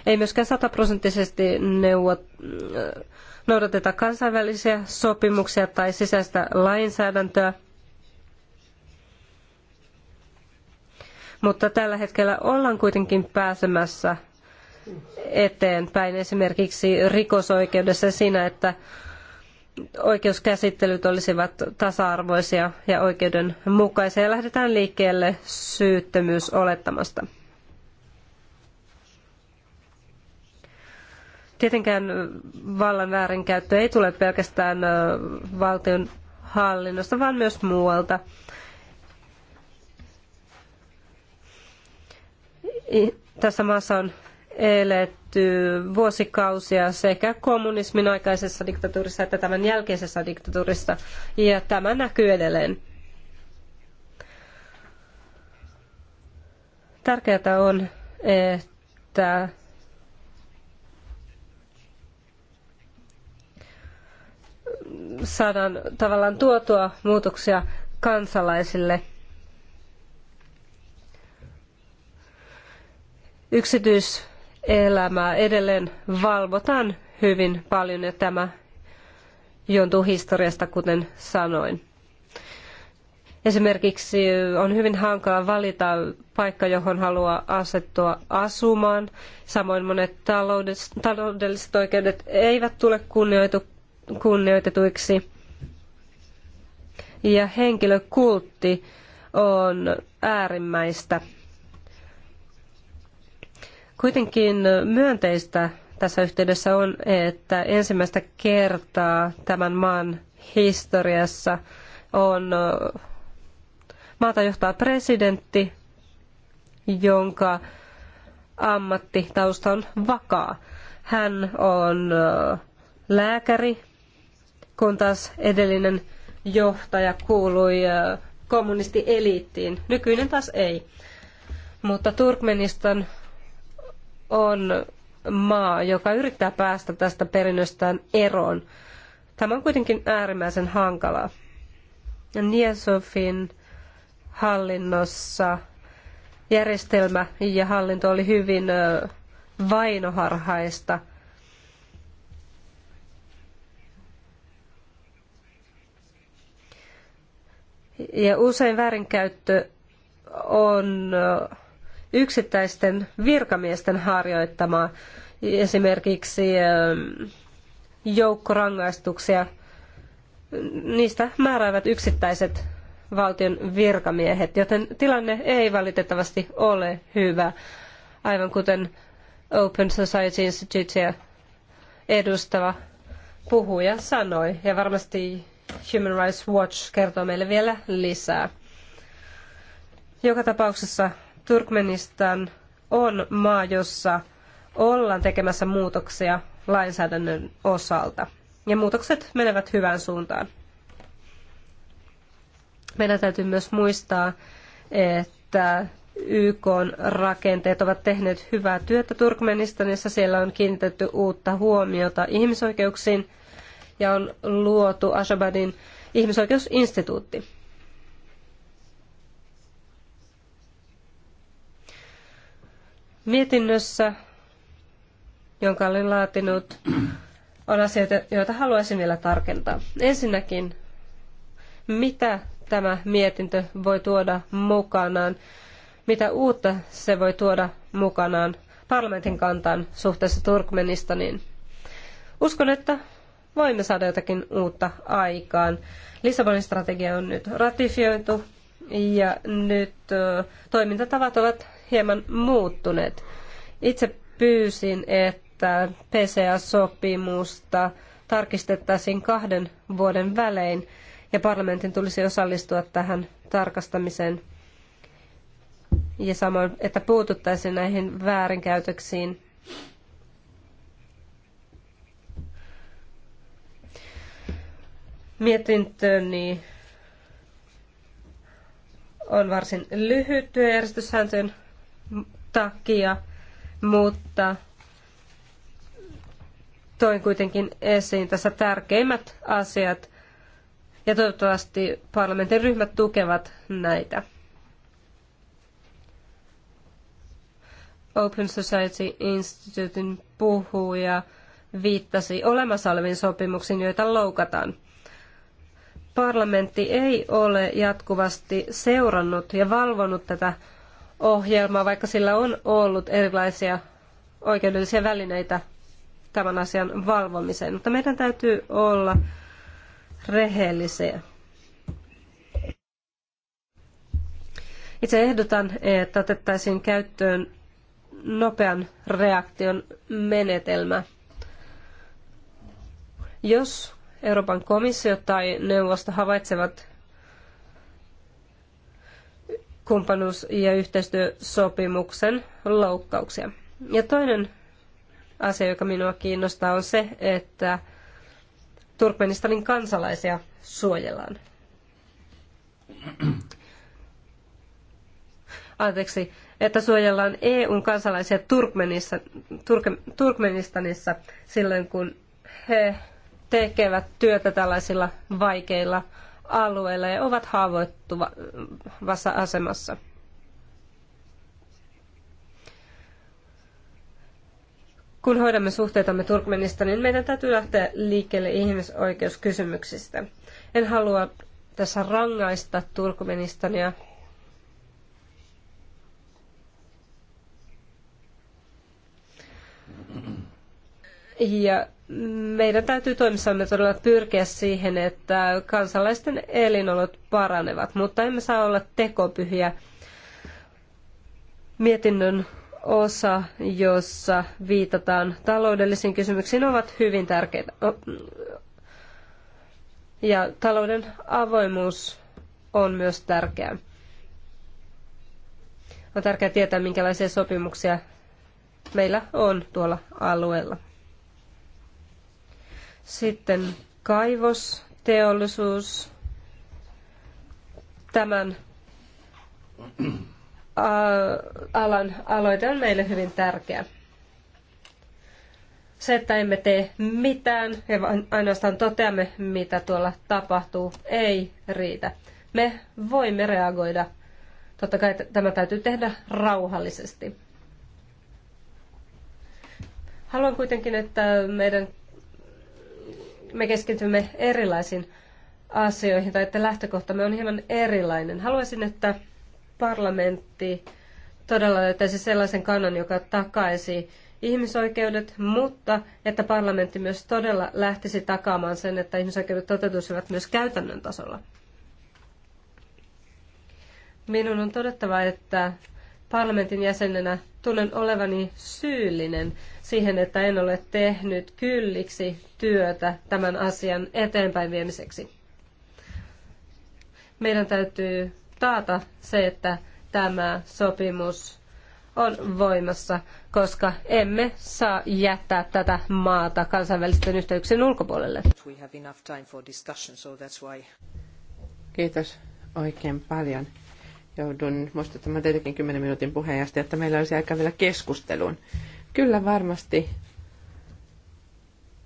Ei myöskään sataprosenttisesti neuvot, noudateta kansainvälisiä sopimuksia tai sisäistä lainsäädäntöä – mutta tällä hetkellä ollaan kuitenkin pääsemässä eteenpäin esimerkiksi rikosoikeudessa siinä, että oikeuskäsittelyt olisivat tasa-arvoisia ja oikeudenmukaisia ja lähdetään liikkeelle syyttömyysolettamasta. Tietenkään vallan väärinkäyttö ei tule pelkästään valtion hallinnosta, vaan myös muualta. tässä maassa on eletty vuosikausia sekä kommunismin aikaisessa diktatuurissa että tämän jälkeisessä diktatuurissa, ja tämä näkyy edelleen. Tärkeää on, että saadaan tavallaan tuotua muutoksia kansalaisille – yksityiselämää edelleen valvotaan hyvin paljon ja tämä jontuu historiasta, kuten sanoin. Esimerkiksi on hyvin hankala valita paikka, johon haluaa asettua asumaan. Samoin monet taloudelliset oikeudet eivät tule kunnioitu, kunnioitetuiksi. Ja henkilökultti on äärimmäistä. Kuitenkin myönteistä tässä yhteydessä on, että ensimmäistä kertaa tämän maan historiassa on maata johtaa presidentti, jonka ammattitausta on vakaa. Hän on lääkäri, kun taas edellinen johtaja kuului kommunistieliittiin. Nykyinen taas ei. Mutta Turkmenistan on maa, joka yrittää päästä tästä perinnöstään eroon. Tämä on kuitenkin äärimmäisen hankalaa. Niesofin hallinnossa järjestelmä ja hallinto oli hyvin vainoharhaista. Ja usein väärinkäyttö on yksittäisten virkamiesten harjoittamaa esimerkiksi ähm, joukkorangaistuksia. Niistä määräävät yksittäiset valtion virkamiehet, joten tilanne ei valitettavasti ole hyvä, aivan kuten Open Society Institutea edustava puhuja sanoi, ja varmasti Human Rights Watch kertoo meille vielä lisää. Joka tapauksessa Turkmenistan on maa, jossa ollaan tekemässä muutoksia lainsäädännön osalta. Ja muutokset menevät hyvään suuntaan. Meidän täytyy myös muistaa, että YK rakenteet ovat tehneet hyvää työtä Turkmenistanissa. Siellä on kiinnitetty uutta huomiota ihmisoikeuksiin ja on luotu Ashabadin ihmisoikeusinstituutti. Mietinnössä, jonka olen laatinut, on asioita, joita haluaisin vielä tarkentaa. Ensinnäkin, mitä tämä mietintö voi tuoda mukanaan, mitä uutta se voi tuoda mukanaan parlamentin kantaan suhteessa Turkmenistaniin. Uskon, että voimme saada jotakin uutta aikaan. Lissabonin strategia on nyt ratifioitu ja nyt toimintatavat ovat hieman muuttuneet. Itse pyysin, että PCA-sopimusta tarkistettaisiin kahden vuoden välein ja parlamentin tulisi osallistua tähän tarkastamiseen ja samoin, että puututtaisiin näihin väärinkäytöksiin. Mietintöni on varsin lyhyt työjärjestyssääntöjen takia, mutta toin kuitenkin esiin tässä tärkeimmät asiat ja toivottavasti parlamentin ryhmät tukevat näitä. Open Society Institutein puhuja viittasi olemassa oleviin sopimuksiin, joita loukataan. Parlamentti ei ole jatkuvasti seurannut ja valvonut tätä ohjelmaa, vaikka sillä on ollut erilaisia oikeudellisia välineitä tämän asian valvomiseen. Mutta meidän täytyy olla rehellisiä. Itse ehdotan, että otettaisiin käyttöön nopean reaktion menetelmä. Jos Euroopan komissio tai neuvosto havaitsevat kumppanuus- ja yhteistyösopimuksen loukkauksia. Ja toinen asia, joka minua kiinnostaa, on se, että Turkmenistanin kansalaisia suojellaan. Anteeksi, että suojellaan EUn kansalaisia Turkmenissa, Turke, Turkmenistanissa silloin, kun he tekevät työtä tällaisilla vaikeilla alueella ja ovat haavoittuvassa asemassa. Kun hoidamme suhteitamme Turkmenistaniin, niin meidän täytyy lähteä liikkeelle ihmisoikeuskysymyksistä. En halua tässä rangaista Turkmenistania Ja meidän täytyy toimissamme todella pyrkiä siihen, että kansalaisten elinolot paranevat, mutta emme saa olla tekopyhiä mietinnön osa, jossa viitataan taloudellisiin kysymyksiin, ovat hyvin tärkeitä. Ja talouden avoimuus on myös tärkeää. On tärkeää tietää, minkälaisia sopimuksia meillä on tuolla alueella. Sitten kaivos teollisuus Tämän äh, alan aloite on meille hyvin tärkeä. Se, että emme tee mitään ja ainoastaan toteamme, mitä tuolla tapahtuu, ei riitä. Me voimme reagoida. Totta kai tämä täytyy tehdä rauhallisesti. Haluan kuitenkin, että meidän me keskitymme erilaisiin asioihin tai että lähtökohtamme on hieman erilainen. Haluaisin, että parlamentti todella löytäisi sellaisen kannan, joka takaisi ihmisoikeudet, mutta että parlamentti myös todella lähtisi takaamaan sen, että ihmisoikeudet toteutuisivat myös käytännön tasolla. Minun on todettava, että parlamentin jäsenenä tunnen olevani syyllinen siihen, että en ole tehnyt kylliksi työtä tämän asian eteenpäin viemiseksi. Meidän täytyy taata se, että tämä sopimus on voimassa, koska emme saa jättää tätä maata kansainvälisten yhteyksien ulkopuolelle. Kiitos oikein paljon joudun muistuttamaan tietenkin 10 minuutin puheenjohtaja, että meillä olisi aika vielä keskusteluun. Kyllä varmasti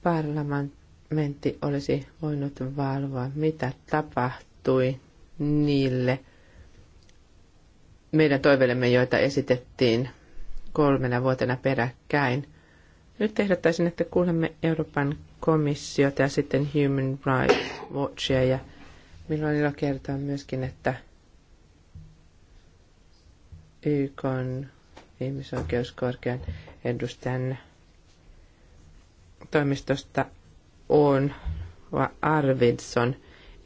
parlamentti olisi voinut valvoa, mitä tapahtui niille meidän toiveillemme, joita esitettiin kolmena vuotena peräkkäin. Nyt ehdottaisin, että kuulemme Euroopan komissiota ja sitten Human Rights Watchia ja milloin ilo kertoa myöskin, että – YK ihmisoikeuskorkean edustajan toimistosta on Arvidsson.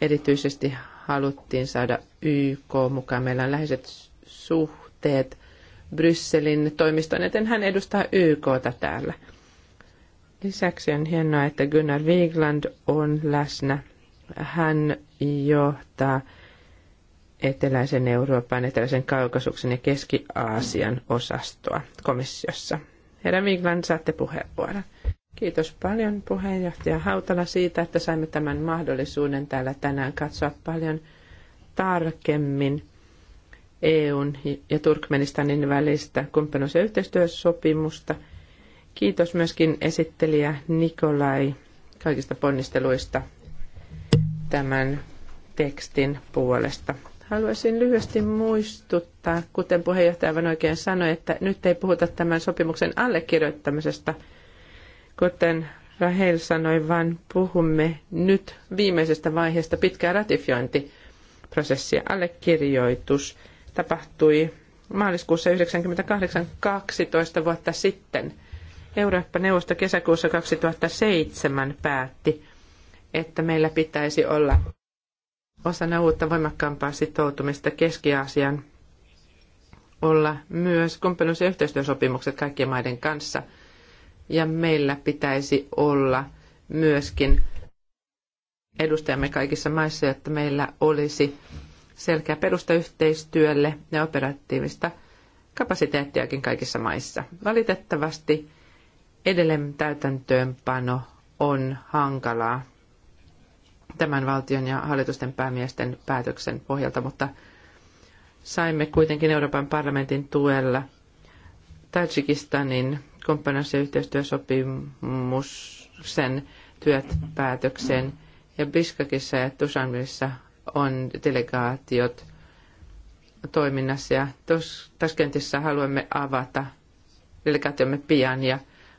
Erityisesti haluttiin saada YK mukaan. Meillä on läheiset suhteet Brysselin toimistoon, joten hän edustaa YKta täällä. Lisäksi on hienoa, että Gunnar Wigland on läsnä. Hän johtaa eteläisen Euroopan, eteläisen Kaukasuksen ja Keski-Aasian osastoa komissiossa. Herra Vigland, saatte puheenvuoron. Kiitos paljon puheenjohtaja Hautala siitä, että saimme tämän mahdollisuuden täällä tänään katsoa paljon tarkemmin EUn ja Turkmenistanin välistä kumppanuus- ja yhteistyösopimusta. Kiitos myöskin esittelijä Nikolai kaikista ponnisteluista tämän tekstin puolesta. Haluaisin lyhyesti muistuttaa, kuten puheenjohtaja aivan oikein sanoi, että nyt ei puhuta tämän sopimuksen allekirjoittamisesta, kuten Rahel sanoi, vaan puhumme nyt viimeisestä vaiheesta pitkää ratifiointiprosessia. Allekirjoitus tapahtui maaliskuussa 1998 12 vuotta sitten. Eurooppa-neuvosto kesäkuussa 2007 päätti, että meillä pitäisi olla osana uutta voimakkaampaa sitoutumista Keski-Aasian olla myös kumppanuus- ja yhteistyösopimukset kaikkien maiden kanssa. Ja meillä pitäisi olla myöskin edustajamme kaikissa maissa, jotta meillä olisi selkeä perusta yhteistyölle ja operatiivista kapasiteettiakin kaikissa maissa. Valitettavasti edelleen täytäntöönpano on hankalaa tämän valtion ja hallitusten päämiesten päätöksen pohjalta, mutta saimme kuitenkin Euroopan parlamentin tuella Tajikistanin kumppanuus- ja yhteistyösopimuksen työt päätökseen. Ja Biskakissa ja Tusanvissa on delegaatiot toiminnassa ja Taskentissa haluamme avata delegaatiomme pian ja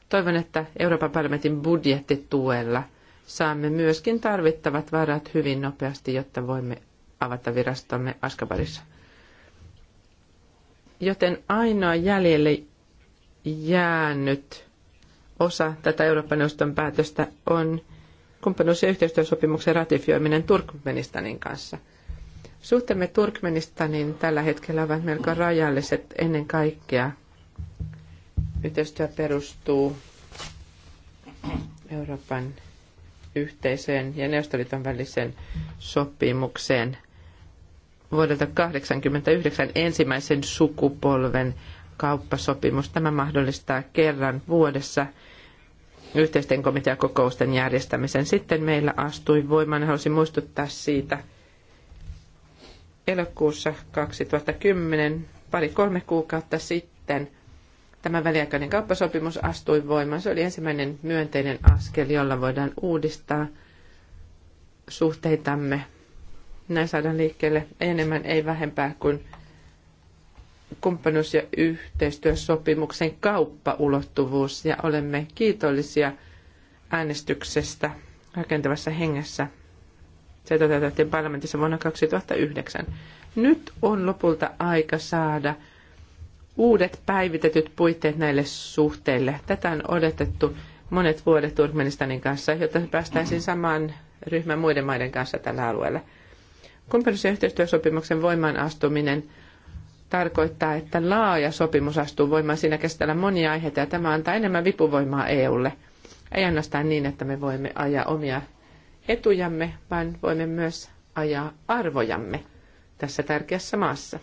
toivon, että Euroopan parlamentin budjettituella – saamme myöskin tarvittavat varat hyvin nopeasti, jotta voimme avata virastomme Askabarissa. Joten ainoa jäljelle jäänyt osa tätä Euroopan neuvoston päätöstä on kumppanuus- ja yhteistyösopimuksen ratifioiminen Turkmenistanin kanssa. Suhteemme Turkmenistanin tällä hetkellä ovat melko rajalliset ennen kaikkea. Yhteistyö perustuu Euroopan yhteiseen ja Neuvostoliiton väliseen sopimukseen vuodelta 1989 ensimmäisen sukupolven kauppasopimus. Tämä mahdollistaa kerran vuodessa yhteisten komiteakokousten järjestämisen. Sitten meillä astui voimaan, haluaisin muistuttaa siitä, elokuussa 2010, pari-kolme kuukautta sitten – tämä väliaikainen kauppasopimus astui voimaan. Se oli ensimmäinen myönteinen askel, jolla voidaan uudistaa suhteitamme. Näin saadaan liikkeelle ei enemmän, ei vähempää kuin kumppanuus- ja yhteistyösopimuksen kauppaulottuvuus ja olemme kiitollisia äänestyksestä rakentavassa hengessä. Se toteutettiin parlamentissa vuonna 2009. Nyt on lopulta aika saada – uudet päivitetyt puitteet näille suhteille. Tätä on odotettu monet vuodet Turkmenistanin kanssa, jotta päästäisiin samaan ryhmän muiden maiden kanssa tällä alueella. Kumppanuus- ja yhteistyösopimuksen voimaan astuminen tarkoittaa, että laaja sopimus astuu voimaan. Siinä käsitellään monia aiheita ja tämä antaa enemmän vipuvoimaa EUlle. Ei ainoastaan niin, että me voimme ajaa omia etujamme, vaan voimme myös ajaa arvojamme tässä tärkeässä maassa.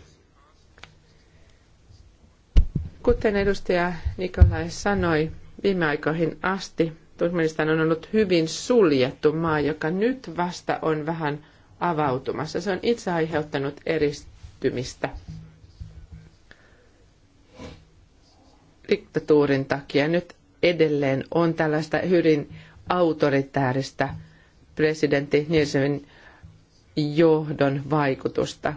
Kuten edustaja Nikolai sanoi, viime aikoihin asti Turkmenistan on ollut hyvin suljettu maa, joka nyt vasta on vähän avautumassa. Se on itse aiheuttanut eristymistä diktatuurin takia. Nyt edelleen on tällaista hyvin autoritääristä presidentti Nielsenin johdon vaikutusta.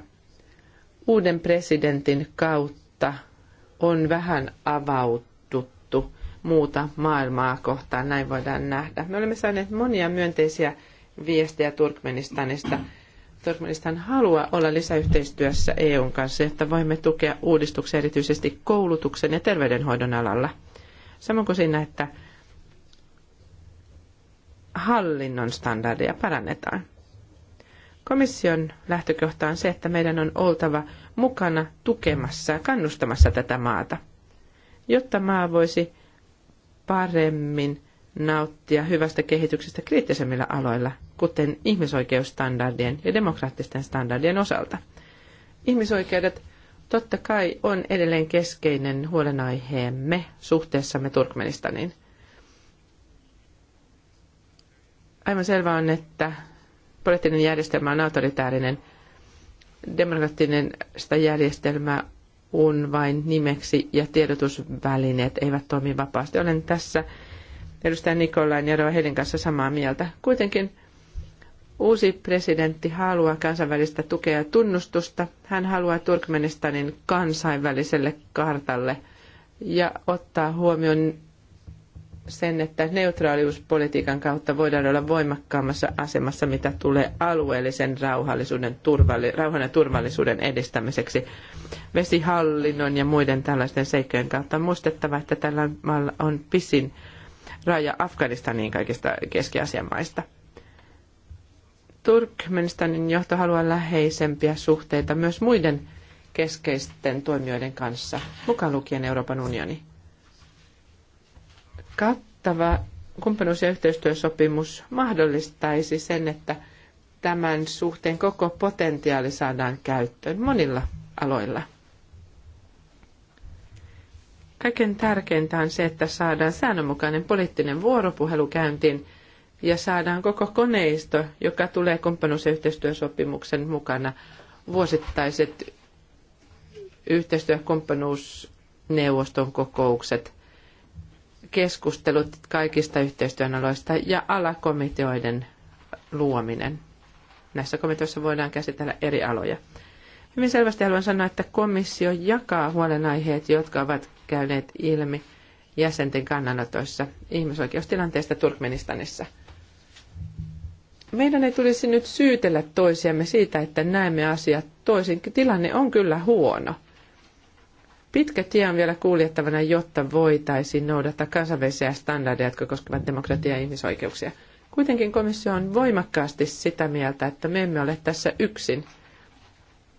Uuden presidentin kautta on vähän avaututtu muuta maailmaa kohtaan, näin voidaan nähdä. Me olemme saaneet monia myönteisiä viestejä Turkmenistanista. Turkmenistan haluaa olla lisäyhteistyössä EUn kanssa, että voimme tukea uudistuksia erityisesti koulutuksen ja terveydenhoidon alalla. Samoin kuin siinä, että hallinnon standardeja parannetaan. Komission lähtökohta on se, että meidän on oltava – mukana tukemassa ja kannustamassa tätä maata, jotta maa voisi paremmin nauttia hyvästä kehityksestä kriittisemmillä aloilla, kuten ihmisoikeusstandardien ja demokraattisten standardien osalta. Ihmisoikeudet totta kai on edelleen keskeinen huolenaiheemme suhteessamme Turkmenistaniin. Aivan selvää on, että poliittinen järjestelmä on autoritäärinen – demokraattinen sitä järjestelmä on vain nimeksi ja tiedotusvälineet eivät toimi vapaasti. Olen tässä edustaja Nikolain ja Helin kanssa samaa mieltä. Kuitenkin uusi presidentti haluaa kansainvälistä tukea ja tunnustusta. Hän haluaa Turkmenistanin kansainväliselle kartalle ja ottaa huomioon sen, että neutraaliuspolitiikan kautta voidaan olla voimakkaammassa asemassa, mitä tulee alueellisen rauhallisuuden, turvalli, rauhan ja turvallisuuden edistämiseksi vesihallinnon ja muiden tällaisten seikkojen kautta. On muistettava, että tällä maalla on pisin raja Afganistaniin kaikista keski-Aasian maista. Turkmenistanin johto haluaa läheisempiä suhteita myös muiden keskeisten toimijoiden kanssa, mukaan lukien Euroopan unioni. Kattava kumppanuus- ja yhteistyösopimus mahdollistaisi sen, että tämän suhteen koko potentiaali saadaan käyttöön monilla aloilla. Kaiken tärkeintä on se, että saadaan säännönmukainen poliittinen vuoropuhelu käyntiin ja saadaan koko koneisto, joka tulee kumppanuus- ja yhteistyösopimuksen mukana, vuosittaiset yhteistyökumppanuusneuvoston kokoukset, keskustelut kaikista yhteistyön aloista ja alakomiteoiden luominen. Näissä komiteoissa voidaan käsitellä eri aloja. Hyvin selvästi haluan sanoa, että komissio jakaa huolenaiheet, jotka ovat käyneet ilmi jäsenten kannanotoissa ihmisoikeustilanteesta Turkmenistanissa. Meidän ei tulisi nyt syytellä toisiamme siitä, että näemme asiat toisin. Tilanne on kyllä huono. Pitkä tie on vielä kuljettavana, jotta voitaisiin noudattaa kansainvälisiä standardeja, jotka koskevat demokratiaa ja ihmisoikeuksia. Kuitenkin komissio on voimakkaasti sitä mieltä, että me emme ole tässä yksin,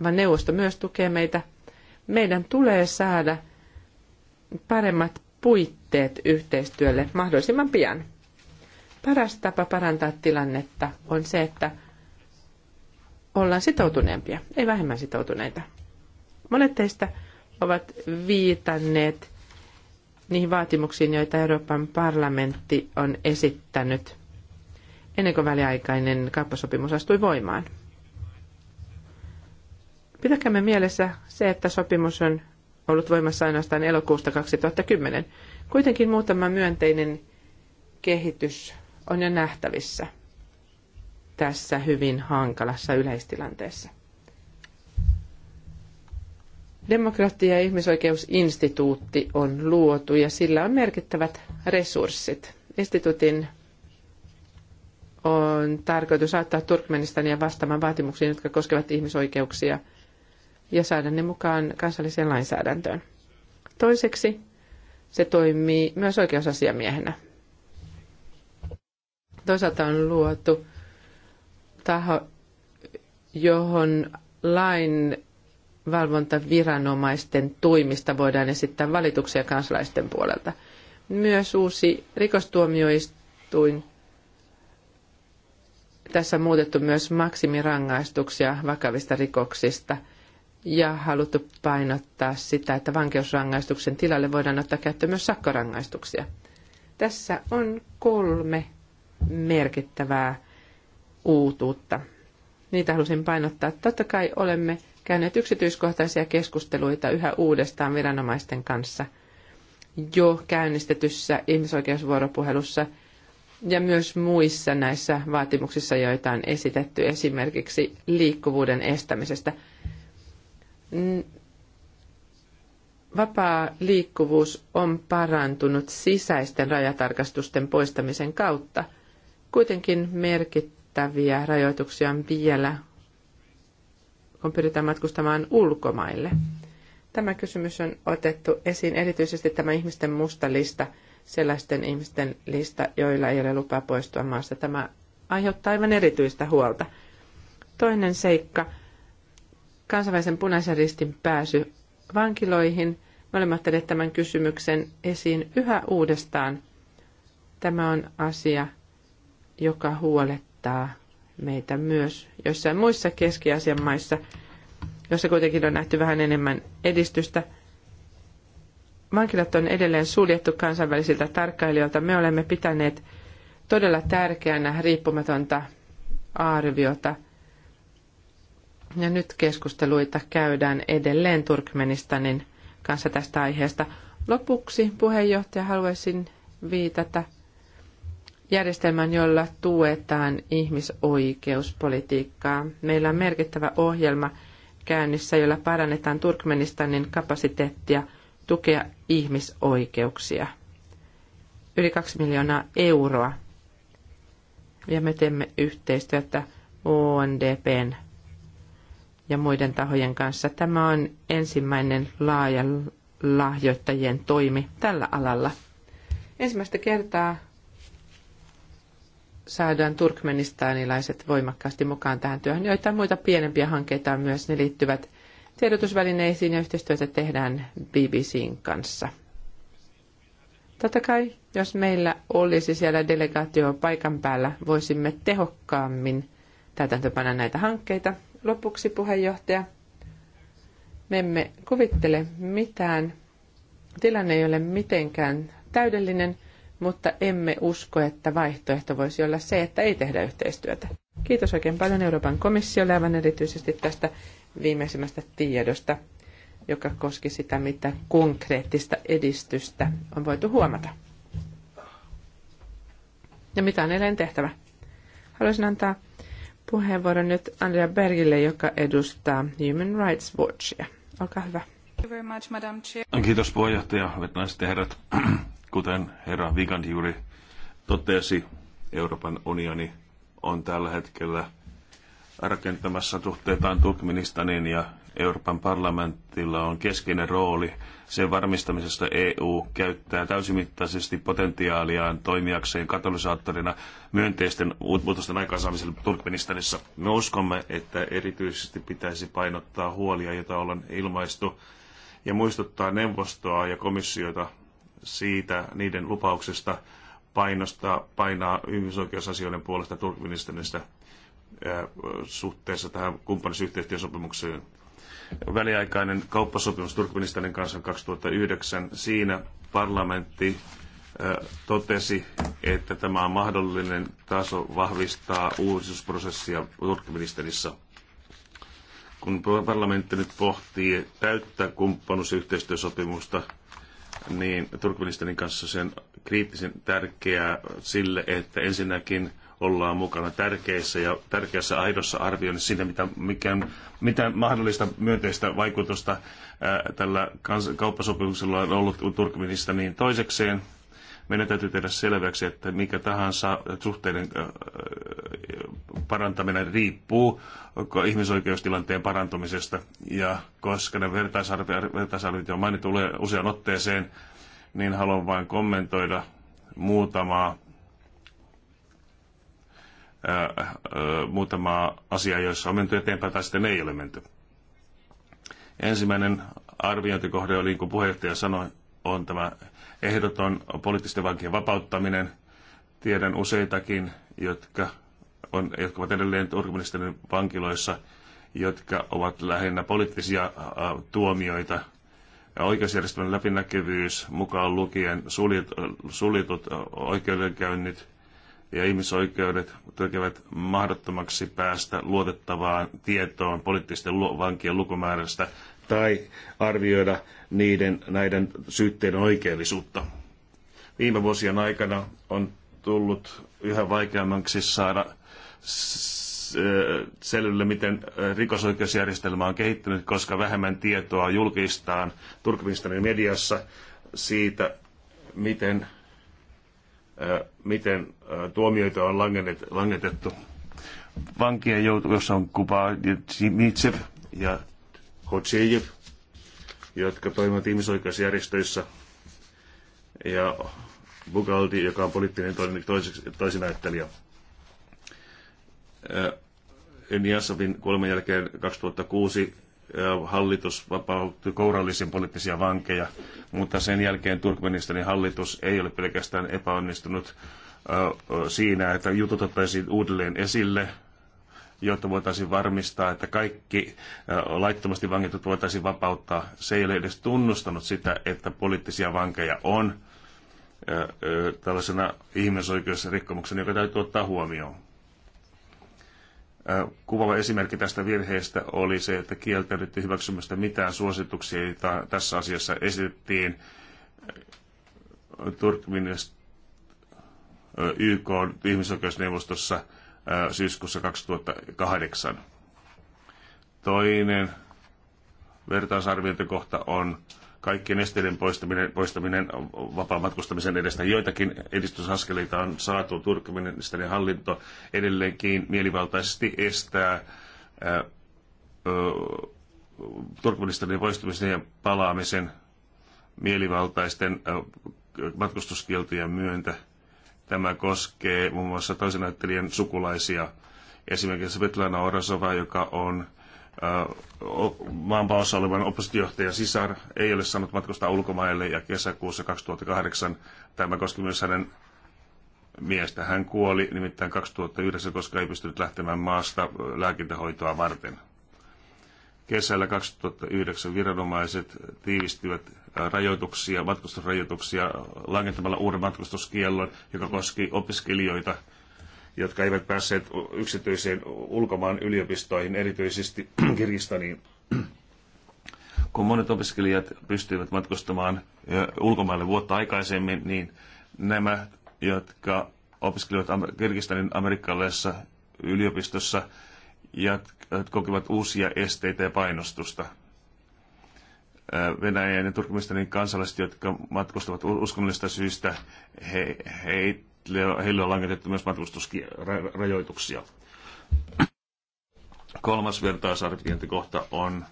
vaan neuvosto myös tukee meitä. Meidän tulee saada paremmat puitteet yhteistyölle mahdollisimman pian. Paras tapa parantaa tilannetta on se, että ollaan sitoutuneempia, ei vähemmän sitoutuneita. Monet teistä ovat viitanneet niihin vaatimuksiin, joita Euroopan parlamentti on esittänyt ennen kuin väliaikainen kauppasopimus astui voimaan. Pitäkäämme mielessä se, että sopimus on ollut voimassa ainoastaan elokuusta 2010. Kuitenkin muutama myönteinen kehitys on jo nähtävissä tässä hyvin hankalassa yleistilanteessa. Demokratia- ja ihmisoikeusinstituutti on luotu ja sillä on merkittävät resurssit. Instituutin on tarkoitus auttaa Turkmenistania vastaamaan vaatimuksiin, jotka koskevat ihmisoikeuksia ja saada ne mukaan kansalliseen lainsäädäntöön. Toiseksi se toimii myös oikeusasiamiehenä. Toisaalta on luotu taho, johon lain valvontaviranomaisten toimista voidaan esittää valituksia kansalaisten puolelta. Myös uusi rikostuomioistuin. Tässä on muutettu myös maksimirangaistuksia vakavista rikoksista ja haluttu painottaa sitä, että vankeusrangaistuksen tilalle voidaan ottaa käyttöön myös sakkorangaistuksia. Tässä on kolme merkittävää uutuutta. Niitä halusin painottaa. Totta kai olemme käyneet yksityiskohtaisia keskusteluita yhä uudestaan viranomaisten kanssa jo käynnistetyssä ihmisoikeusvuoropuhelussa ja myös muissa näissä vaatimuksissa, joita on esitetty esimerkiksi liikkuvuuden estämisestä. Vapaa liikkuvuus on parantunut sisäisten rajatarkastusten poistamisen kautta. Kuitenkin merkittäviä rajoituksia on vielä kun pyritään matkustamaan ulkomaille. Tämä kysymys on otettu esiin erityisesti tämä ihmisten musta lista, sellaisten ihmisten lista, joilla ei ole lupaa poistua maasta. Tämä aiheuttaa aivan erityistä huolta. Toinen seikka, kansainvälisen punaisen ristin pääsy vankiloihin. Me olemme ottaneet tämän kysymyksen esiin yhä uudestaan. Tämä on asia, joka huolettaa meitä myös joissain muissa Keski-Aasian maissa, joissa kuitenkin on nähty vähän enemmän edistystä. Vankilat on edelleen suljettu kansainvälisiltä tarkkailijoilta. Me olemme pitäneet todella tärkeänä riippumatonta arviota. Ja nyt keskusteluita käydään edelleen Turkmenistanin kanssa tästä aiheesta. Lopuksi puheenjohtaja haluaisin viitata – järjestelmän, jolla tuetaan ihmisoikeuspolitiikkaa. Meillä on merkittävä ohjelma käynnissä, jolla parannetaan Turkmenistanin kapasiteettia tukea ihmisoikeuksia. Yli kaksi miljoonaa euroa. Ja me teemme yhteistyötä ONDP:n ja muiden tahojen kanssa. Tämä on ensimmäinen laaja lahjoittajien toimi tällä alalla. Ensimmäistä kertaa saadaan turkmenistanilaiset voimakkaasti mukaan tähän työhön. Joitain muita pienempiä hankkeita on myös, ne liittyvät tiedotusvälineisiin ja yhteistyötä tehdään BBCn kanssa. Totta kai, jos meillä olisi siellä delegaatio paikan päällä, voisimme tehokkaammin täytäntöpana näitä hankkeita. Lopuksi puheenjohtaja, me emme kuvittele mitään. Tilanne ei ole mitenkään täydellinen, mutta emme usko, että vaihtoehto voisi olla se, että ei tehdä yhteistyötä. Kiitos oikein paljon Euroopan komissiolle, aivan erityisesti tästä viimeisimmästä tiedosta, joka koski sitä, mitä konkreettista edistystä on voitu huomata. Ja mitä on edelleen tehtävä? Haluaisin antaa puheenvuoron nyt Andrea Bergille, joka edustaa Human Rights Watchia. Olkaa hyvä. Kiitos puheenjohtaja, hyvät naiset ja herrat. Kuten herra Vigand juuri totesi, Euroopan unioni on tällä hetkellä rakentamassa suhteitaan Turkmenistanin ja Euroopan parlamentilla on keskeinen rooli sen varmistamisesta EU käyttää täysimittaisesti potentiaaliaan toimijakseen katalysaattorina myönteisten muutosten aikaansaamiselle Turkmenistanissa. Me uskomme, että erityisesti pitäisi painottaa huolia, joita ollaan ilmaistu, ja muistuttaa neuvostoa ja komissiota siitä niiden lupauksesta painosta, painaa ihmisoikeusasioiden puolesta Turkmenistanista suhteessa tähän kumppanisyhteistyösopimukseen. Väliaikainen kauppasopimus Turkmenistanin kanssa 2009. Siinä parlamentti totesi, että tämä on mahdollinen taso vahvistaa uudistusprosessia Turkmenistanissa. Kun parlamentti nyt pohtii täyttää kumppanuusyhteistyösopimusta, niin Turkmenistanin kanssa sen kriittisen tärkeää sille, että ensinnäkin ollaan mukana tärkeissä ja tärkeässä aidossa arvioinnissa siitä, mitä, mikä, mitä mahdollista myönteistä vaikutusta ää, tällä kans, kauppasopimuksella on ollut Turkmenistaniin toisekseen. Meidän täytyy tehdä selväksi, että mikä tahansa suhteiden parantaminen riippuu ihmisoikeustilanteen parantumisesta. Ja koska ne vertaisarvit on mainittu usean otteeseen, niin haluan vain kommentoida muutamaa muutamaa asiaa, joissa on menty eteenpäin tai sitten ei ole menty. Ensimmäinen arviointikohde oli, niin kuin puheenjohtaja sanoi, on tämä ehdoton poliittisten vankien vapauttaminen. Tiedän useitakin, jotka, on, jotka ovat edelleen Turkmenistanin vankiloissa, jotka ovat lähinnä poliittisia tuomioita. Ja oikeusjärjestelmän läpinäkyvyys, mukaan lukien suljet, suljetut oikeudenkäynnit ja ihmisoikeudet, tekevät mahdottomaksi päästä luotettavaan tietoon poliittisten vankien lukumäärästä tai arvioida niiden, näiden syytteiden oikeellisuutta. Viime vuosien aikana on tullut yhä vaikeammaksi saada selville, miten rikosoikeusjärjestelmä on kehittynyt, koska vähemmän tietoa julkistaan Turkmenistanin mediassa siitä, miten, miten tuomioita on langetettu. Vankien joukossa on Kuba Mitsev ja Hodzijev, jotka toimivat ihmisoikeusjärjestöissä, ja Bugaldi, joka on poliittinen toisinäyttelijä. Niasavin kuoleman jälkeen 2006 hallitus vapautti kourallisen poliittisia vankeja, mutta sen jälkeen Turkmenistanin hallitus ei ole pelkästään epäonnistunut siinä, että jutut ottaisiin uudelleen esille, jotta voitaisiin varmistaa, että kaikki laittomasti vangitut voitaisiin vapauttaa. Se ei ole edes tunnustanut sitä, että poliittisia vankeja on tällaisena ihmisoikeusrikkomuksena, joka täytyy ottaa huomioon. Kuvava esimerkki tästä virheestä oli se, että kieltäydyttiin hyväksymästä mitään suosituksia, joita tässä asiassa esitettiin Turkminista YK ihmisoikeusneuvostossa – syyskuussa 2008. Toinen vertaisarviointikohta on kaikkien esteiden poistaminen, poistaminen vapaan matkustamisen edestä. Joitakin edistysaskeleita on saatu. Turkmenistanin hallinto edelleenkin mielivaltaisesti estää Turkmenistanin poistumisen ja palaamisen mielivaltaisten ää, matkustuskieltojen myöntä Tämä koskee muun muassa toisen näyttelijän sukulaisia. Esimerkiksi Svetlana Orasova, joka on maanpaossa olevan oppositiojohtajan sisar, ei ole saanut matkustaa ulkomaille ja kesäkuussa 2008 tämä koski myös hänen miestä. Hän kuoli nimittäin 2009, koska ei pystynyt lähtemään maasta lääkintähoitoa varten. Kesällä 2009 viranomaiset tiivistivät rajoituksia, matkustusrajoituksia langentamalla uuden matkustuskiellon, joka koski opiskelijoita, jotka eivät päässeet yksityiseen ulkomaan yliopistoihin, erityisesti Kirgistaniin. Kun monet opiskelijat pystyivät matkustamaan ulkomaille vuotta aikaisemmin, niin nämä, jotka opiskelivat Kirgistanin amerikkalaisessa yliopistossa, kokivat uusia esteitä ja painostusta Äh, Venäjän ja Turkmenistanin kansalaiset, jotka matkustavat uskonnollista syistä, he, he, heille on langetettu myös matkustusrajoituksia. Kolmas vertaisarviointikohta on,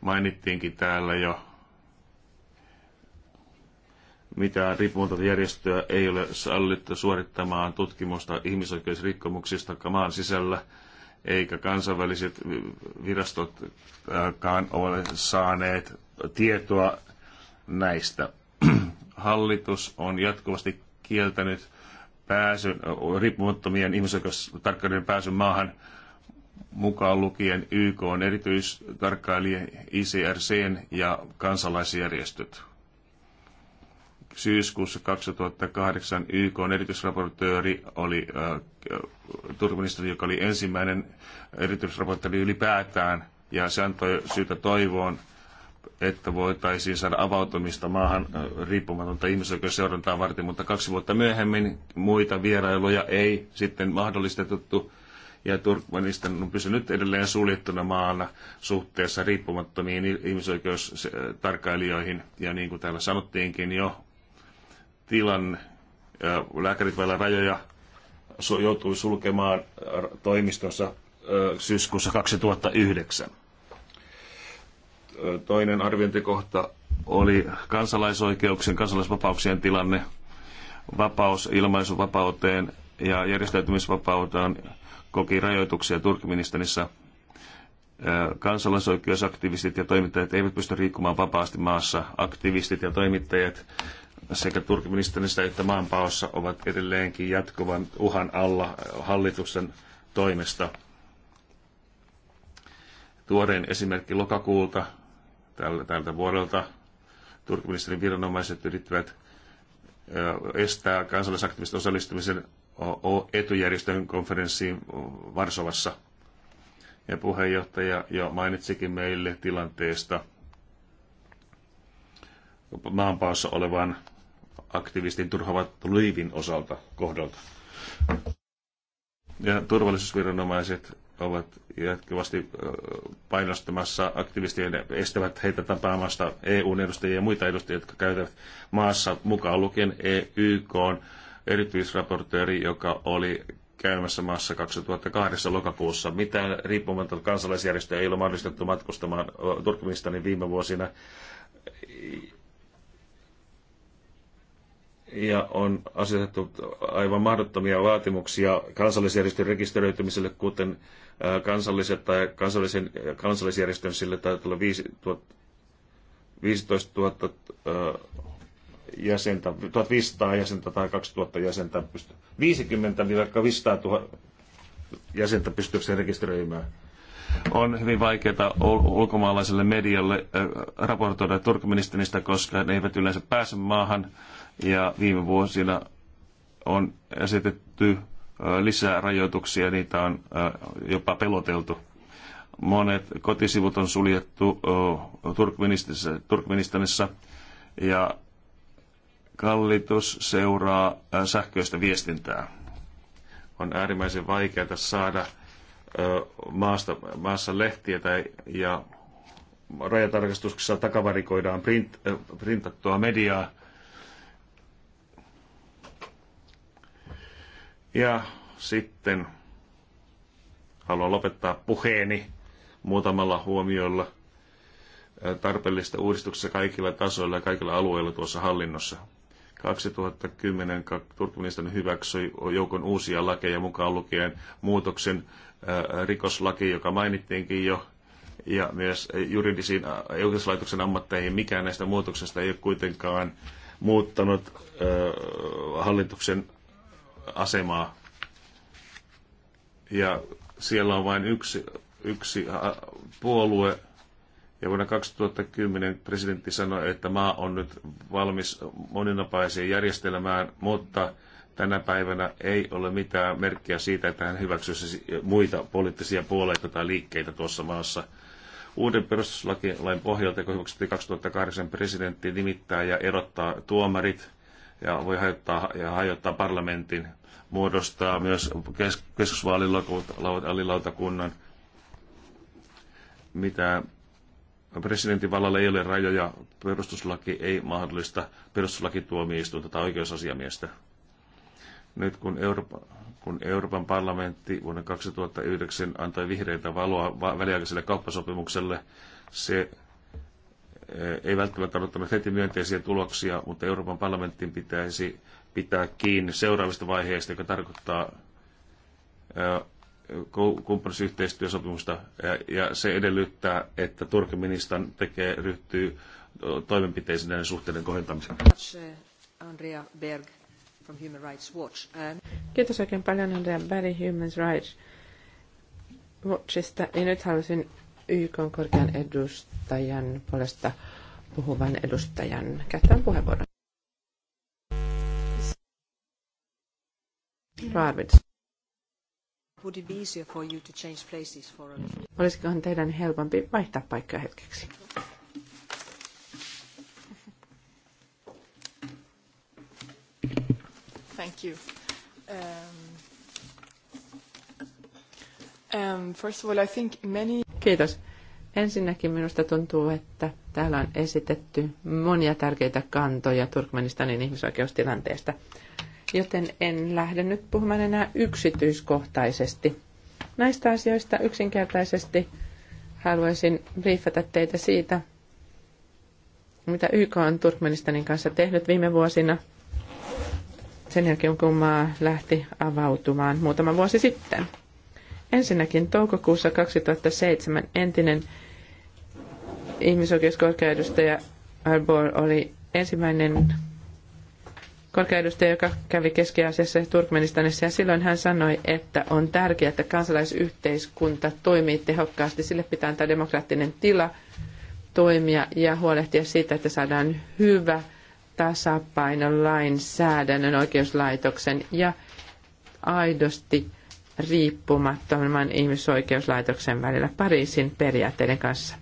mainittiinkin täällä jo, mitään riippumatonta järjestöä ei ole sallittu suorittamaan tutkimusta ihmisoikeusrikkomuksista maan sisällä – eikä kansainväliset virastotkaan ole saaneet tietoa näistä. Hallitus on jatkuvasti kieltänyt pääsyn, riippumattomien ihmisoikeustarkkailijoiden pääsyn maahan mukaan lukien YK on erityistarkkailija, ICRCn ja kansalaisjärjestöt syyskuussa 2008 YK erityisraportööri oli äh, joka oli ensimmäinen erityisraportööri ylipäätään, ja se antoi syytä toivoon, että voitaisiin saada avautumista maahan riippumatonta ihmisoikeusseurantaa varten, mutta kaksi vuotta myöhemmin muita vierailuja ei sitten mahdollistettu, ja Turkmenistan on pysynyt edelleen suljettuna maana suhteessa riippumattomiin ihmisoikeustarkailijoihin. Ja niin kuin täällä sanottiinkin jo, tilanne. Lääkärit vailla rajoja joutui sulkemaan äh, toimistonsa äh, syyskuussa 2009. Äh, toinen arviointikohta oli kansalaisoikeuksien, kansalaisvapauksien tilanne, vapaus ilmaisuvapauteen ja järjestäytymisvapauteen koki rajoituksia Turkmenistanissa. Kansalaisoikeusaktivistit ja toimittajat eivät pysty riikkumaan vapaasti maassa. Aktivistit ja toimittajat sekä Turkmenistanissa että maanpaossa ovat edelleenkin jatkuvan uhan alla hallituksen toimesta. Tuorein esimerkki lokakuulta tältä vuodelta Turkmenistanin viranomaiset yrittävät estää kansalaisaktivisten osallistumisen etujärjestön konferenssiin Varsovassa. Ja puheenjohtaja jo mainitsikin meille tilanteesta maanpaossa olevan aktivistin Turhavat liivin osalta kohdalta. Ja turvallisuusviranomaiset ovat jatkuvasti painostamassa aktivistien, estävät heitä tapaamasta EU-edustajia ja muita edustajia, jotka käytävät maassa mukaan lukien e YK erityisraportööri, joka oli käymässä maassa 2008 lokakuussa. Mitään riippumatta kansalaisjärjestöä ei ole mahdollistettu matkustamaan Turkmenistanin viime vuosina ja on asetettu aivan mahdottomia vaatimuksia kansallisjärjestön rekisteröitymiselle, kuten kansalliset tai kansallisen, kansallisjärjestön sille tai tulla 15 000 jäsentä, 1500 jäsentä tai 2000 jäsentä, 50-500 000 jäsentä pystyykö se rekisteröimään. On hyvin vaikeaa ulkomaalaiselle medialle raportoida Turkmenistanista, koska ne eivät yleensä pääse maahan ja viime vuosina on esitetty lisää rajoituksia, niitä on jopa peloteltu. Monet kotisivut on suljettu Turkmenistanissa, ja kallitus seuraa sähköistä viestintää. On äärimmäisen vaikeaa saada maasta, maassa lehtiä tai, ja rajatarkastuksessa takavarikoidaan print, printattua mediaa – Ja sitten haluan lopettaa puheeni muutamalla huomiolla tarpeellista uudistuksesta kaikilla tasoilla ja kaikilla alueilla tuossa hallinnossa. 2010 Turkmenistan hyväksyi joukon uusia lakeja mukaan lukien muutoksen rikoslaki, joka mainittiinkin jo, ja myös juridisiin oikeuslaitoksen ammatteihin. Mikään näistä muutoksista ei ole kuitenkaan muuttanut hallituksen asemaa. Ja siellä on vain yksi, yksi äh, puolue. Ja vuonna 2010 presidentti sanoi, että maa on nyt valmis moninapaiseen järjestelmään, mutta tänä päivänä ei ole mitään merkkiä siitä, että hän hyväksyisi muita poliittisia puolueita tai liikkeitä tuossa maassa. Uuden perustuslain pohjalta, kun hyväksyttiin 2008, presidentti nimittää ja erottaa tuomarit – ja voi hajottaa, ja hajottaa parlamentin, muodostaa myös kes, keskusvaalilautakunnan, mitä presidentin vallalla ei ole rajoja, perustuslaki ei mahdollista perustuslakituomioistuinta tai oikeusasiamiestä. Nyt kun, Euroopan, kun Euroopan parlamentti vuonna 2009 antoi vihreitä valoa väliaikaiselle kauppasopimukselle, se ei välttämättä odottanut heti myönteisiä tuloksia, mutta Euroopan parlamentin pitäisi pitää kiinni seuraavista vaiheista, joka tarkoittaa kumppanisyhteistyösopimusta ja se edellyttää, että Turkmenistan tekee, ryhtyy toimenpiteisiin näiden suhteiden kohentamiseen. Andrea Berg from Human Rights Watch. Kiitos oikein paljon Andrea Berg Human Rights Watchista. Ja nyt haluaisin YK on korkean edustajan puolesta puhuvan edustajan käyttävän puheenvuoron. Olisikohan teidän helpompi vaihtaa paikkaa hetkeksi? Thank you. Um, um, first of all, I think many Kiitos. Ensinnäkin minusta tuntuu, että täällä on esitetty monia tärkeitä kantoja Turkmenistanin ihmisoikeustilanteesta, joten en lähde nyt puhumaan enää yksityiskohtaisesti. Näistä asioista yksinkertaisesti haluaisin briefata teitä siitä, mitä YK on Turkmenistanin kanssa tehnyt viime vuosina sen jälkeen, kun maa lähti avautumaan muutama vuosi sitten. Ensinnäkin toukokuussa 2007 entinen ihmisoikeuskorkeaedustaja Arbor oli ensimmäinen korkeaedustaja, joka kävi Keski-Aasiassa ja Turkmenistanissa, ja silloin hän sanoi, että on tärkeää, että kansalaisyhteiskunta toimii tehokkaasti, sille pitää antaa demokraattinen tila toimia ja huolehtia siitä, että saadaan hyvä tasapaino lainsäädännön, oikeuslaitoksen ja aidosti riippumattoman ihmisoikeuslaitoksen välillä Pariisin periaatteiden kanssa.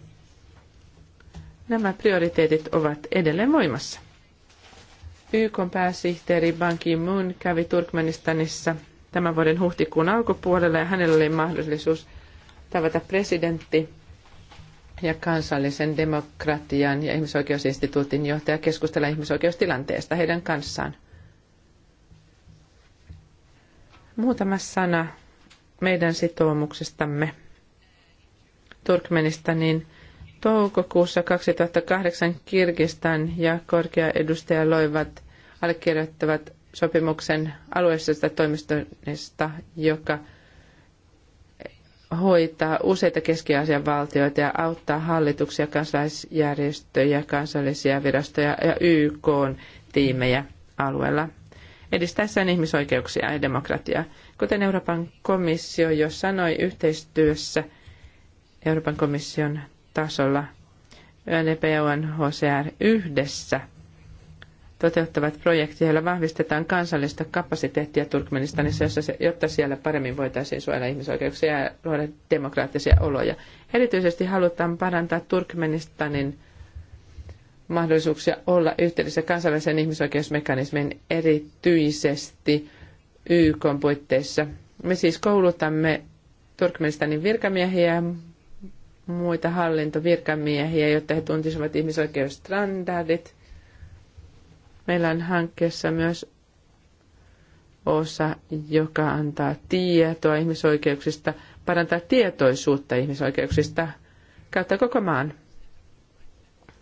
Nämä prioriteetit ovat edelleen voimassa. YK pääsihteeri Ban Ki-moon kävi Turkmenistanissa tämän vuoden huhtikuun alkupuolella ja hänellä oli mahdollisuus tavata presidentti ja kansallisen demokratian ja ihmisoikeusinstituutin johtaja keskustella ihmisoikeustilanteesta heidän kanssaan. Muutama sana meidän sitoumuksestamme Turkmenistaniin. Toukokuussa 2008 Kirgistan ja korkea edustaja loivat allekirjoittavat sopimuksen alueellisesta toimistosta, joka hoitaa useita Keski-Aasian valtioita ja auttaa hallituksia, kansalaisjärjestöjä, kansallisia virastoja ja YK-tiimejä alueella edistäessään ihmisoikeuksia ja demokratiaa. Kuten Euroopan komissio jo sanoi, yhteistyössä Euroopan komission tasolla YNP ja UNHCR yhdessä toteuttavat projektia, joilla vahvistetaan kansallista kapasiteettia Turkmenistanissa, jotta siellä paremmin voitaisiin suojella ihmisoikeuksia ja luoda demokraattisia oloja. Erityisesti halutaan parantaa Turkmenistanin mahdollisuuksia olla yhteydessä kansainväliseen ihmisoikeusmekanismiin erityisesti YK puitteissa. Me siis koulutamme Turkmenistanin virkamiehiä muita hallintovirkamiehiä, jotta he tuntisivat ihmisoikeusstandardit. Meillä on hankkeessa myös osa, joka antaa tietoa ihmisoikeuksista, parantaa tietoisuutta ihmisoikeuksista kautta koko maan.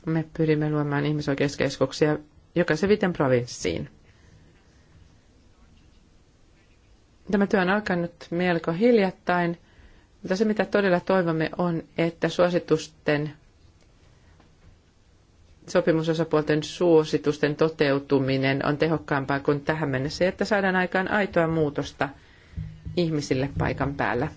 Me pyrimme luomaan ihmisoikeuskeskuksia jokaisen viiden provinssiin. Tämä työ on alkanut melko hiljattain, mutta se mitä todella toivomme on, että suositusten sopimusosapuolten suositusten toteutuminen on tehokkaampaa kuin tähän mennessä, että saadaan aikaan aitoa muutosta ihmisille paikan päällä.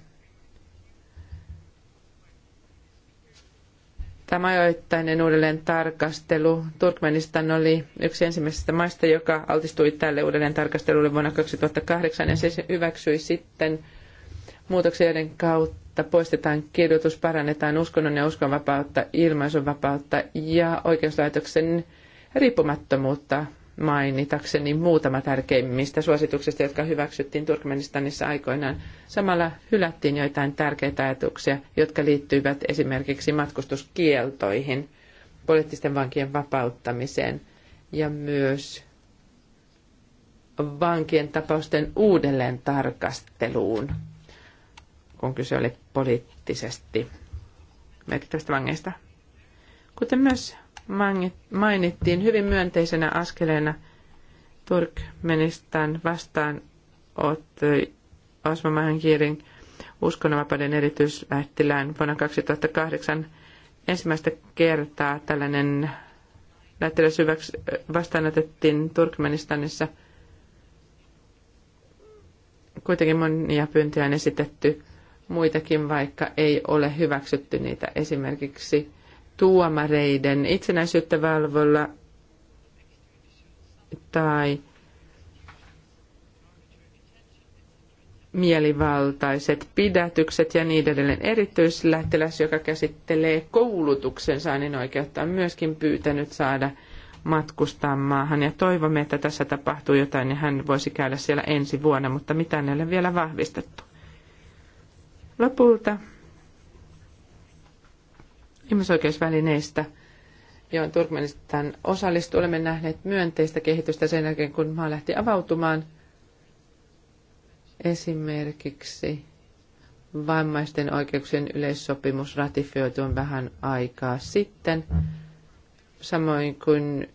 Tämä ajoittainen uudelleen tarkastelu. Turkmenistan oli yksi ensimmäisistä maista, joka altistui tälle uudelleen tarkastelulle vuonna 2008 ja se hyväksyi sitten muutoksien joiden kautta poistetaan kidutus, parannetaan uskonnon ja uskonvapautta, ilmaisunvapautta ja oikeuslaitoksen riippumattomuutta mainitakseni muutama tärkeimmistä suosituksista, jotka hyväksyttiin Turkmenistanissa aikoinaan. Samalla hylättiin joitain tärkeitä ajatuksia, jotka liittyivät esimerkiksi matkustuskieltoihin, poliittisten vankien vapauttamiseen ja myös vankien tapausten uudelleen tarkasteluun, kun kyse oli poliittisesti merkittävistä vangeista. Kuten myös mainittiin hyvin myönteisenä askeleena Turkmenistan vastaan otti Osma Mahankirin uskonnonvapauden erityislähettilään vuonna 2008 ensimmäistä kertaa tällainen lähettiläs vastaanotettiin Turkmenistanissa. Kuitenkin monia pyyntöjä on esitetty muitakin, vaikka ei ole hyväksytty niitä. Esimerkiksi tuomareiden itsenäisyyttä valvolla tai mielivaltaiset pidätykset ja niin edelleen. Erityislähettiläs, joka käsittelee koulutuksen saannin oikeutta, on myöskin pyytänyt saada matkustaa maahan. Ja toivomme, että tässä tapahtuu jotain, niin hän voisi käydä siellä ensi vuonna, mutta mitään ei ole vielä vahvistettu. Lopulta ihmisoikeusvälineistä, johon Turkmenistan osallistuu. Olemme nähneet myönteistä kehitystä sen jälkeen, kun maa lähti avautumaan esimerkiksi vammaisten oikeuksien yleissopimus ratifioituun vähän aikaa sitten, samoin kuin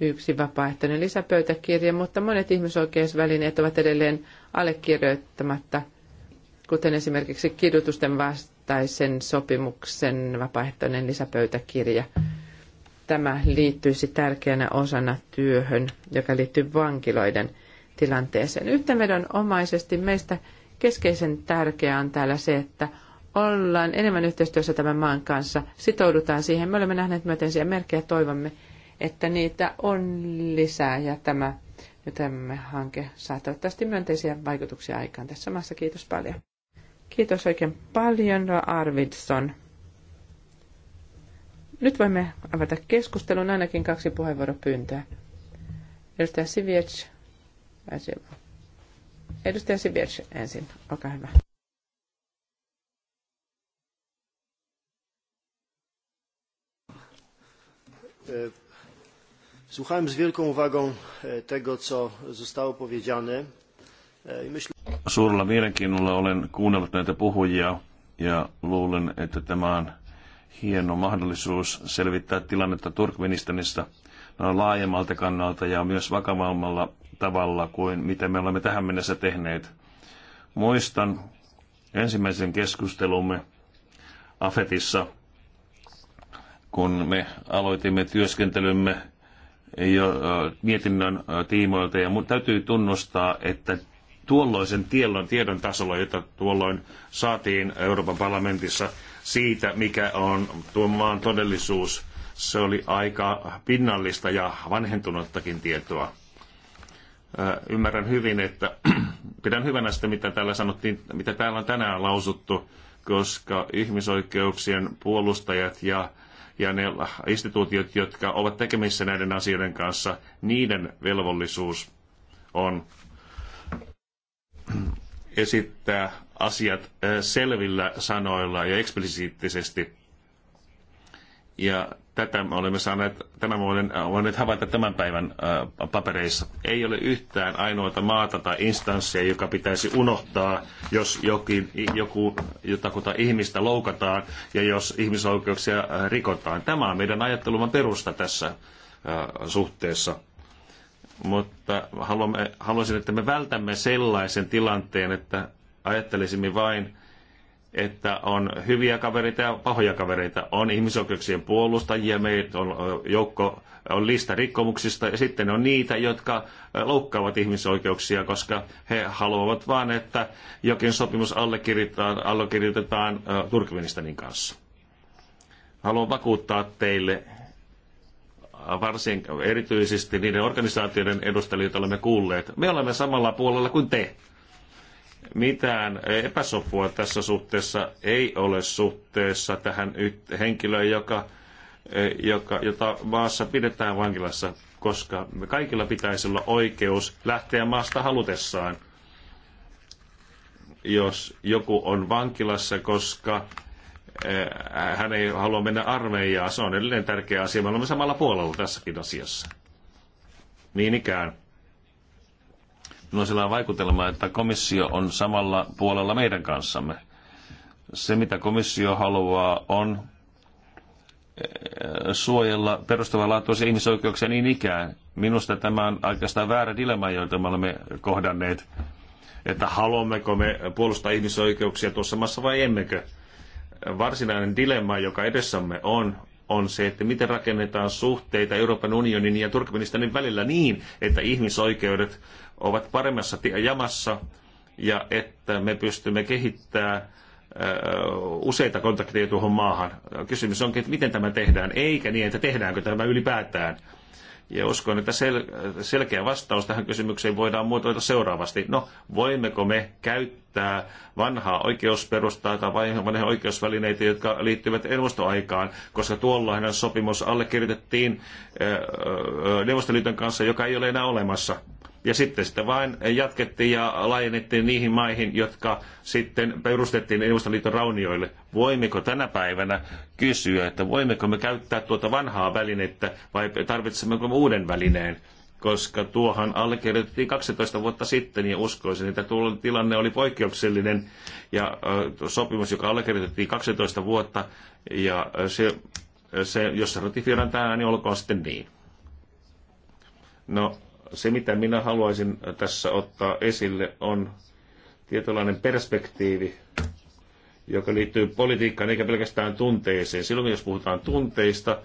yksi vapaaehtoinen lisäpöytäkirja, mutta monet ihmisoikeusvälineet ovat edelleen allekirjoittamatta, kuten esimerkiksi kidutusten vasta sen sopimuksen vapaaehtoinen lisäpöytäkirja. Tämä liittyisi tärkeänä osana työhön, joka liittyy vankiloiden tilanteeseen. omaisesti meistä keskeisen tärkeää on täällä se, että ollaan enemmän yhteistyössä tämän maan kanssa, sitoudutaan siihen. Me olemme nähneet myönteisiä merkkejä, toivomme, että niitä on lisää ja tämä, tämä hanke saa toivottavasti myönteisiä vaikutuksia aikaan tässä maassa. Kiitos paljon. Kiitos oikein paljon, Ra Arvidsson. Nyt voimme avata keskustelun ainakin kaksi puheenvuoropyyntöä. Edustaja Siviec, Edustaja Siviec ensin, olkaa hyvä. E, słuchałem z wielką uwagą e, tego, co zostało powiedziane. E, Suurella mielenkiinnolla olen kuunnellut näitä puhujia ja luulen, että tämä on hieno mahdollisuus selvittää tilannetta Turkmenistanista no, laajemmalta kannalta ja myös vakavammalla tavalla kuin mitä me olemme tähän mennessä tehneet. Muistan ensimmäisen keskustelumme Afetissa, kun me aloitimme työskentelymme jo mietinnön tiimoilta. Ja täytyy tunnustaa, että tuolloisen tiedon, tiedon tasolla, jota tuolloin saatiin Euroopan parlamentissa siitä, mikä on tuon maan todellisuus. Se oli aika pinnallista ja vanhentunuttakin tietoa. Ymmärrän hyvin, että pidän hyvänä sitä, mitä täällä, sanottiin, mitä täällä on tänään lausuttu, koska ihmisoikeuksien puolustajat ja ja ne instituutiot, jotka ovat tekemissä näiden asioiden kanssa, niiden velvollisuus on esittää asiat selvillä sanoilla ja eksplisiittisesti. Ja tätä me olemme saaneet, tänä me olemme voineet havaita tämän päivän papereissa. Ei ole yhtään ainoata maata tai instanssia, joka pitäisi unohtaa, jos jokin, joku, jotakuta ihmistä loukataan ja jos ihmisoikeuksia rikotaan. Tämä on meidän ajatteluman perusta tässä suhteessa mutta haluamme, haluaisin, että me vältämme sellaisen tilanteen, että ajattelisimme vain, että on hyviä kavereita ja pahoja kavereita. On ihmisoikeuksien puolustajia, meitä on joukko, on lista rikkomuksista ja sitten on niitä, jotka loukkaavat ihmisoikeuksia, koska he haluavat vain, että jokin sopimus allekirjoitetaan, allekirjoitetaan Turkmenistanin kanssa. Haluan vakuuttaa teille, varsin erityisesti niiden organisaatioiden edustajia, joita olemme kuulleet. Me olemme samalla puolella kuin te. Mitään epäsopua tässä suhteessa ei ole suhteessa tähän henkilöön, joka, joka, jota maassa pidetään vankilassa, koska me kaikilla pitäisi olla oikeus lähteä maasta halutessaan jos joku on vankilassa, koska Eh, hän ei halua mennä armeijaan. Se on edelleen tärkeä asia. Me olemme samalla puolella tässäkin asiassa. Niin ikään. sillä on vaikutelma, että komissio on samalla puolella meidän kanssamme. Se, mitä komissio haluaa, on eh, suojella perustavanlaatuisia ihmisoikeuksia niin ikään. Minusta tämä on oikeastaan väärä dilemma, jota me olemme kohdanneet, että haluammeko me puolustaa ihmisoikeuksia tuossa maassa vai emmekö varsinainen dilemma, joka edessämme on, on se, että miten rakennetaan suhteita Euroopan unionin ja Turkmenistanin välillä niin, että ihmisoikeudet ovat paremmassa jamassa ja että me pystymme kehittämään äh, useita kontakteja tuohon maahan. Kysymys onkin, että miten tämä tehdään, eikä niin, että tehdäänkö tämä ylipäätään. Ja uskon, että sel- selkeä vastaus tähän kysymykseen voidaan muotoilla seuraavasti. No, voimmeko me käyttää vanhaa oikeusperustaa tai vanhoja oikeusvälineitä, jotka liittyvät neuvostoaikaan, koska tuollainen sopimus allekirjoitettiin äh, äh, Neuvostoliiton kanssa, joka ei ole enää olemassa. Ja sitten sitä vain jatkettiin ja laajennettiin niihin maihin, jotka sitten perustettiin Neuvostoliiton raunioille. Voimmeko tänä päivänä kysyä, että voimmeko me käyttää tuota vanhaa välinettä vai tarvitsemmeko me uuden välineen? Koska tuohan allekirjoitettiin 12 vuotta sitten ja uskoisin, että tuolla tilanne oli poikkeuksellinen. Ja sopimus, joka allekirjoitettiin 12 vuotta, ja se, se, jos se ratifioidaan tänään, niin olkoon sitten niin. No, se, mitä minä haluaisin tässä ottaa esille, on tietynlainen perspektiivi, joka liittyy politiikkaan eikä pelkästään tunteeseen. Silloin, jos puhutaan tunteista,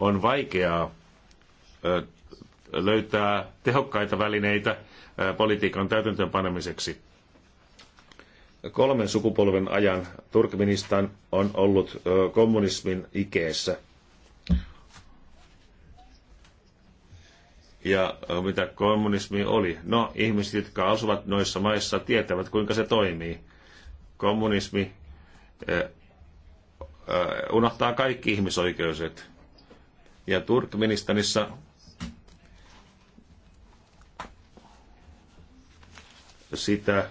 on vaikeaa löytää tehokkaita välineitä politiikan täytäntöönpanemiseksi. Kolmen sukupolven ajan Turkmenistan on ollut kommunismin ikeessä – ja mitä kommunismi oli. No, ihmiset, jotka asuvat noissa maissa, tietävät, kuinka se toimii. Kommunismi unohtaa kaikki ihmisoikeudet. Ja Turkmenistanissa sitä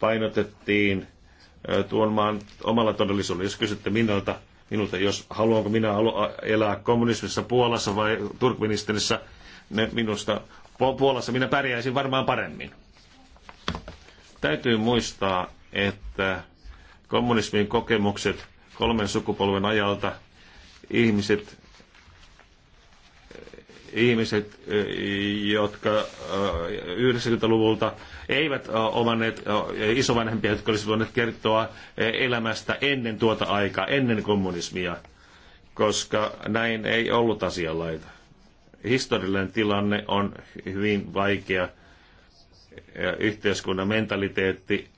painotettiin tuon maan omalla todellisuudella. Jos kysytte minulta, minulta jos haluanko minä elää kommunismissa Puolassa vai Turkmenistanissa, ne minusta Puolassa minä pärjäisin varmaan paremmin. Täytyy muistaa, että kommunismin kokemukset kolmen sukupolven ajalta ihmiset, ihmiset eh, jotka 90-luvulta eh, eivät eh, omanneet isovanhempia, jotka olisivat voineet kertoa elämästä ennen tuota aikaa, ennen kommunismia, koska näin ei ollut asianlaita historiallinen tilanne on hyvin vaikea. Yhteiskunnan mentaliteetti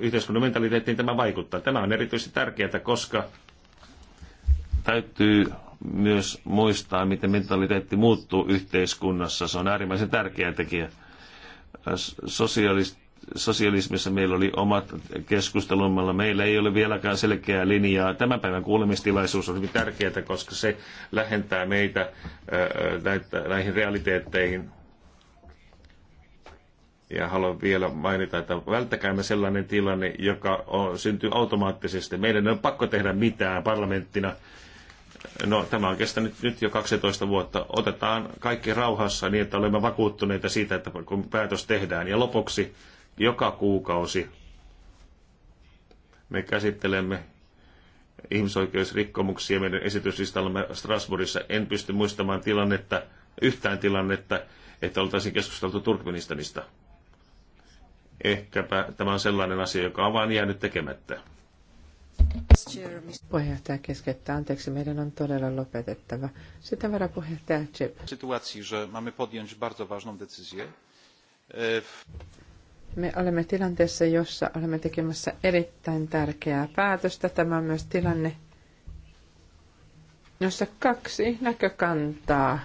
yhteiskunnan mentaliteettiin tämä vaikuttaa. Tämä on erityisesti tärkeää, koska täytyy myös muistaa, miten mentaliteetti muuttuu yhteiskunnassa. Se on äärimmäisen tärkeä tekijä. Sosialist, sosialismissa meillä oli omat keskustelumme, meillä ei ole vieläkään selkeää linjaa. Tämän päivän kuulemistilaisuus on hyvin tärkeää, koska se lähentää meitä näihin realiteetteihin. Ja haluan vielä mainita, että välttäkäämme sellainen tilanne, joka on, syntyy automaattisesti. Meidän on pakko tehdä mitään parlamenttina. No, tämä on kestänyt nyt jo 12 vuotta. Otetaan kaikki rauhassa niin, että olemme vakuuttuneita siitä, että kun päätös tehdään. Ja lopuksi joka kuukausi me käsittelemme ihmisoikeusrikkomuksia meidän esityslistallamme Strasbourgissa. En pysty muistamaan tilannetta, yhtään tilannetta, että oltaisiin keskusteltu Turkmenistanista. Ehkäpä tämä on sellainen asia, joka on vain jäänyt tekemättä. Puheenjohtaja keskeyttää. Anteeksi, meidän on todella lopetettava. Sitten varapuheenjohtaja Chip. Sytuacji, że mamy podjąć bardzo ważną decyzję. E, me olemme tilanteessa, jossa olemme tekemässä erittäin tärkeää päätöstä. Tämä on myös tilanne, jossa kaksi näkökantaa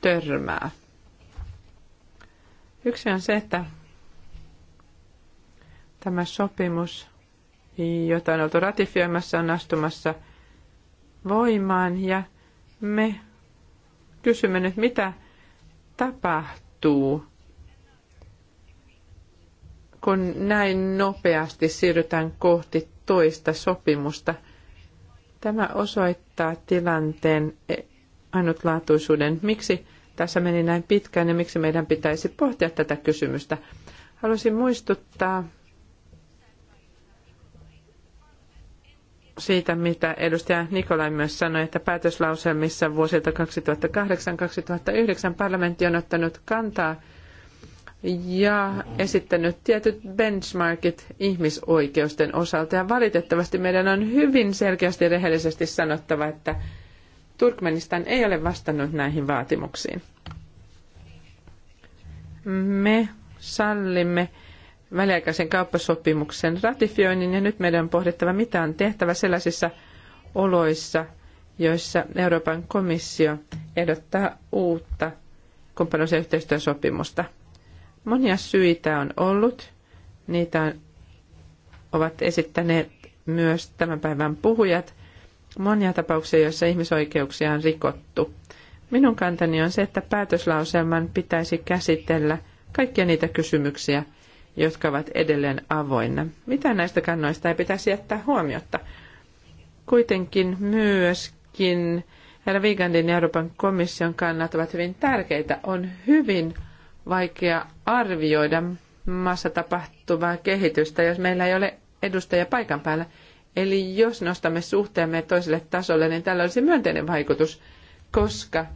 törmää. Yksi on se, että tämä sopimus, jota on oltu ratifioimassa, on astumassa voimaan ja me kysymme nyt, mitä tapahtuu kun näin nopeasti siirrytään kohti toista sopimusta. Tämä osoittaa tilanteen e- ainutlaatuisuuden. Miksi tässä meni näin pitkään ja miksi meidän pitäisi pohtia tätä kysymystä? Haluaisin muistuttaa siitä, mitä edustaja Nikolai myös sanoi, että päätöslauselmissa vuosilta 2008-2009 parlamentti on ottanut kantaa ja esittänyt tietyt benchmarkit ihmisoikeusten osalta. Ja valitettavasti meidän on hyvin selkeästi ja rehellisesti sanottava, että Turkmenistan ei ole vastannut näihin vaatimuksiin. Me sallimme väliaikaisen kauppasopimuksen ratifioinnin ja nyt meidän on pohdittava, mitä on tehtävä sellaisissa oloissa, joissa Euroopan komissio ehdottaa uutta kumppanuus- ja yhteistyösopimusta – Monia syitä on ollut. Niitä ovat esittäneet myös tämän päivän puhujat. Monia tapauksia, joissa ihmisoikeuksia on rikottu. Minun kantani on se, että päätöslauselman pitäisi käsitellä kaikkia niitä kysymyksiä, jotka ovat edelleen avoinna. Mitä näistä kannoista ei pitäisi jättää huomiota? Kuitenkin myöskin herra Vigandin ja Euroopan komission kannat ovat hyvin tärkeitä. On hyvin vaikea arvioida maassa tapahtuvaa kehitystä, jos meillä ei ole edustajia paikan päällä. Eli jos nostamme suhteemme toiselle tasolle, niin tällä olisi myönteinen vaikutus, koska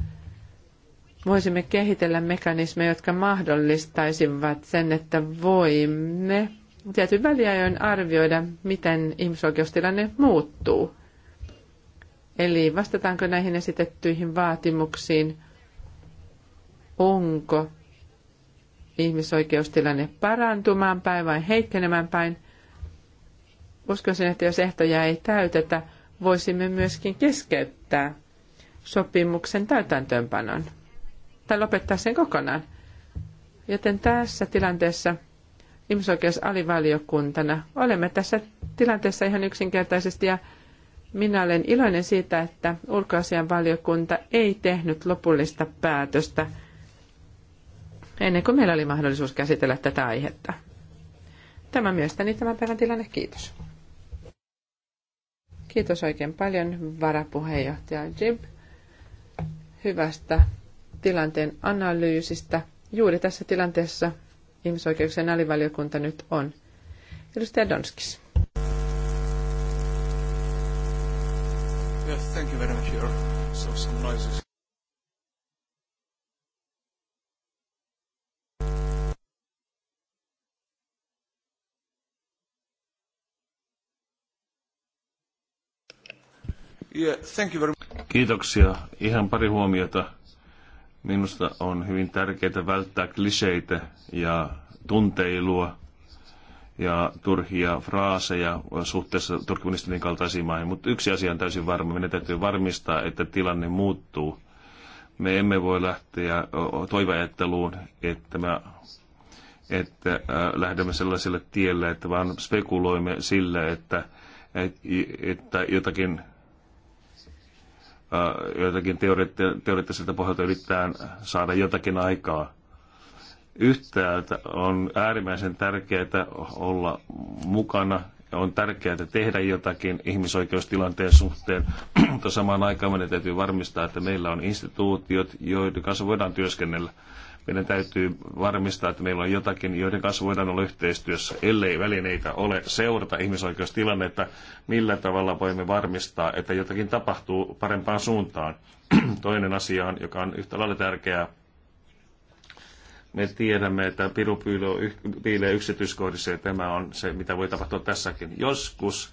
voisimme kehitellä mekanismeja, jotka mahdollistaisivat sen, että voimme tietyn väliajoin arvioida, miten ihmisoikeustilanne muuttuu. Eli vastataanko näihin esitettyihin vaatimuksiin? Onko ihmisoikeustilanne parantumaan päin vai heikkenemään päin. Uskoisin, että jos ehtoja ei täytetä, voisimme myöskin keskeyttää sopimuksen täytäntöönpanon tai lopettaa sen kokonaan. Joten tässä tilanteessa ihmisoikeusalivaliokuntana olemme tässä tilanteessa ihan yksinkertaisesti ja minä olen iloinen siitä, että ulkoasian valiokunta ei tehnyt lopullista päätöstä – ennen kuin meillä oli mahdollisuus käsitellä tätä aihetta. Tämä mielestäni tämän päivän tilanne. Kiitos. Kiitos oikein paljon varapuheenjohtaja Jib hyvästä tilanteen analyysistä. Juuri tässä tilanteessa ihmisoikeuksien alivaliokunta nyt on. Edustaja Donskis. Yes, thank you very much. So some noises. Kiitoksia. Ihan pari huomiota. Minusta on hyvin tärkeää välttää kliseitä ja tunteilua ja turhia fraaseja suhteessa Turkmenistanin kaltaisiin maihin. Mutta yksi asia on täysin varma. Meidän täytyy varmistaa, että tilanne muuttuu. Me emme voi lähteä toiveajatteluun, että me että lähdemme sellaiselle tielle, että vaan spekuloimme sillä, että, että jotakin Äh, joitakin teoreettiselta pohjalta yrittää saada jotakin aikaa. Yhtäältä on äärimmäisen tärkeää olla mukana on tärkeää tehdä jotakin ihmisoikeustilanteen suhteen, mutta samaan aikaan meidän täytyy varmistaa, että meillä on instituutiot, joiden kanssa voidaan työskennellä. Meidän täytyy varmistaa, että meillä on jotakin, joiden kanssa voidaan olla yhteistyössä, ellei välineitä ole seurata ihmisoikeustilannetta, millä tavalla voimme varmistaa, että jotakin tapahtuu parempaan suuntaan. Toinen asia, on, joka on yhtä lailla tärkeää, me tiedämme, että piru piilee yksityiskohdissa ja tämä on se, mitä voi tapahtua tässäkin. Joskus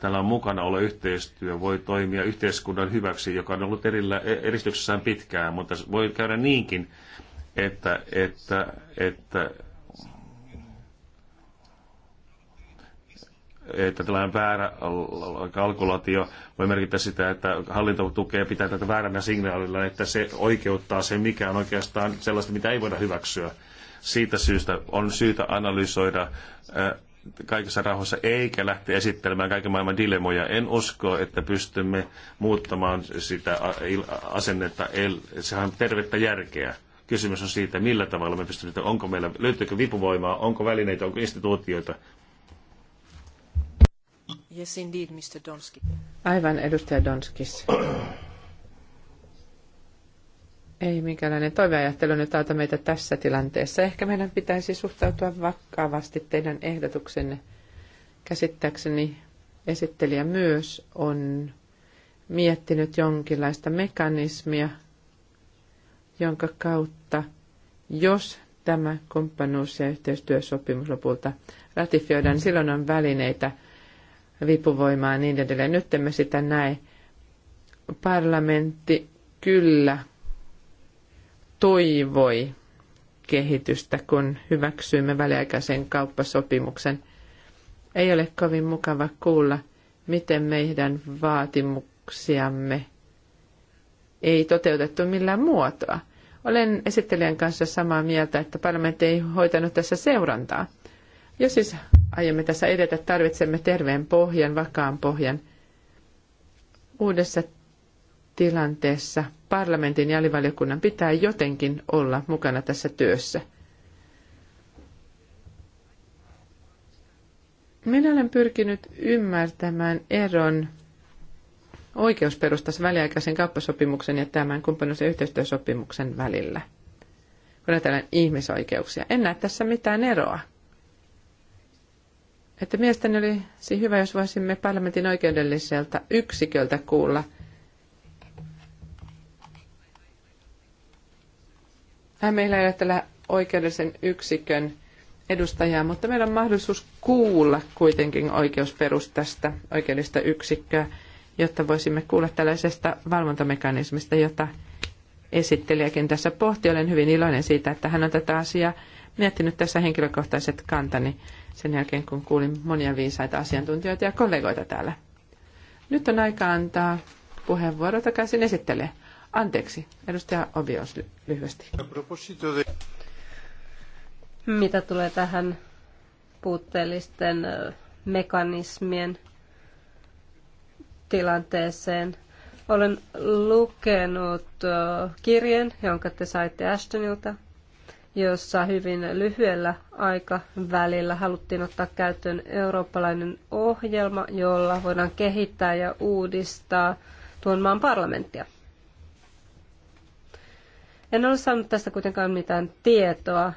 tällä on mukana olla yhteistyö, voi toimia yhteiskunnan hyväksi, joka on ollut erillä, e-, eristyksessään pitkään, mutta voi käydä niinkin, että, että, että, että tällainen väärä kalkulaatio voi merkitä sitä, että hallinto tukee pitää tätä vääränä signaalilla, että se oikeuttaa sen, mikä on oikeastaan sellaista, mitä ei voida hyväksyä. Siitä syystä on syytä analysoida äh, kaikessa rauhassa, eikä lähteä esittelemään kaiken maailman dilemoja. En usko, että pystymme muuttamaan sitä asennetta, sehän on tervettä järkeä. Kysymys on siitä, millä tavalla me pystymme, onko meillä, löytyykö vipuvoimaa, onko välineitä, onko instituutioita. Yes, indeed, Mr. Donski. Aivan, edustaja Donskis. Ei minkäänlainen toiveajattelu nyt auta meitä tässä tilanteessa. Ehkä meidän pitäisi suhtautua vakavasti teidän ehdotuksenne. Käsittääkseni esittelijä myös on miettinyt jonkinlaista mekanismia, jonka kautta, jos tämä kumppanuus- ja yhteistyösopimus lopulta ratifioidaan, niin silloin on välineitä vipuvoimaa niin edelleen. Nyt emme sitä näe. Parlamentti kyllä toivoi kehitystä, kun hyväksyimme väliaikaisen kauppasopimuksen. Ei ole kovin mukava kuulla, miten meidän vaatimuksiamme ei toteutettu millään muotoa. Olen esittelijän kanssa samaa mieltä, että parlamentti ei hoitanut tässä seurantaa. Jos siis aiomme tässä edetä, tarvitsemme terveen pohjan, vakaan pohjan. Uudessa tilanteessa parlamentin ja alivaliokunnan pitää jotenkin olla mukana tässä työssä. Minä olen pyrkinyt ymmärtämään eron Oikeusperustas väliaikaisen kauppasopimuksen ja tämän kumppanuus- ja yhteistyösopimuksen välillä, kun ajatellaan ihmisoikeuksia. En näe tässä mitään eroa. Että mielestäni olisi hyvä, jos voisimme parlamentin oikeudelliselta yksiköltä kuulla äh, Meillä ei ole tällä oikeudellisen yksikön edustajaa, mutta meillä on mahdollisuus kuulla kuitenkin oikeusperustasta oikeudellista yksikköä jotta voisimme kuulla tällaisesta valvontamekanismista, jota esittelijäkin tässä pohti. Olen hyvin iloinen siitä, että hän on tätä asiaa miettinyt tässä henkilökohtaiset kantani sen jälkeen, kun kuulin monia viisaita asiantuntijoita ja kollegoita täällä. Nyt on aika antaa puheenvuoro takaisin esittelee Anteeksi, edustaja Obios lyhyesti. Mitä tulee tähän puutteellisten mekanismien tilanteeseen. Olen lukenut kirjeen, jonka te saitte Ashtonilta, jossa hyvin lyhyellä aikavälillä haluttiin ottaa käyttöön eurooppalainen ohjelma, jolla voidaan kehittää ja uudistaa tuon maan parlamenttia. En ole saanut tästä kuitenkaan mitään tietoa.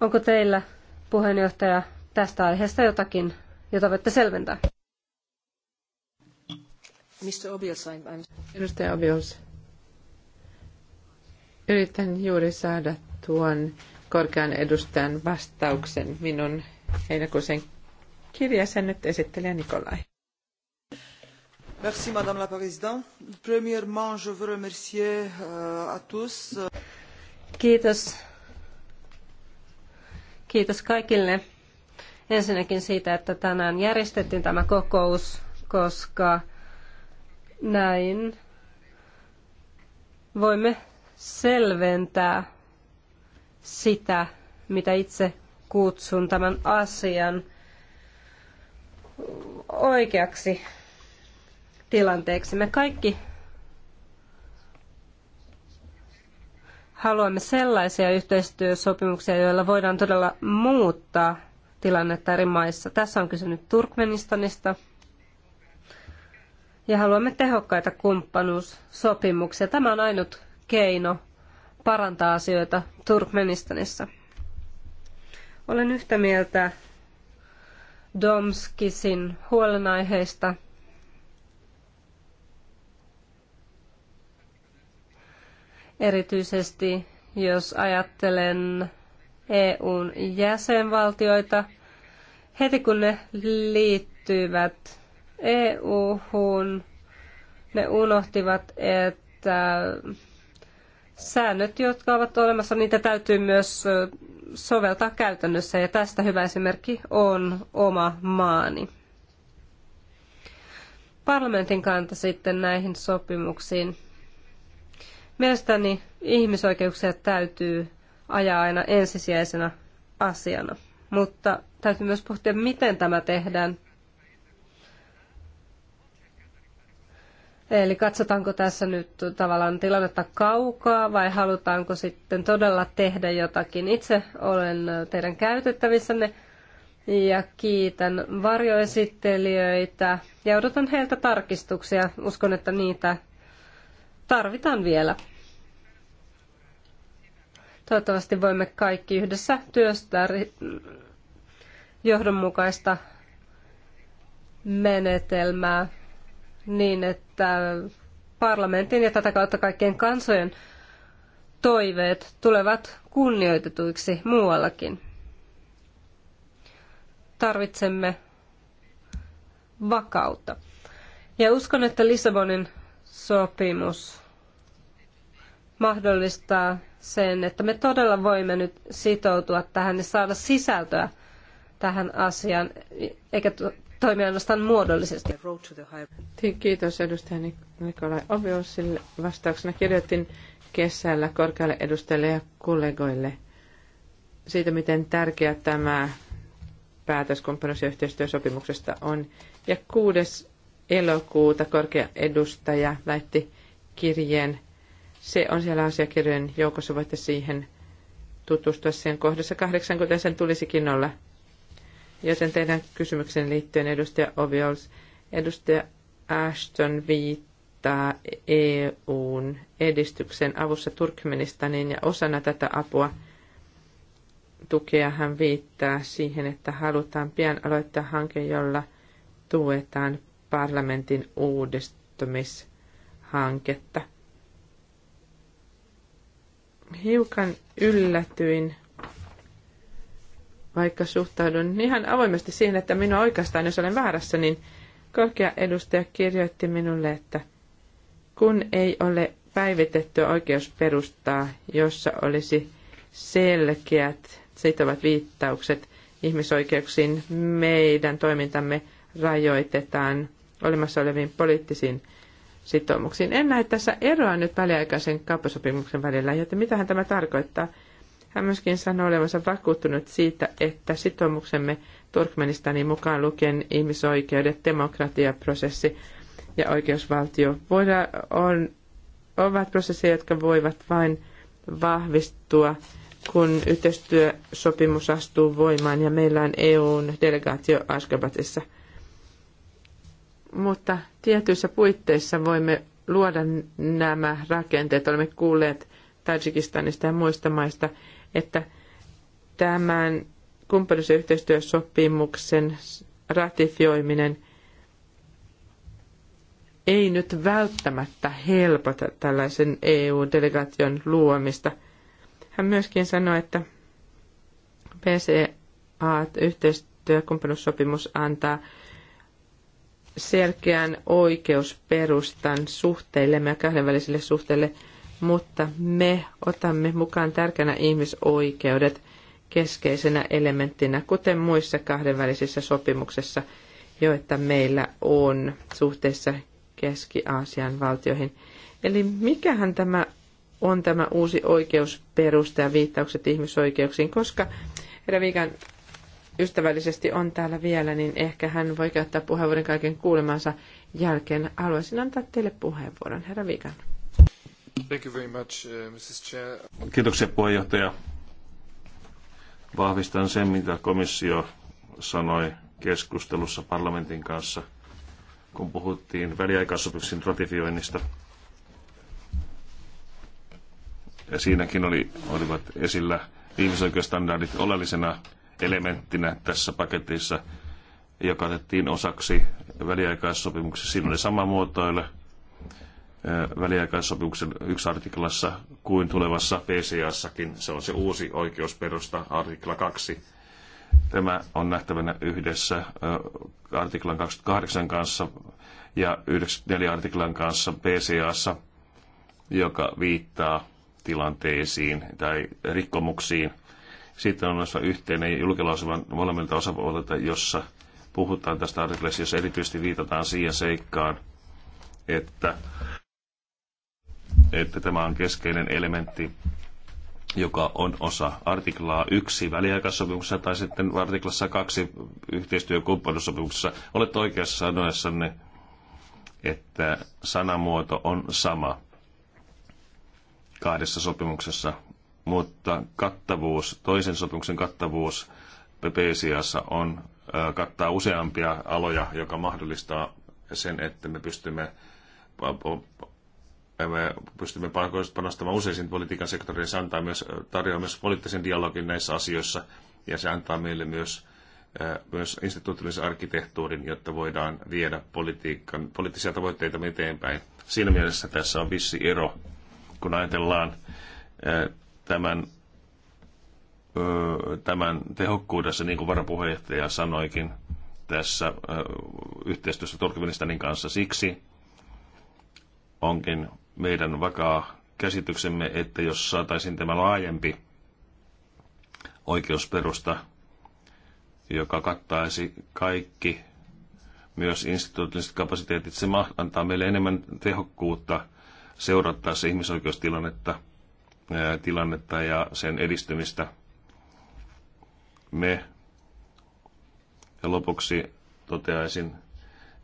Onko teillä, puheenjohtaja, tästä aiheesta jotakin jota voitte selventää. Mr. Obios, I'm... Edustaja Obios, yritän juuri saada tuon korkean edustajan vastauksen minun heinäkuisen kirjeeseen nyt esittelijä Nikolai. Merci Madame la Présidente. Premièrement, je veux remercier euh, à tous. Euh, Kiitos. Kiitos kaikille Ensinnäkin siitä, että tänään järjestettiin tämä kokous, koska näin voimme selventää sitä, mitä itse kutsun tämän asian oikeaksi tilanteeksi. Me kaikki haluamme sellaisia yhteistyösopimuksia, joilla voidaan todella muuttaa tilannetta eri maissa. Tässä on kyse nyt Turkmenistanista. Ja haluamme tehokkaita kumppanuussopimuksia. Tämä on ainut keino parantaa asioita Turkmenistanissa. Olen yhtä mieltä Domskisin huolenaiheista. Erityisesti jos ajattelen EUn jäsenvaltioita heti kun ne liittyivät EUhun. Ne unohtivat, että säännöt, jotka ovat olemassa, niitä täytyy myös soveltaa käytännössä ja tästä hyvä esimerkki on oma maani. Parlamentin kanta sitten näihin sopimuksiin. Mielestäni ihmisoikeuksia täytyy ajaa aina ensisijaisena asiana. Mutta täytyy myös pohtia, miten tämä tehdään. Eli katsotaanko tässä nyt tavallaan tilannetta kaukaa vai halutaanko sitten todella tehdä jotakin. Itse olen teidän käytettävissänne ja kiitän varjoesittelijöitä ja odotan heiltä tarkistuksia. Uskon, että niitä tarvitaan vielä. Toivottavasti voimme kaikki yhdessä työstää johdonmukaista menetelmää niin, että parlamentin ja tätä kautta kaikkien kansojen toiveet tulevat kunnioitetuiksi muuallakin. Tarvitsemme vakautta. Ja uskon, että Lissabonin sopimus mahdollistaa sen, että me todella voimme nyt sitoutua tähän ja saada sisältöä tähän asiaan, eikä toimia ainoastaan muodollisesti. Kiitos edustaja Nikolai Oviosille. Vastauksena kirjoitin kesällä korkealle edustajalle ja kollegoille siitä, miten tärkeä tämä päätös kumppanuus- ja yhteistyösopimuksesta on. Ja 6. elokuuta korkea edustaja väitti kirjeen se on siellä asiakirjojen joukossa, voitte siihen tutustua sen kohdassa kahdeksan, kuten sen tulisikin olla. Joten teidän kysymyksen liittyen edustaja Oviols, edustaja Ashton viittaa EUn edistyksen avussa Turkmenistaniin ja osana tätä apua tukea hän viittaa siihen, että halutaan pian aloittaa hanke, jolla tuetaan parlamentin uudistumishanketta hiukan yllätyin, vaikka suhtaudun ihan avoimesti siihen, että minua oikeastaan, jos olen väärässä, niin korkea edustaja kirjoitti minulle, että kun ei ole päivitettyä oikeusperustaa, jossa olisi selkeät sitovat viittaukset ihmisoikeuksiin, meidän toimintamme rajoitetaan olemassa oleviin poliittisiin sitoumuksiin. En näe tässä eroa nyt väliaikaisen kauppasopimuksen välillä, joten mitähän tämä tarkoittaa? Hän myöskin sanoi olevansa vakuuttunut siitä, että sitoumuksemme Turkmenistanin mukaan lukien ihmisoikeudet, demokratiaprosessi ja oikeusvaltio voida, on, ovat prosesseja, jotka voivat vain vahvistua, kun yhteistyösopimus astuu voimaan ja meillä on EUn delegaatio Ashgabatissa – mutta tietyissä puitteissa voimme luoda nämä rakenteet. Olemme kuulleet Tajikistanista ja muista maista, että tämän kumppanuus- ja yhteistyösopimuksen ratifioiminen ei nyt välttämättä helpota tällaisen EU-delegaation luomista. Hän myöskin sanoi, että PCA, yhteistyökumppanuussopimus, antaa selkeän oikeusperustan suhteillemme ja kahdenvälisille suhteille, mutta me otamme mukaan tärkeänä ihmisoikeudet keskeisenä elementtinä, kuten muissa kahdenvälisissä sopimuksissa, joita meillä on suhteessa Keski-Aasian valtioihin. Eli mikähän tämä on tämä uusi oikeusperusta ja viittaukset ihmisoikeuksiin, koska herra Viikan ystävällisesti on täällä vielä, niin ehkä hän voi käyttää puheenvuoron kaiken kuulemansa jälkeen. Haluaisin antaa teille puheenvuoron, herra Vigan. Thank you very much, uh, Mrs. Chair. Kiitoksia puheenjohtaja. Vahvistan sen, mitä komissio sanoi keskustelussa parlamentin kanssa, kun puhuttiin väliaikaisopimuksen ratifioinnista. Ja siinäkin oli, olivat esillä ihmisoikeustandardit oleellisena elementtinä tässä paketissa, joka otettiin osaksi väliaikaissopimuksen. Siinä oli sama muotoilu väliaikaissopimuksen yksi artiklassa kuin tulevassa PCA-sakin. Se on se uusi oikeusperusta, artikla 2. Tämä on nähtävänä yhdessä artiklan 28 kanssa ja 94 artiklan kanssa PCAssa, joka viittaa tilanteisiin tai rikkomuksiin, siitä on osa yhteinen julkilausuma molemmilta osapuolilta, jossa puhutaan tästä artikkelista, jossa erityisesti viitataan siihen seikkaan, että, että tämä on keskeinen elementti joka on osa artiklaa 1 väliaikaissopimuksessa tai sitten artiklassa 2 yhteistyökumppanussopimuksessa. Olet oikeassa sanoessanne, että sanamuoto on sama kahdessa sopimuksessa, mutta kattavuus, toisen sopimuksen kattavuus PPCassa on, kattaa useampia aloja, joka mahdollistaa sen, että me pystymme me pystymme panostamaan useisiin politiikan sektoriin. Se antaa myös, tarjoaa myös poliittisen dialogin näissä asioissa ja se antaa meille myös, myös instituutiollisen arkkitehtuurin, jotta voidaan viedä politiikan, poliittisia tavoitteita eteenpäin. Siinä mielessä tässä on vissi ero, kun ajatellaan tämän, tämän tehokkuudessa, niin kuin varapuheenjohtaja sanoikin, tässä yhteistyössä Turkmenistanin kanssa. Siksi onkin meidän vakaa käsityksemme, että jos saataisiin tämä laajempi oikeusperusta, joka kattaisi kaikki myös instituutilliset kapasiteetit, se antaa meille enemmän tehokkuutta seurattaa se ihmisoikeustilannetta – tilannetta ja sen edistymistä. Me ja lopuksi toteaisin,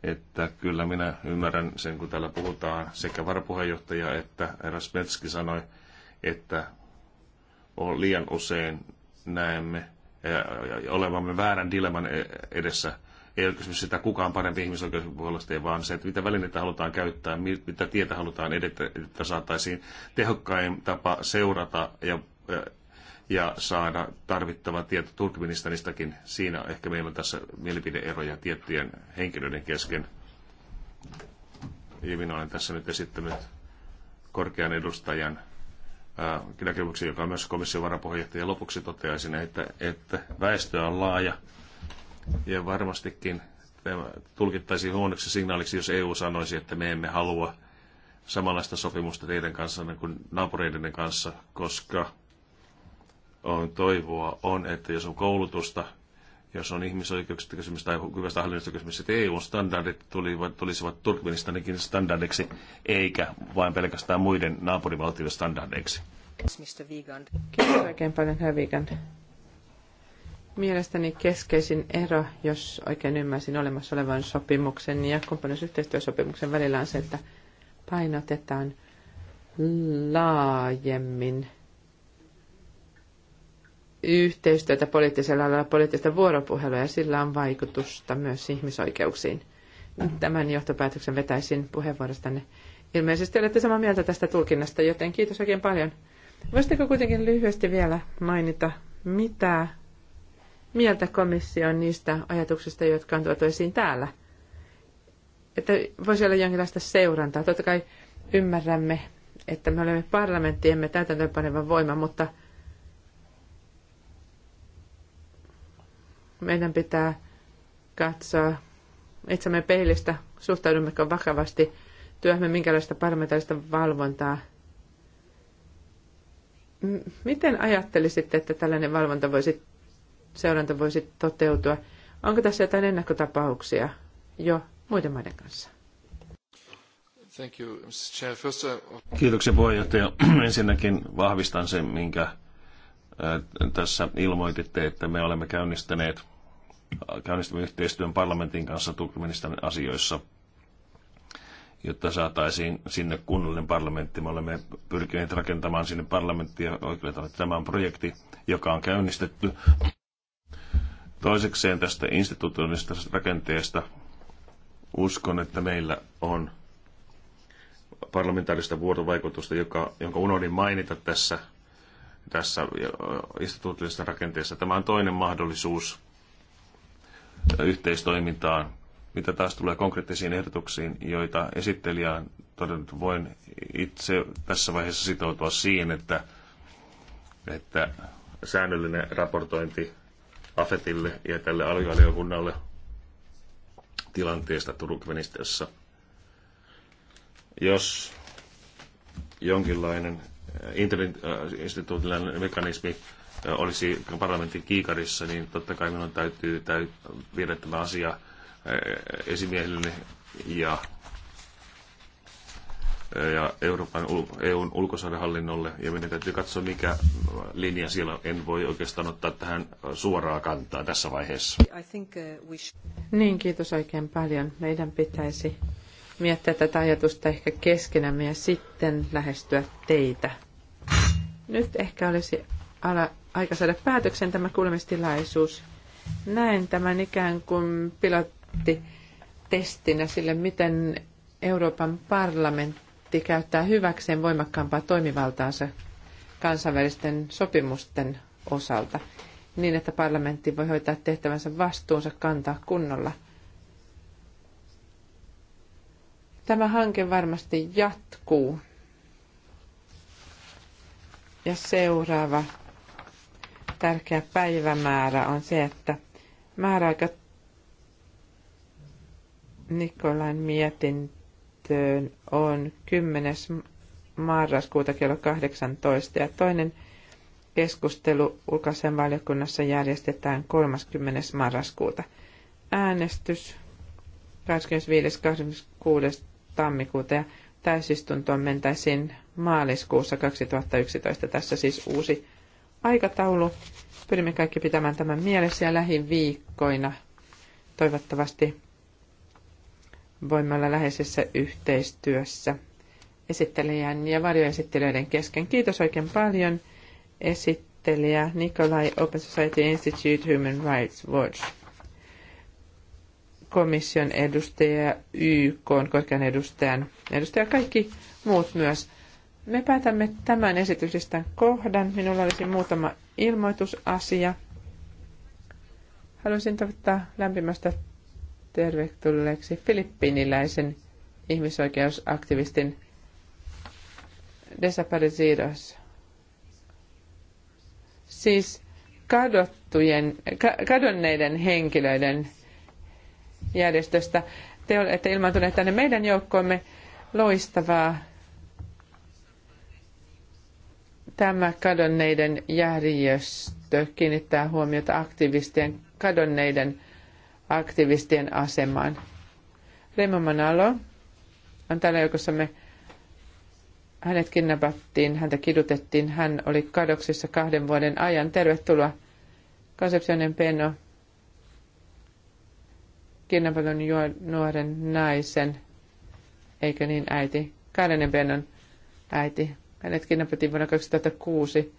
että kyllä minä ymmärrän sen, kun täällä puhutaan sekä varapuheenjohtaja että eräs Metski sanoi, että on liian usein näemme ja, ja olevamme väärän dilemman e- edessä – ei ole kysymys sitä, kukaan parempi ihmisoikeuden puolesta, vaan se, että mitä välineitä halutaan käyttää, mitä tietä halutaan edetä, että saataisiin tehokkain tapa seurata ja, ja saada tarvittava tieto Turkmenistanistakin. Siinä ehkä meillä on tässä mielipideeroja tiettyjen henkilöiden kesken. Ja minä olen tässä nyt esittänyt korkean edustajan äh, näkemyksen, joka on myös komission varapuheenjohtaja. Lopuksi toteaisin, että, että väestö on laaja ja varmastikin tämä tulkittaisiin huonoksi signaaliksi, jos EU sanoisi, että me emme halua samanlaista sopimusta teidän kanssa kuin naapureiden kanssa, koska on toivoa on, että jos on koulutusta, jos on ihmisoikeuksista kysymys tai hyvästä hallinnosta kysymys, että EU-standardit tulisivat Turkmenistanikin standardiksi, eikä vain pelkästään muiden naapurivaltioiden standardeiksi. Mr. Vigand. Kiitos oikein paljon, herra Mielestäni keskeisin ero, jos oikein ymmärsin olemassa olevan sopimuksen ja kumppanuusyhteistyösopimuksen välillä on se, että painotetaan laajemmin yhteistyötä poliittisella alalla, poliittista vuoropuhelua ja sillä on vaikutusta myös ihmisoikeuksiin. Tämän johtopäätöksen vetäisin puheenvuorostanne. Ilmeisesti olette samaa mieltä tästä tulkinnasta, joten kiitos oikein paljon. Voisitteko kuitenkin lyhyesti vielä mainita, mitä mieltä komissio on niistä ajatuksista, jotka on tuotu esiin täällä? Että voisi olla jonkinlaista seurantaa. Totta kai ymmärrämme, että me olemme parlamentti, emme täytäntöönpaneva voima, mutta meidän pitää katsoa itsemme peilistä, suhtaudummeko vakavasti työhme minkälaista parlamentaarista valvontaa. Miten ajattelisitte, että tällainen valvonta voisi seuranta voisi toteutua. Onko tässä jotain ennakkotapauksia jo muiden maiden kanssa? Thank you, Mr. Chair. First, uh... Kiitoksia puheenjohtaja. Ensinnäkin vahvistan sen, minkä tässä ilmoititte, että me olemme käynnistäneet käynnistämme yhteistyön parlamentin kanssa Turkmenistan asioissa, jotta saataisiin sinne kunnollinen parlamentti. Me olemme pyrkineet rakentamaan sinne parlamenttia oikeudella. Tämä on projekti, joka on käynnistetty Toisekseen tästä instituutioista rakenteesta uskon, että meillä on parlamentaarista vuorovaikutusta, joka, jonka unohdin mainita tässä, tässä instituutiollisessa rakenteessa. Tämä on toinen mahdollisuus yhteistoimintaan, mitä taas tulee konkreettisiin ehdotuksiin, joita esittelijä todennut. Voin itse tässä vaiheessa sitoutua siihen, että, että säännöllinen raportointi Afetille ja tälle alivaliokunnalle tilanteesta Turkmenistassa. Jos jonkinlainen äh, interinstituutillinen äh, mekanismi äh, olisi parlamentin kiikarissa, niin totta kai minun täytyy, täytyy viedä tämä asia esimiehelle ja ja Euroopan, EUn ulkosuhdehallinnolle, ja meidän täytyy katsoa, mikä linja siellä en voi oikeastaan ottaa tähän suoraa kantaa tässä vaiheessa. Uh, niin, kiitos oikein paljon. Meidän pitäisi miettiä tätä ajatusta ehkä keskenämme ja sitten lähestyä teitä. Nyt ehkä olisi ala, aika saada päätöksen tämä kuulemistilaisuus. Näen tämän ikään kuin pilottitestinä sille, miten Euroopan parlamentti Britti käyttää hyväkseen voimakkaampaa toimivaltaansa kansainvälisten sopimusten osalta niin, että parlamentti voi hoitaa tehtävänsä vastuunsa kantaa kunnolla. Tämä hanke varmasti jatkuu. Ja seuraava tärkeä päivämäärä on se, että määräaika Nikolain mietintö täytäntöön on 10. marraskuuta kello 18 ja toinen keskustelu ulkoisen valiokunnassa järjestetään 30. marraskuuta. Äänestys 25.26. tammikuuta ja täysistuntoon mentäisiin maaliskuussa 2011. Tässä siis uusi aikataulu. Pyrimme kaikki pitämään tämän mielessä ja lähiviikkoina toivottavasti voimme olla läheisessä yhteistyössä esittelijän ja varjoesittelijöiden kesken. Kiitos oikein paljon esittelijä Nikolai Open Society Institute Human Rights Watch komission edustaja, YK korkean edustajan edustaja, kaikki muut myös. Me päätämme tämän esityslistan kohdan. Minulla olisi muutama ilmoitusasia. Haluaisin toivottaa lämpimästä tervetulleeksi filippiiniläisen ihmisoikeusaktivistin Desaparecidos. Siis kadottujen, kadonneiden henkilöiden järjestöstä. Te olette ilmaantuneet tänne meidän joukkoomme. Loistavaa. Tämä kadonneiden järjestö kiinnittää huomiota aktivistien kadonneiden aktivistien asemaan. Remo Manalo on täällä me. Hänet kidnappattiin, häntä kidutettiin, hän oli kadoksissa kahden vuoden ajan. Tervetuloa, Konseptionen Peno, kidnappatun nuoren naisen, eikö niin äiti, Karenen Penon äiti. Hänet kidnappattiin vuonna 2006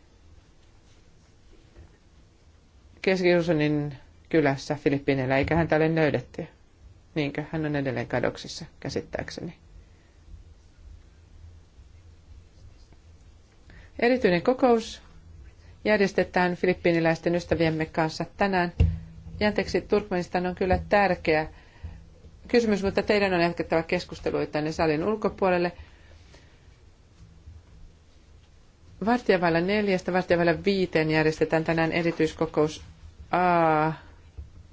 keski kylässä Filippiineillä, eikä häntä ole löydetty. Niinkö, hän on edelleen kadoksissa, käsittääkseni. Erityinen kokous järjestetään filippiiniläisten ystäviemme kanssa tänään. Jänteeksi Turkmenistan on kyllä tärkeä kysymys, mutta teidän on jatkettava keskustelua tänne salin ulkopuolelle. Vartijavailla neljästä, vartijavailla viiteen järjestetään tänään erityiskokous A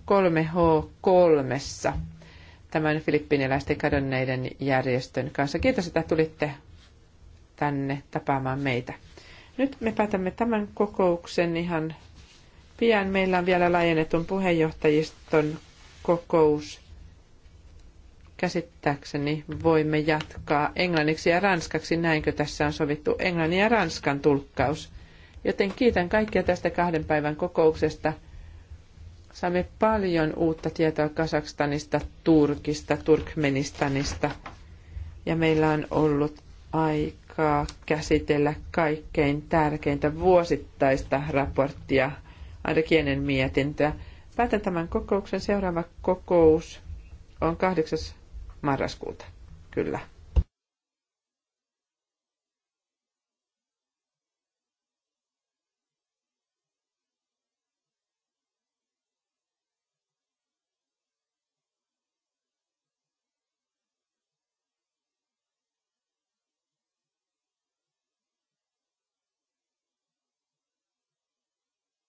3H3 tämän filippiniläisten kadonneiden järjestön kanssa. Kiitos, että tulitte tänne tapaamaan meitä. Nyt me päätämme tämän kokouksen ihan pian. Meillä on vielä laajennetun puheenjohtajiston kokous. Käsittääkseni voimme jatkaa englanniksi ja ranskaksi, näinkö tässä on sovittu englannin ja ranskan tulkkaus. Joten kiitän kaikkia tästä kahden päivän kokouksesta – Saamme paljon uutta tietoa Kasakstanista, Turkista, Turkmenistanista ja meillä on ollut aikaa käsitellä kaikkein tärkeintä vuosittaista raporttia, Aida Kienen mietintöä. Päätän tämän kokouksen. Seuraava kokous on 8. marraskuuta. Kyllä.